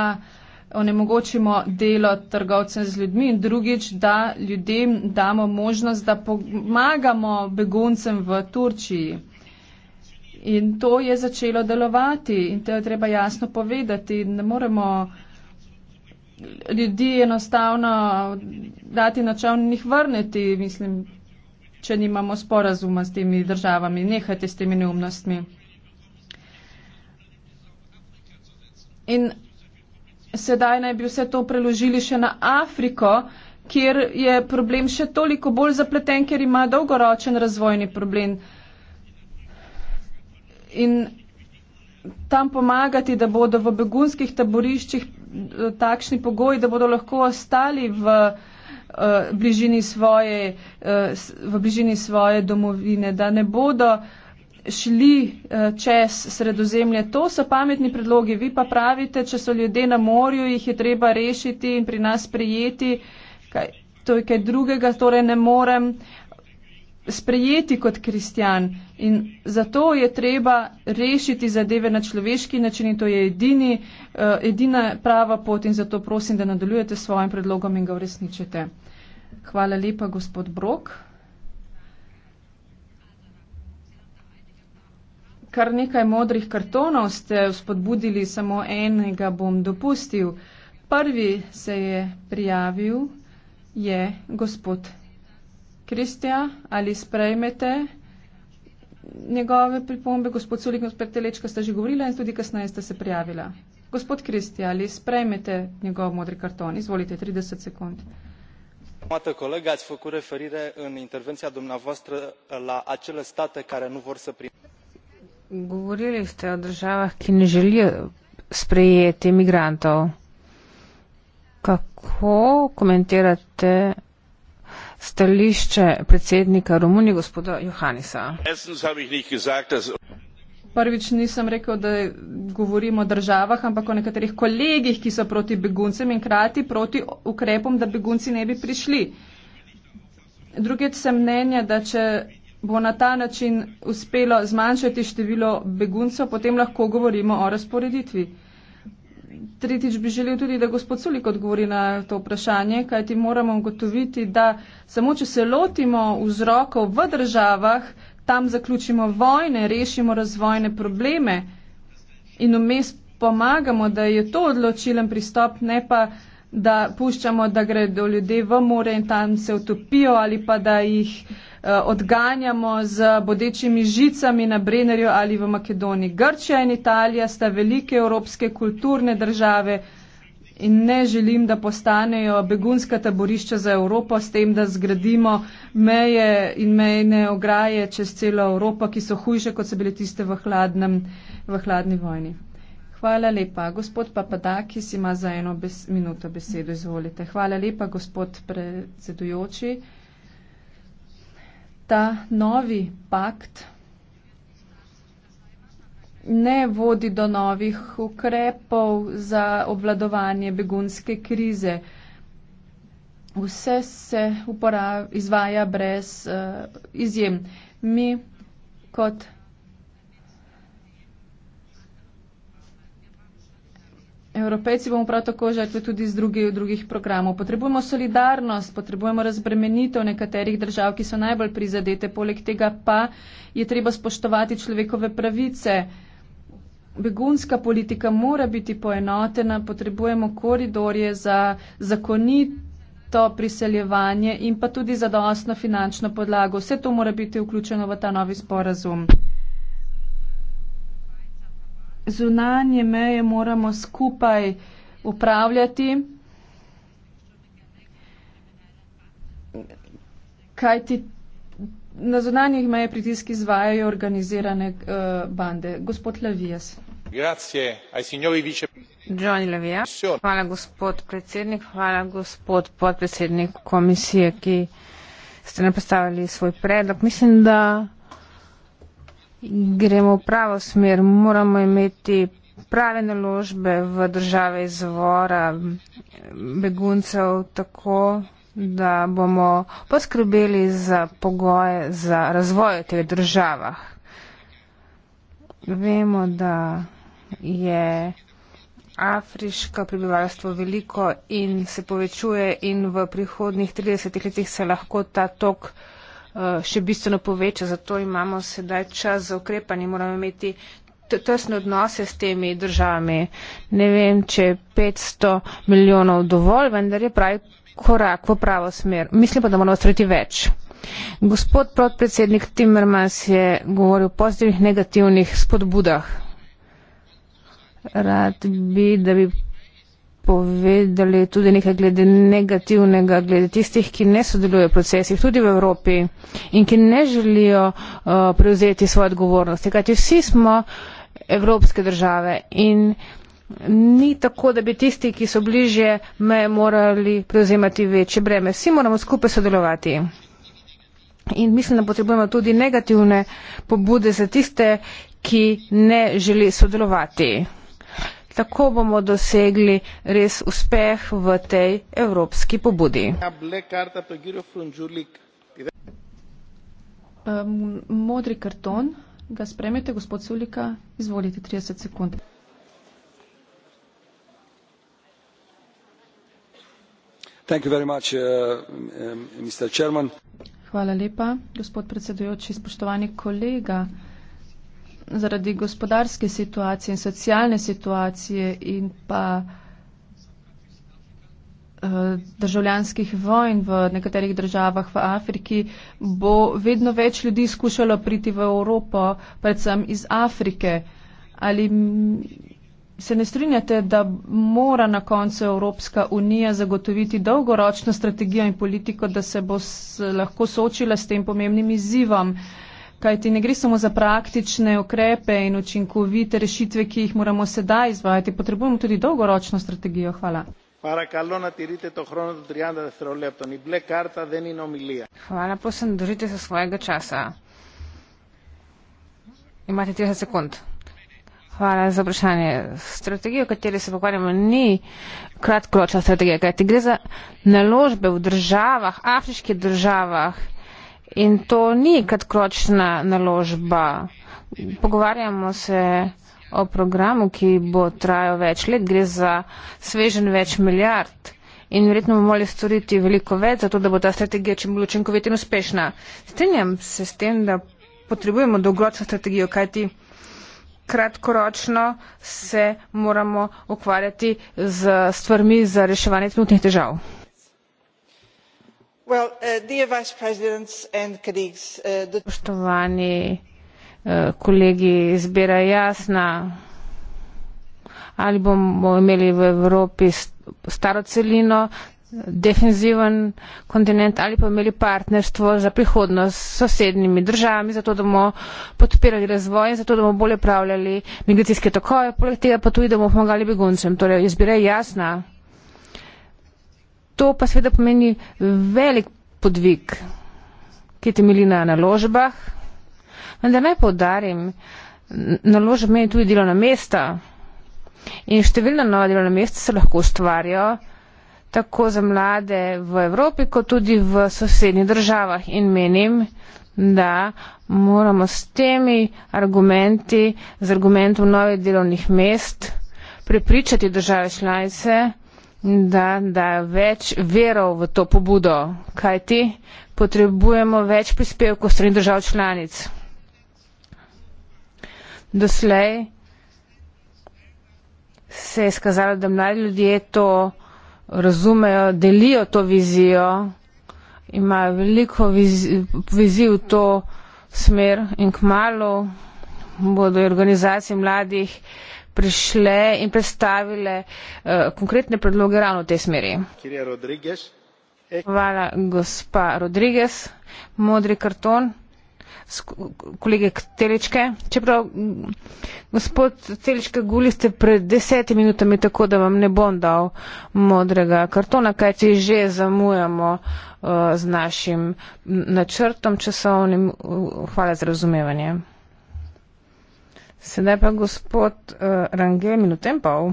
onemogočimo delo trgovcem z ljudmi in drugič, da ljudem damo možnost, da pomagamo beguncem v Turčiji. In to je začelo delovati in to je treba jasno povedati. Ne moremo ljudi enostavno dati na čovn in jih vrniti, mislim, če nimamo sporazuma s temi državami. Nehajte s temi neumnostmi. In sedaj naj bi vse to preložili še na Afriko, kjer je problem še toliko bolj zapleten, ker ima dolgoročen razvojni problem in tam pomagati, da bodo v begunskih taboriščih eh, takšni pogoji, da bodo lahko ostali v, uh, bližini, svoje, uh, v bližini svoje domovine, da ne bodo šli uh, čez sredozemlje. To so pametni predlogi. Vi pa pravite, če so ljudje na morju, jih je treba rešiti in pri nas prijeti. Kaj, to je kaj drugega, torej ne morem. Uh, sprejeti kot kristjan in zato je treba rešiti zadeve na človeški način in to je edini, uh, edina prava pot in zato prosim, da nadaljujete s svojim predlogom in ga uresničite. Hvala lepa, gospod Brok. Kar nekaj modrih kartonov ste spodbudili, samo enega bom dopustil. Prvi se je prijavil je gospod Kristja, ali sprejmete njegove pripombe? Gospod Sulik, gospod Telečka, ste že govorila in tudi kasneje ste se prijavila. Gospod Kristja, ali sprejmete njegov modri karton? Izvolite, 30 sekund. Stimată colegă, ați făcut referire în intervenția dumneavoastră la acele state care nu vor să primească. Govorili ste o državah, ki ne želijo sprejeti imigrantov. Kako komentirate stališče predsednika Romunije, gospoda Johanisa. Prvič nisem rekel, da govorim o državah, ampak o nekaterih kolegih, ki so proti beguncem in krati proti ukrepom, da begunci ne bi prišli. Drugič sem mnenja, da če bo na ta način uspelo zmanjšati število beguncev, potem lahko govorimo o razporeditvi tretjič bi želel tudi, da gospod Sulik odgovori na to vprašanje, kaj ti moramo ugotoviti, da samo če se lotimo vzrokov v državah, tam zaključimo vojne, rešimo razvojne probleme in vmes pomagamo, da je to odločilen pristop, ne pa da puščamo, da gredo ljudje v more in tam se utopijo ali pa da jih eh, odganjamo z bodečimi žicami na Brennerju ali v Makedoniji. Grčija in Italija sta velike evropske kulturne države in ne želim, da postanejo begunska taborišča za Evropo s tem, da zgradimo meje in mejne ograje čez celo Evropo, ki so hujše, kot so bile tiste v, hladnem, v hladni vojni. Hvala lepa. Gospod Papadakis ima za eno bes minuto besedo. Izvolite. Hvala lepa, gospod predsedujoči. Ta novi pakt ne vodi do novih ukrepov za obvladovanje begunske krize. Vse se uporab, izvaja brez uh, izjem. Mi kot Evropejci bomo prav tako žrtve tudi iz drugih, drugih programov. Potrebujemo solidarnost, potrebujemo razbremenitev nekaterih držav, ki so najbolj prizadete. Poleg tega pa je treba spoštovati človekove pravice. Begunska politika mora biti poenotena, potrebujemo koridorje za zakonito priseljevanje in pa tudi zadostno finančno podlago. Vse to mora biti vključeno v ta novi sporazum zunanje meje moramo skupaj upravljati. Kaj ti na zunanjih meje pritiski izvajajo organizirane uh, bande? Gospod Levijas. Johnny Levijas. Hvala, gospod predsednik. Hvala, gospod podpredsednik komisije, ki ste nam predstavili svoj predlog. Mislim, da gremo v pravo smer, moramo imeti prave naložbe v države izvora beguncev tako, da bomo poskrbeli za pogoje za razvoj teh državah. Vemo, da je afriško prebivalstvo veliko in se povečuje in v prihodnih 30 letih se lahko ta tok Eh, še bistveno poveča. Zato imamo sedaj čas za ukrepanje. Moramo imeti tesne odnose s temi državami. Ne vem, če je 500 milijonov dovolj, vendar je pravi korak v pravo smer. Mislim pa, da moramo ustvariti več. Gospod podpredsednik Timmermans je govoril o pozitivnih, negativnih spodbudah. Rad bi, da bi povedali tudi nekaj glede negativnega, glede tistih, ki ne sodelujo v procesih, tudi v Evropi in ki ne želijo uh, prevzeti svoje odgovornosti. Kajti vsi smo evropske države in ni tako, da bi tisti, ki so bliže meje, morali prevzemati večje breme. Vsi moramo skupaj sodelovati. In mislim, da potrebujemo tudi negativne pobude za tiste, ki ne želi sodelovati. Tako bomo dosegli res uspeh v tej evropski pobudi. Eh, modri karton, ga spremete, gospod Sulika, izvolite 30 sekund. Eh, eh, Hvala lepa, gospod predsedujoči, spoštovani kolega zaradi gospodarske situacije in socialne situacije in pa eh, državljanskih vojn v nekaterih državah v Afriki, bo vedno več ljudi skušalo priti v Evropo, predvsem iz Afrike. Ali se ne strinjate, da mora na koncu Evropska unija zagotoviti dolgoročno strategijo in politiko, da se bo lahko sočila s tem pomembnim izzivom? Uh, kajti ne gre samo za praktične okrepe in učinkovite rešitve, ki jih moramo sedaj izvajati, potrebujemo tudi dolgoročno strategijo. Hvala. No no Hvala, prosim, držite se svojega časa. Imate 30 sekund. Hvala za vprašanje. Strategijo, o kateri se pogovarjamo, ni kratkoročna strategija, kajti gre za naložbe v državah, afriških državah. In to ni kratkoročna naložba. Pogovarjamo se o programu, ki bo trajal več let, gre za svežen več milijard in verjetno bomo morali storiti veliko več, zato da bo ta strategija čim bolj učinkovita in uspešna. Strenjam se s tem, da potrebujemo dolgoročno strategijo, kajti kratkoročno se moramo ukvarjati z stvarmi za reševanje trenutnih težav. Uh, uh, spoštovani uh, kolegi izbira jasna ali bomo imeli v evropi staro celino defenziven kontinent ali pa imeli partnerstvo za prihodnost s sosednjimi državami zato da bomo podpirali razvoj in zato da bomo bolje upravljali migracijske tokove poleg tega pa tudi da bomo pomagali beguncem torej izbira je jasna. To pa seveda pomeni velik podvig, ki temelji na naložbah. Vendar naj povdarim, naložbe imajo tudi delovna mesta in številna nova delovna mesta se lahko ustvarjajo tako za mlade v Evropi, kot tudi v sosednjih državah. In menim, da moramo s temi argumenti, z argumentom novih delovnih mest, prepričati države članice, da dajo več verov v to pobudo, kajti potrebujemo več prispevkov strani držav članic. Doslej se je skazalo, da mladi ljudje to razumejo, delijo to vizijo, imajo veliko vizij v to smer in k malu bodo organizacije mladih prišle in predstavile uh, konkretne predloge ravno v tej smeri. Hvala, gospa Rodriguez. Modri karton, kolege Teličke. Čeprav, mm, gospod Teličke, guli ste pred desetimi minutami, tako da vam ne bom dal modrega kartona, kajti že zamujamo uh, z našim načrtom časovnim. Hvala za razumevanje. Sedaj pa gospod uh, eh, Range, minuto in pol.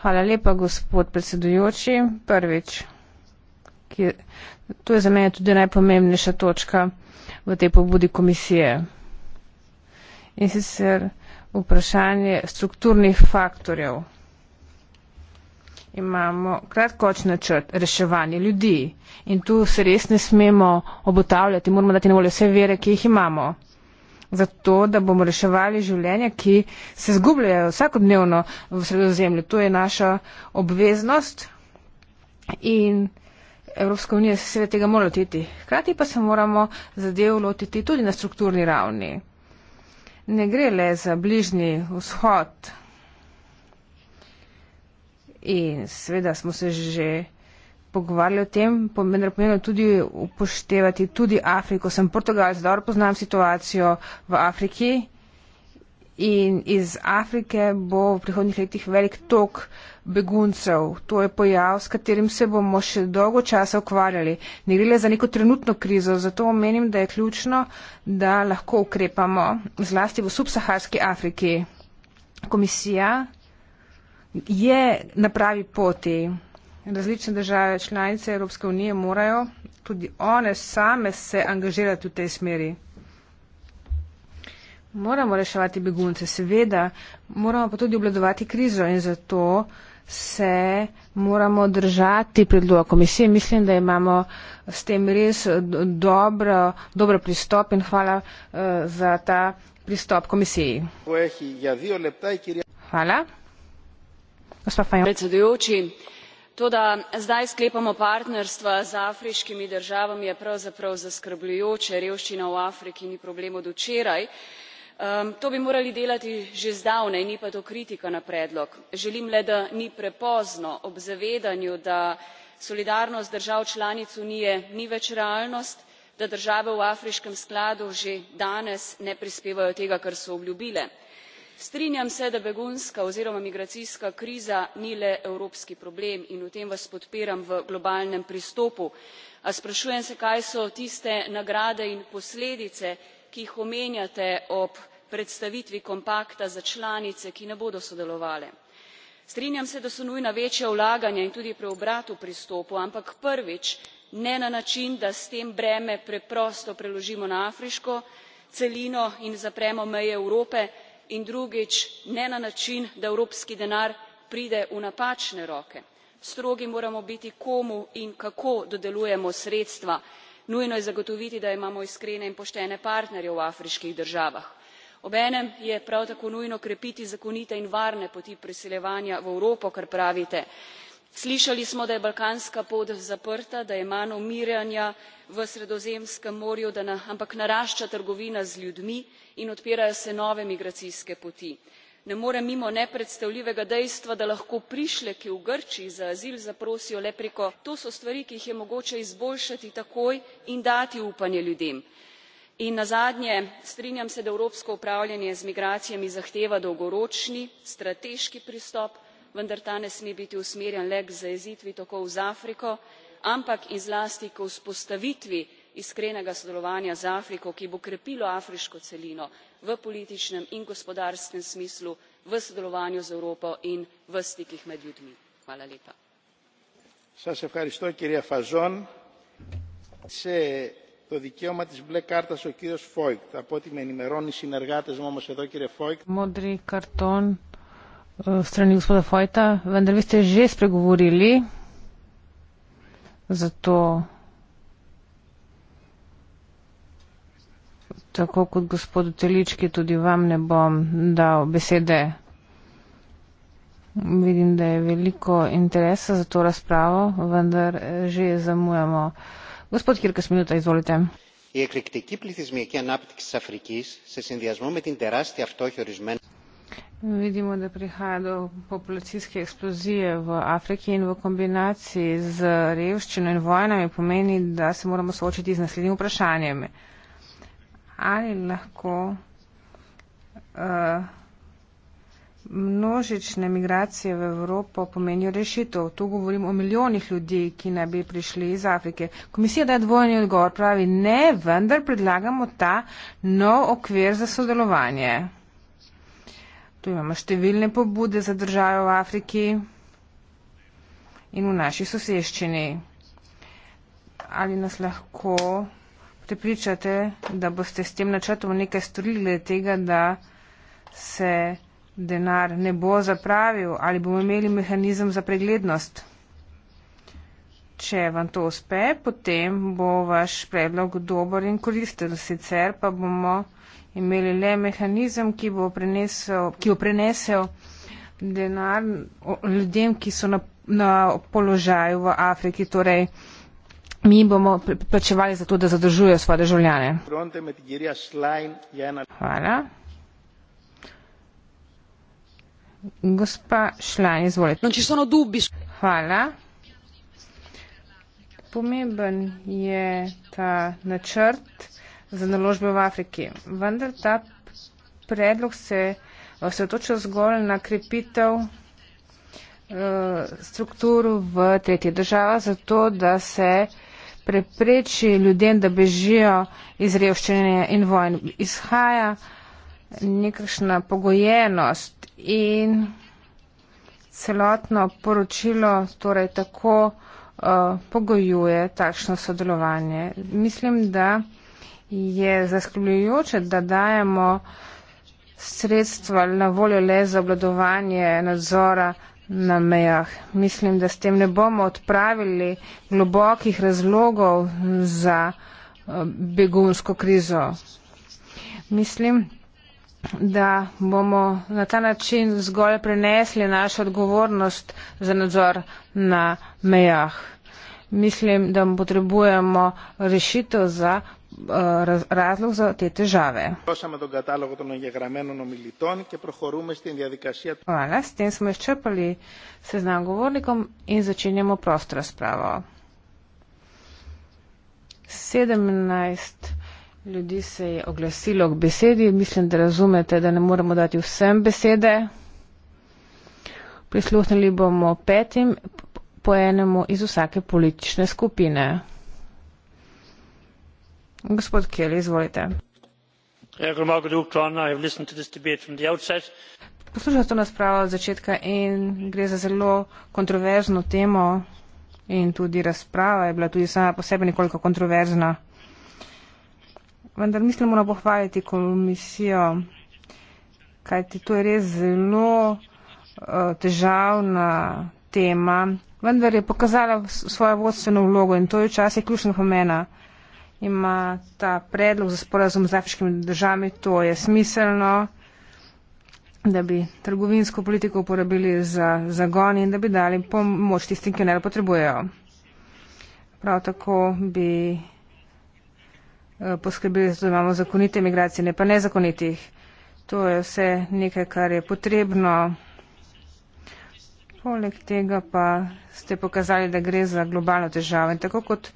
Hvala lepa, gospod predsedujoči. Prvič, ki, to je za mene tudi najpomembnejša točka v tej pobudi komisije. In sicer vprašanje strukturnih faktorjev imamo kratkočni načrt reševanja ljudi in tu se res ne smemo obotavljati, moramo dati na voljo vse vere, ki jih imamo, zato da bomo reševali življenja, ki se zgubljajo vsakodnevno v sredozemlju. To je naša obveznost in Evropska unija se seveda tega mora lotiti. Hkrati pa se moramo zadev lotiti tudi na strukturni ravni. Ne gre le za bližnji vzhod. In seveda smo se že pogovarjali o tem, vendar pomeni tudi upoštevati tudi Afriko. Sem portugalc, dobro poznam situacijo v Afriki in iz Afrike bo v prihodnjih letih velik tok beguncev. To je pojav, s katerim se bomo še dolgo časa ukvarjali. Ne gre le za neko trenutno krizo, zato menim, da je ključno, da lahko ukrepamo zlasti v subsaharski Afriki. Komisija je na pravi poti. Različne države članice Evropske unije morajo tudi one same se angažirati v tej smeri. Moramo reševati begunce, seveda, moramo pa tudi obladovati krizo in zato se moramo držati predloga komisije. Mislim, da imamo s tem res dobro, dobro pristop in hvala uh, za ta pristop komisiji. Hvala to da zdaj sklepamo partnerstva z afriškimi državami je pravzaprav zaskrbljujoče revščina v afriki ni problem od včeraj ehm, to bi morali delati že zdavnaj ni pa to kritika na predlog. želim le da ni prepozno ob zavedanju da solidarnost držav članic unije ni več realnost da države v afriškem skladu že danes ne prispevajo tega kar so obljubile strinjam se da begunska oziroma migracijska kriza ni le evropski problem in v tem vas podpiram v globalnem pristopu a sprašujem se kaj so tiste nagrade in posledice ki jih omenjate ob predstavitvi kompakta za članice ki ne bodo sodelovale. strinjam se da so nujna večja vlaganja in tudi preobrat v pristopu ampak prvič ne na način da s tem breme preprosto preložimo na afriško celino in zapremo meje evrope in drugič ne na način da evropski denar pride v napačne roke. strogi moramo biti komu in kako dodeljujemo sredstva nujno je zagotoviti da imamo iskrene in poštene partnerje v afriških državah. obenem je prav tako nujno krepiti zakonite in varne poti priseljevanja v evropo kar pravite. slišali smo da je balkanska pot zaprta da je manj umiranja v sredozemskem morju ampak narašča trgovina z ljudmi in odpirajo se nove migracijske poti. ne morem mimo nepredstavljivega dejstva da lahko prišleki v grčiji za azil zaprosijo le preko. to so stvari ki jih je mogoče izboljšati takoj in dati upanje ljudem. in nazadnje strinjam se da evropsko upravljanje z migracijami zahteva dolgoročni strateški pristop vendar ta ne sme biti usmerjen le k zajezitvi tokov z afriko ampak in zlasti k vzpostavitvi iskrenega sodelovanja z afriko ki bo krepilo afriško celino v političnem in gospodarskem smislu v sodelovanju z evropo in v stikih med ljudmi. tako kot gospodu Telički, tudi vam ne bom dal besede. Vidim, da je veliko interesa za to razpravo, vendar že zamujamo. Gospod Kirkas, minuta, izvolite. Vidimo, da prihaja do populacijske eksplozije v Afriki in v kombinaciji z revščino in vojnami pomeni, da se moramo soočiti z naslednjim vprašanjem ali lahko uh, množične migracije v Evropo pomenijo rešitev. Tu govorim o milijonih ljudi, ki naj bi prišli iz Afrike. Komisija da dvojni odgovor, pravi ne, vendar predlagamo ta nov okvir za sodelovanje. Tu imamo številne pobude za države v Afriki in v naši soseščini. Ali nas lahko prepričate, da boste s tem načrtom nekaj storili, glede tega, da se denar ne bo zapravil ali bomo imeli mehanizem za preglednost? Če vam to uspe, potem bo vaš predlog dober in koristen, sicer pa bomo imeli le mehanizem, ki bo prenesel, ki bo prenesel denar ljudem, ki so na, na položaju v Afriki. Torej, mi bomo plačevali za to, da zadržujejo svoje državljane. Hvala. Gospa Šlajn, izvolite. Hvala. Pomemben je ta načrt za naložbe v Afriki. Vendar ta predlog se osredotoča zgolj na krepitev uh, struktur v tretji država, zato da se uh, prepreči ljudem, da bežijo iz revščine in vojn. Izhaja nekakšna pogojenost in celotno poročilo torej tako uh, pogojuje takšno sodelovanje. Mislim, da je zaskrbljujoče, da dajemo sredstva na voljo le za obladovanje nadzora na mejah. Mislim, da s tem ne bomo odpravili globokih razlogov za eh, begunsko krizo. Mislim, da bomo na ta način zgolj prenesli našo odgovornost za nadzor na mejah. Mislim, da potrebujemo rešitev za Eh, razlog za te težave. Hvala, s tem smo izčrpali seznam govornikom in začenjamo prosto razpravo. 17 ljudi se je oglasilo k besedi, mislim, da razumete, da ne moremo dati vsem besede. Prisluhnili bomo petim po enemu iz vsake politične skupine gospod kelly izvolite ja, poslušal sem razpravo od začetka in gre za zelo kontroverzno temo in tudi razprava je bila tudi sama po sebi nekoliko kontroverzna vendar mislim moram pohvaliti komisijo kajti to je res zelo uh, težavna tema vendar je pokazala svojo vodstveno vlogo in to je včasih ključnega pomena ima ta predlog za sporazum z afriškimi državami, to je smiselno, da bi trgovinsko politiko uporabili za zagon in da bi dali pomoč tistim, ki najbolj potrebujejo. Prav tako bi eh, poskrbeli za to, da imamo zakonite migracije, ne pa nezakonitih. To je vse nekaj, kar je potrebno. Poleg tega pa ste pokazali, da gre za globalno težavo in tako kot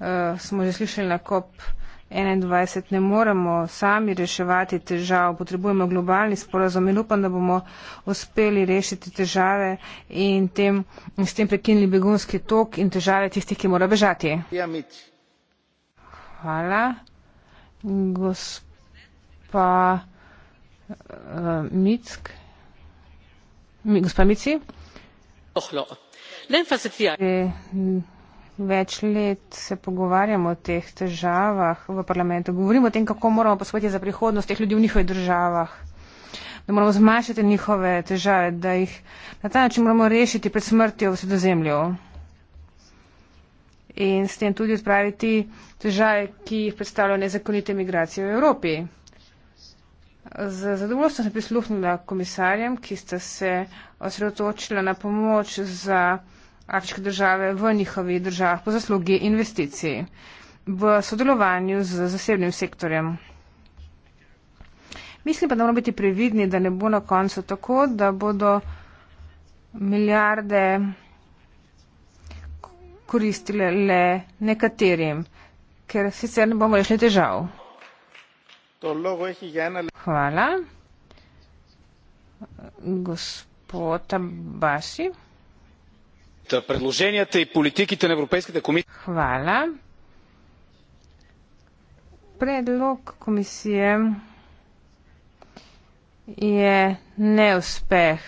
uh, smo že slišali na COP21, ne moremo sami reševati težav, potrebujemo globalni sporazum in upam, da bomo uspeli rešiti težave in, tem, in s tem prekinili begunski tok in težave tistih, ki morajo bežati. Ja, Hvala. Gospa uh, Mick. Gospa Mici. Oh, no. Več let se pogovarjamo o teh težavah v parlamentu, govorimo o tem, kako moramo poskrbeti za prihodnost teh ljudi v njihovih državah, da moramo zmanjšati njihove težave, da jih na ta način moramo rešiti pred smrtjo v sredozemlju in s tem tudi odpraviti težave, ki jih predstavljajo nezakonite migracije v Evropi. Z zadovoljstvom sem prisluhnila komisarjem, ki sta se osredotočila na pomoč za afriške države v njihovih državah po zaslugi investicij v sodelovanju z zasebnim sektorjem. Mislim pa, da moramo biti previdni, da ne bo na koncu tako, da bodo milijarde koristile le nekaterim, ker sicer ne bomo rešili težav. Hvala. Gospod Abasi. Hvala. Predlog komisije je neuspeh.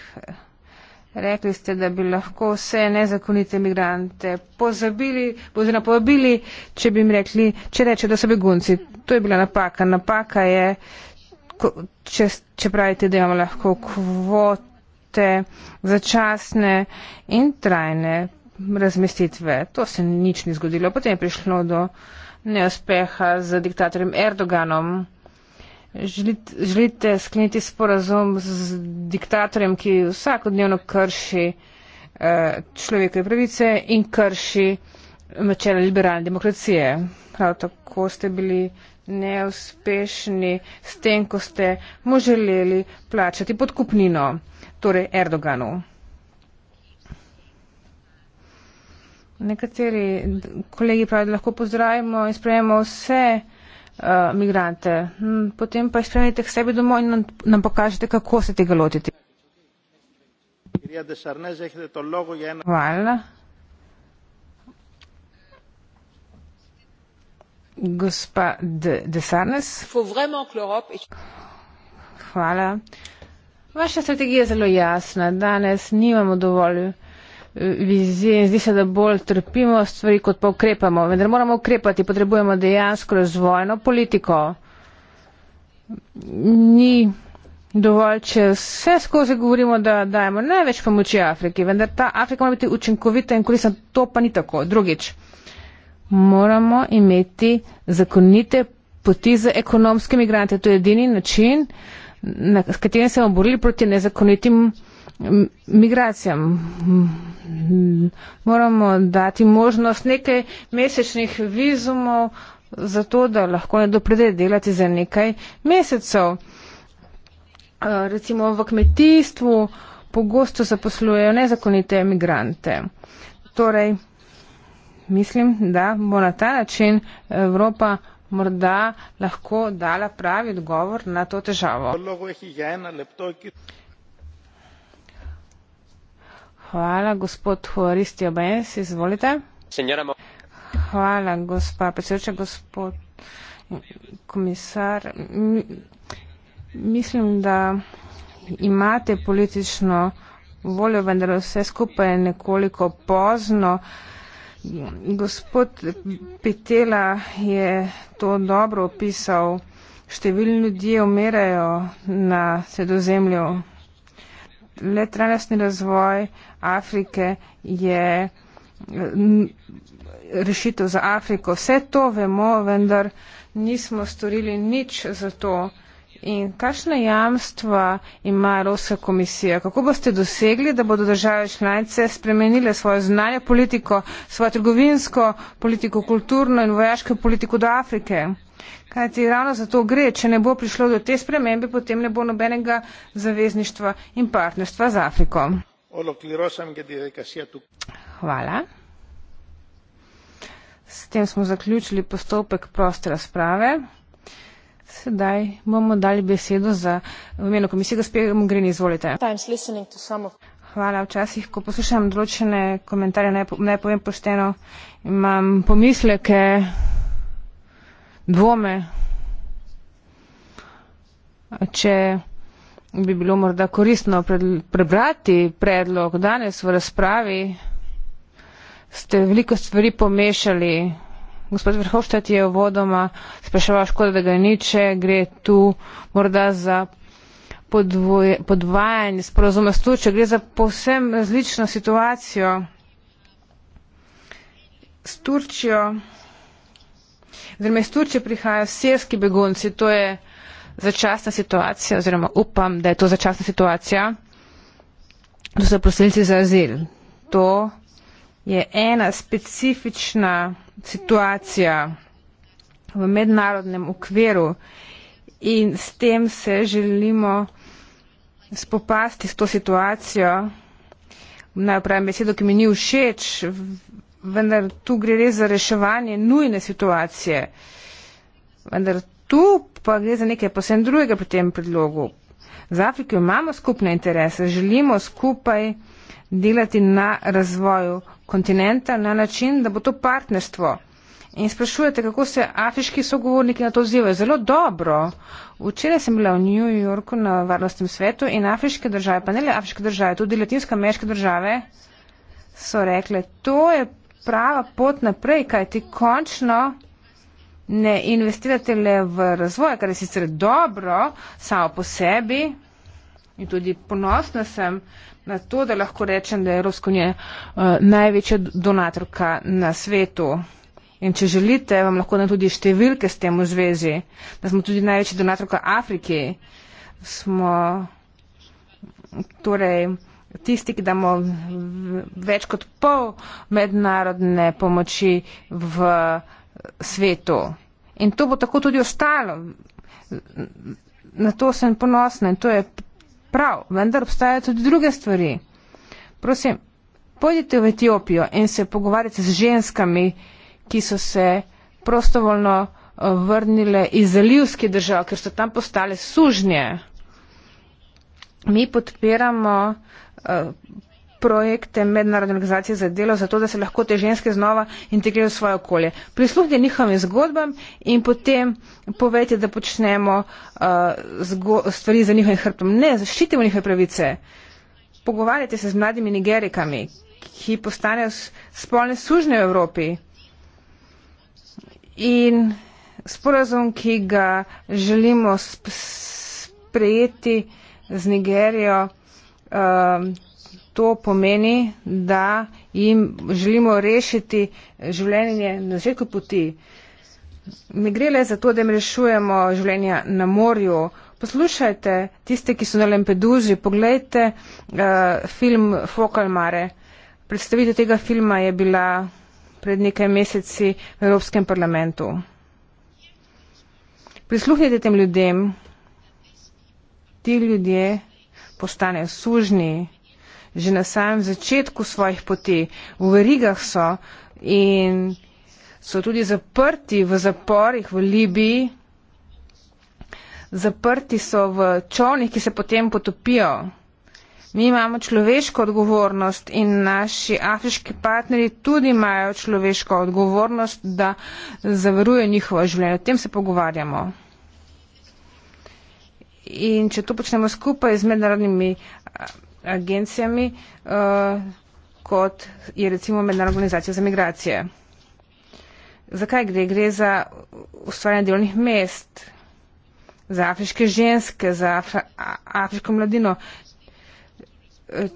Rekli ste, da bi lahko vse nezakonite migrante pozabili, oziroma povabili, če bi jim rekli, če reče, da so begunci. To je bila napaka. Napaka je, če, če pravite, da imamo lahko kvot te začasne in trajne razmestitve. To se nič ni zgodilo. Potem je prišlo do neuspeha z diktatorjem Erdoganom. Želite, želite skleniti sporazum z diktatorjem, ki vsakodnevno krši eh, človekove pravice in krši načela liberalne demokracije. Prav tako ste bili neuspešni s tem, ko ste mu želeli plačati podkupnino torej Erdoganu. Nekateri kolegi pravijo, da lahko pozdravimo in sprejemo vse uh, migrante. Hm, potem pa jih spremenite k sebi domov in nam, nam pokažete, kako se tega lotiti. Hvala. Gospa De Desarnes. Hvala. Vaša strategija je zelo jasna. Danes nimamo dovolj eh, vizije in zdi se, da bolj trpimo stvari, kot pa ukrepamo. Vendar moramo ukrepati, potrebujemo dejansko razvojno politiko. Ni dovolj, če vse skozi govorimo, da dajemo največ pomoči Afriki, vendar ta Afrika mora biti učinkovita in koristna, to pa ni tako. Drugič, moramo imeti zakonite poti za ekonomske migrante. To je edini način na katerem se bomo borili proti nezakonitim migracijam. Moramo dati možnost nekaj mesečnih vizumov za to, da lahko nekdo pride delati za nekaj mesecev. Eh, recimo v kmetijstvu pogosto zaposlujejo nezakonite emigrante. Torej, mislim, da bo na ta način Evropa morda lahko dala pravi odgovor na to težavo. Hvala, gospod Horisti Obens, izvolite. Hvala, gospa predsedujoča, gospod komisar. Mislim, da imate politično voljo, vendar vse skupaj je nekoliko pozno. Uh, Gospod Pitela je to dobro opisal. Številni ljudje umirajo na sredozemlju. Le trajnostni razvoj Afrike je mm, rešitev za Afriko. Vse to vemo, vendar nismo storili nič za to. In kakšne jamstva ima Evropska komisija? Kako boste dosegli, da bodo države članice spremenile svojo znanje politiko, svojo trgovinsko politiko, kulturno in vojaško politiko do Afrike? Kaj ti ravno za to gre? Če ne bo prišlo do te spremembe, potem ne bo nobenega zavezništva in partnerstva z Afriko. Hvala. S tem smo zaključili postopek proste razprave. Sedaj bomo dali besedo za v imenu komisije, gospe Mogreni, izvolite. Hvala. Včasih, ko poslušam določene komentarje, naj, po, naj povem pošteno, imam pomisleke, dvome, če bi bilo morda koristno pred, prebrati predlog danes v razpravi. Ste veliko stvari pomešali. Gospod Vrhovštat je uvodoma spraševal škoda, da ga niče, gre tu morda za podvoje, podvajanje sporozuma s Turčijo, gre za povsem različno situacijo s Turčijo. Zdaj, iz Turčije prihajajo sirski begunci, to je začasna situacija, oziroma upam, da je to začasna situacija. To so prosilci za azil. To je ena specifična situacija v mednarodnem okviru in s tem se želimo spopasti s to situacijo. Naj pravim besedo, ki mi ni všeč, vendar tu gre res za reševanje nujne situacije. Vendar tu pa gre za nekaj posebn drugega pri tem predlogu. Z Afriko imamo skupne interese, želimo skupaj delati na razvoju kontinenta na način, da bo to partnerstvo. In sprašujete, kako se afriški sogovorniki na to odzivajo. Zelo dobro. Včeraj sem bila v New Yorku na varnostnem svetu in afriške države, pa ne le afriške države, tudi latinske ameriške države so rekle, to je prava pot naprej, kaj ti končno ne investirate le v razvoj, kar je sicer dobro samo po sebi, In tudi ponosna sem na to, da lahko rečem, da je Evropska unija uh, največja donatorka na svetu. In če želite, vam lahko da tudi številke s tem v zvezi, da smo tudi največji donatorka Afriki. Smo torej tisti, ki damo več kot pol mednarodne pomoči v eh, svetu. In to bo tako tudi ostalo. Na to sem ponosna in to je Prav, vendar obstajajo tudi druge stvari. Prosim, pojdite v Etiopijo in se pogovarjate z ženskami, ki so se prostovoljno eh, vrnile iz zalivskih držav, ker so tam postale sužnje. Mi podpiramo, eh, projekte mednarodne organizacije za delo, zato da se lahko te ženske znova integrirajo v svoje okolje. Prisluhnite njihovim zgodbam in potem povejte, da počnemo uh, stvari za njihovim hrbtom. Ne, zaščitimo njihove pravice. Pogovarjajte se z mladimi nigerikami, ki postanejo spolne sužne v Evropi. In sporazum, ki ga želimo sp sprejeti z Nigerijo, uh, to pomeni, da jim želimo rešiti življenje na začetku poti. Ne gre le za to, da jim rešujemo življenje na morju. Poslušajte tiste, ki so na Lampeduzi, poglejte uh, film Fokalmare. Predstavitev tega filma je bila pred nekaj meseci v Evropskem parlamentu. Prisluhnite tem ljudem. Ti ljudje postanejo sužni že na samem začetku svojih poti, v verigah so in so tudi zaprti v zaporih v Libiji, zaprti so v čovnih, ki se potem potopijo. Mi imamo človeško odgovornost in naši afriški partneri tudi imajo človeško odgovornost, da zavaruje njihovo življenje. O tem se pogovarjamo. In če to počnemo skupaj z mednarodnimi agencijami uh, kot je recimo Mednarodna organizacija za migracije. Zakaj gre? Gre za ustvarjanje delovnih mest, za afriške ženske, za Afra, afriško mladino. Eh,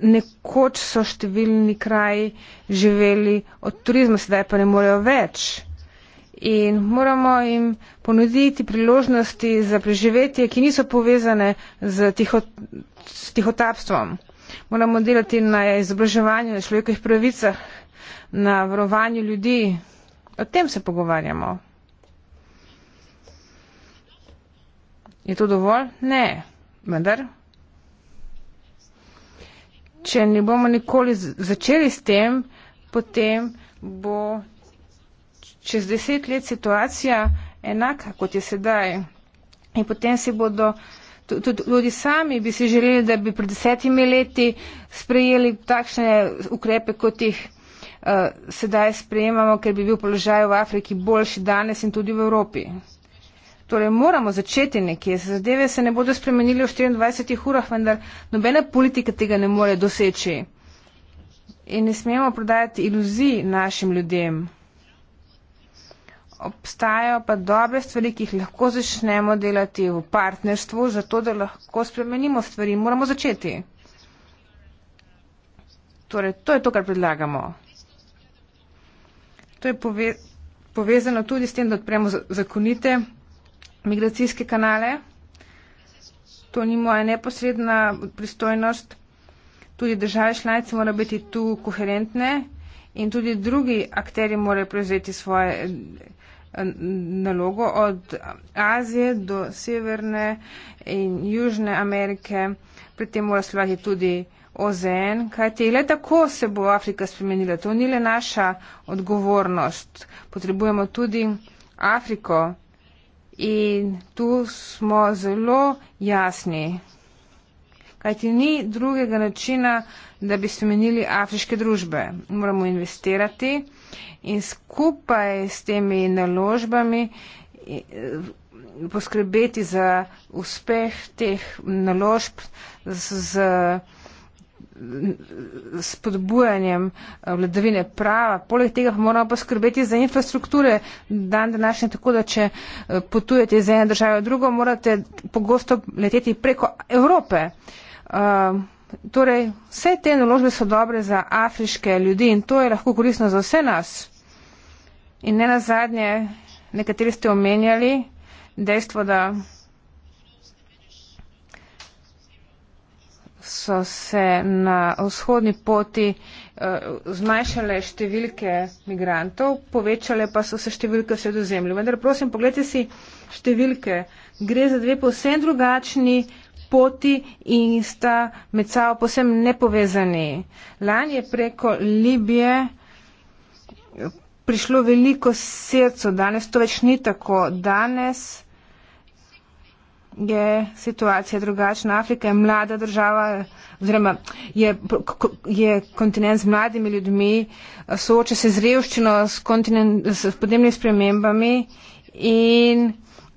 nekoč so številni kraji živeli od turizma, sedaj pa ne morejo več in moramo jim ponuditi priložnosti za preživetje, ki niso povezane z, tiho, z tihotapstvom. Moramo delati na izobraževanju, na človekovih pravicah, na varovanju ljudi. O tem se pogovarjamo. Je to dovolj? Ne. Vendar, če ne bomo nikoli začeli s tem, potem bo čez deset let situacija enaka, kot je sedaj. In potem si bodo, tudi ljudi sami bi si želeli, da bi pred desetimi leti sprejeli takšne ukrepe, kot jih uh, sedaj sprejemamo, ker bi bil položaj v Afriki boljši danes in tudi v Evropi. Torej moramo začeti nekje, zadeve se ne bodo spremenili v 24 urah, vendar nobena politika tega ne more doseči. In ne smemo prodajati iluzij našim ljudem obstajajo pa dobre stvari, ki jih lahko začnemo delati v partnerstvu, zato da lahko spremenimo stvari. Moramo začeti. Torej, to je to, kar predlagamo. To je pove povezano tudi s tem, da odpremo zakonite migracijske kanale. To ni moja neposredna pristojnost. Tudi države članice morajo biti tu koherentne in tudi drugi akteri morajo prevzeti svoje nalogo od Azije do Severne in Južne Amerike, predtem mora slovati tudi OZN, kajti le tako se bo Afrika spremenila. To ni le naša odgovornost. Potrebujemo tudi Afriko in tu smo zelo jasni, kajti ni drugega načina, da bi spremenili afriške družbe. Moramo investirati in skupaj s temi naložbami eh, poskrbeti za uspeh teh naložb z spodbujanjem eh, vladavine prava. Poleg tega pa moramo poskrbeti za infrastrukture dan današnje, tako da če eh, potujete iz ene države v drugo, morate pogosto leteti preko Evrope. Uh, Torej, vse te naložbe so dobre za afriške ljudi in to je lahko koristno za vse nas. In ne nazadnje, nekateri ste omenjali dejstvo, da so se na vzhodni poti uh, zmanjšale številke migrantov, povečale pa so se številke v sredozemlju. Vendar prosim, pogledajte si številke. Gre za dve povsem drugačni poti in sta med sabo posebno nepovezani. Lani je preko Libije prišlo veliko srcev, danes to več ni tako. Danes je situacija drugačna. Afrika je mlada država, oziroma je, je kontinent z mladimi ljudmi, sooča se z revščino, s, s podnebnimi spremembami in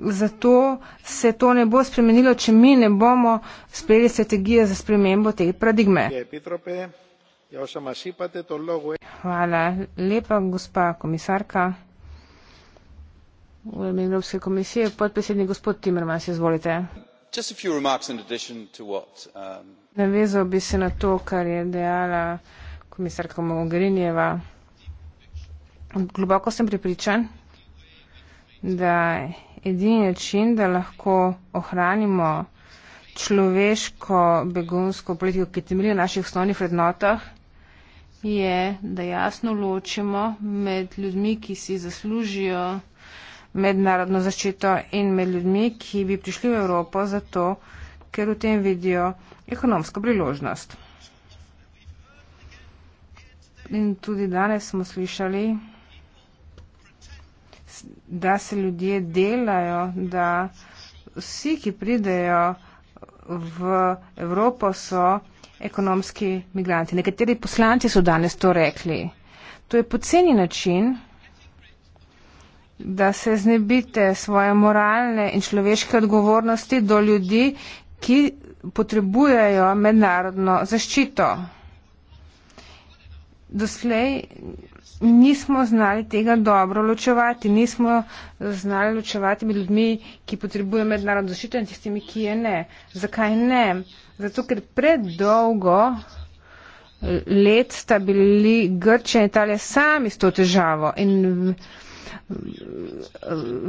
Zato se to ne bo spremenilo, če mi ne bomo sprejeli strategije za spremembo te paradigme. Ja, Hvala lepa, gospa komisarka. V imenu Evropske komisije, podpredsednik gospod Timmermans, izvolite. Um, Navezal bi se na to, kar je dejala komisarka Mogherinjeva. Globoko sem pripričan, da edini način, da lahko ohranimo človeško begunsko politiko, ki temelji na naših osnovnih vrednotah, je, da jasno ločimo med ljudmi, ki si zaslužijo mednarodno zaščito in med ljudmi, ki bi prišli v Evropo zato, ker v tem vidijo ekonomsko priložnost. In tudi danes smo slišali, da se ljudje delajo, da vsi, ki pridejo v Evropo, so ekonomski migranti. Nekateri poslanci so danes to rekli. To je poceni način, da se znebite svoje moralne in človeške odgovornosti do ljudi, ki potrebujejo mednarodno zaščito. Doslej nismo znali tega dobro ločevati, nismo znali ločevati med ljudmi, ki potrebujejo mednarodno zaščito in tistimi, ki je ne. Zakaj ne? Zato, ker predolgo eh, let sta bili Grčija in Italija sami s to težavo in eh,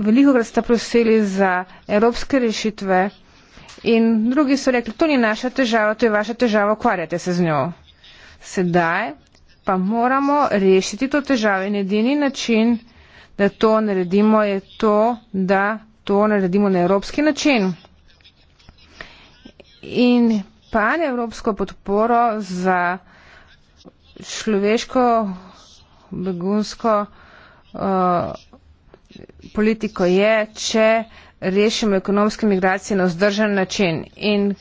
veliko krat sta prosili za evropske rešitve in drugi so rekli, to ni naša težava, to je vaša težava, ukvarjate se z njo. Sedaj pa moramo rešiti to težavo. In edini način, da to naredimo, je to, da to naredimo na evropski način. In panevropsko podporo za človeško begunsko uh, politiko je, če rešimo ekonomske migracije na vzdržen način. In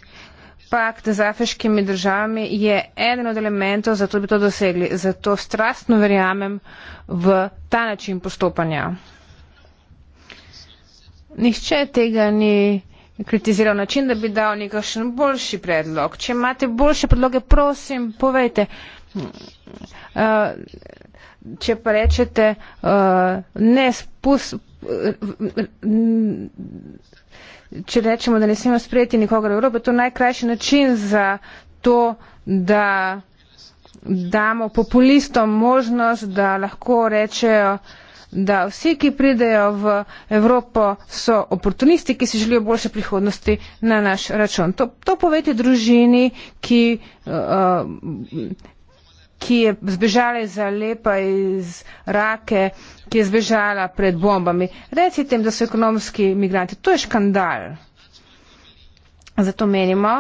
pakt z afriškimi državami je eden od elementov, zato bi to dosegli. Zato strastno verjamem v ta način postopanja. Nihče tega ni kritiziral način, da bi dal nekakšen boljši predlog. Če imate boljše predloge, prosim, povejte. Uh, če pa rečete, uh, ne spus. Uh, če rečemo, da ne smemo sprejeti nikogar v Evropi, to je najkrajši način za to, da damo populistom možnost, da lahko rečejo, da vsi, ki pridejo v Evropo, so oportunisti, ki si želijo boljše prihodnosti na naš račun. To, to poveti družini, ki. Uh, ki je zbežala iz Alepa, iz Rake, ki je zbežala pred bombami. Recite jim, da so ekonomski imigranti. To je škandal. Zato menimo,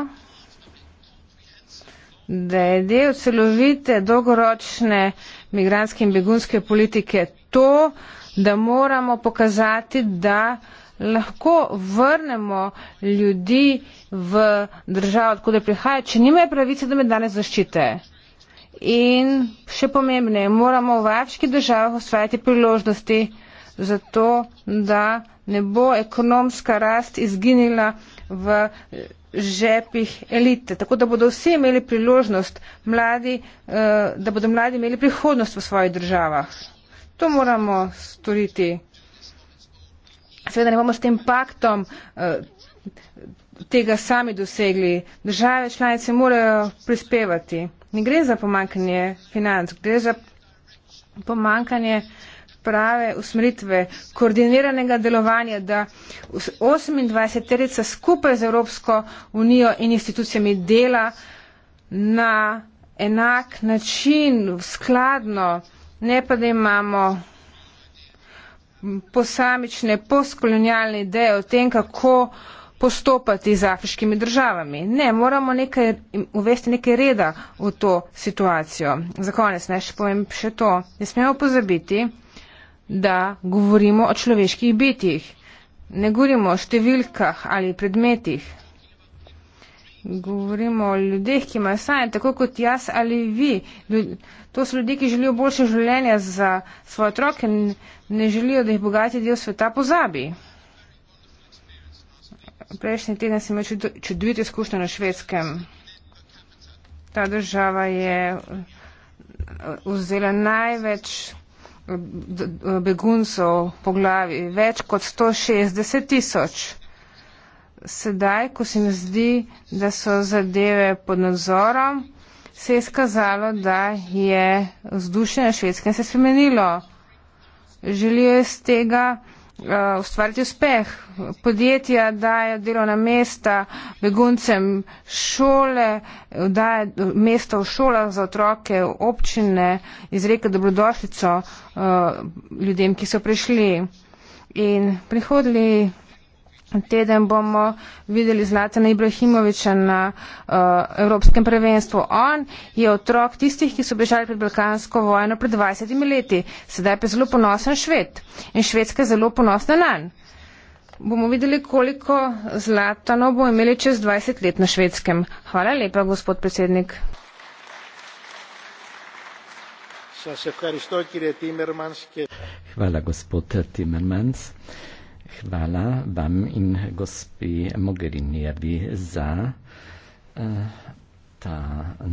da je del celovite, dolgoročne migranske in begunske politike to, da moramo pokazati, da lahko vrnemo ljudi v državo, odkud prihajajo, če nimajo pravice, da me danes zaščitejo. In še pomembneje, moramo v afriških državah ustvarjati priložnosti za to, da ne bo ekonomska rast izginila v žepih elite, tako da bodo vsi imeli priložnost, mladi, eh, da bodo mladi imeli prihodnost v svojih državah. To moramo storiti. Seveda ne bomo s tem paktom eh, tega sami dosegli. Države članice morajo prispevati ne gre za pomankanje financ, gre za pomankanje prave usmeritve, koordiniranega delovanja, da 28 terica skupaj z Evropsko unijo in institucijami dela na enak način, skladno, ne pa da imamo posamične postkolonialne ideje o tem, kako postopati z afriškimi državami. Ne, moramo nekaj, uvesti nekaj reda v to situacijo. Za konec naj še povem še to. Ne smemo pozabiti, da govorimo o človeških bitjih. Ne govorimo o številkah ali predmetih. Govorimo o ljudeh, ki imajo sanje, tako kot jaz ali vi. To so ljudje, ki želijo boljše življenje za svoje otroke in ne želijo, da jih bogati del sveta pozabi. Prejšnji teden sem imel čudovite izkušnje na švedskem. Ta država je eh, vzela največ eh, eh, beguncev po glavi, več kot 160 tisoč. Sedaj, ko se mi zdi, da so zadeve pod nadzorom, se je skazalo, da je vzdušje na švedskem se spremenilo. Želijo iz tega uh, ustvariti uspeh. Podjetja dajo delovna mesta, beguncem šole, dajo mesta v šolah za otroke, občine, izreka dobrodošlico uh, ljudem, ki so prišli. In prihodli teden bomo videli Zlatana Ibrahimoviča na uh, Evropskem prvenstvu. On je otrok tistih, ki so bežali pred Balkansko vojno pred 20 leti. Sedaj pa je zelo ponosen Šved in Švedska je zelo ponosna nanj. Bomo videli, koliko Zlatano bo imeli čez 20 let na Švedskem. Hvala lepa, gospod predsednik. Hvala, gospod Timmermans hvala vam in gospe Mogherini za uh, ta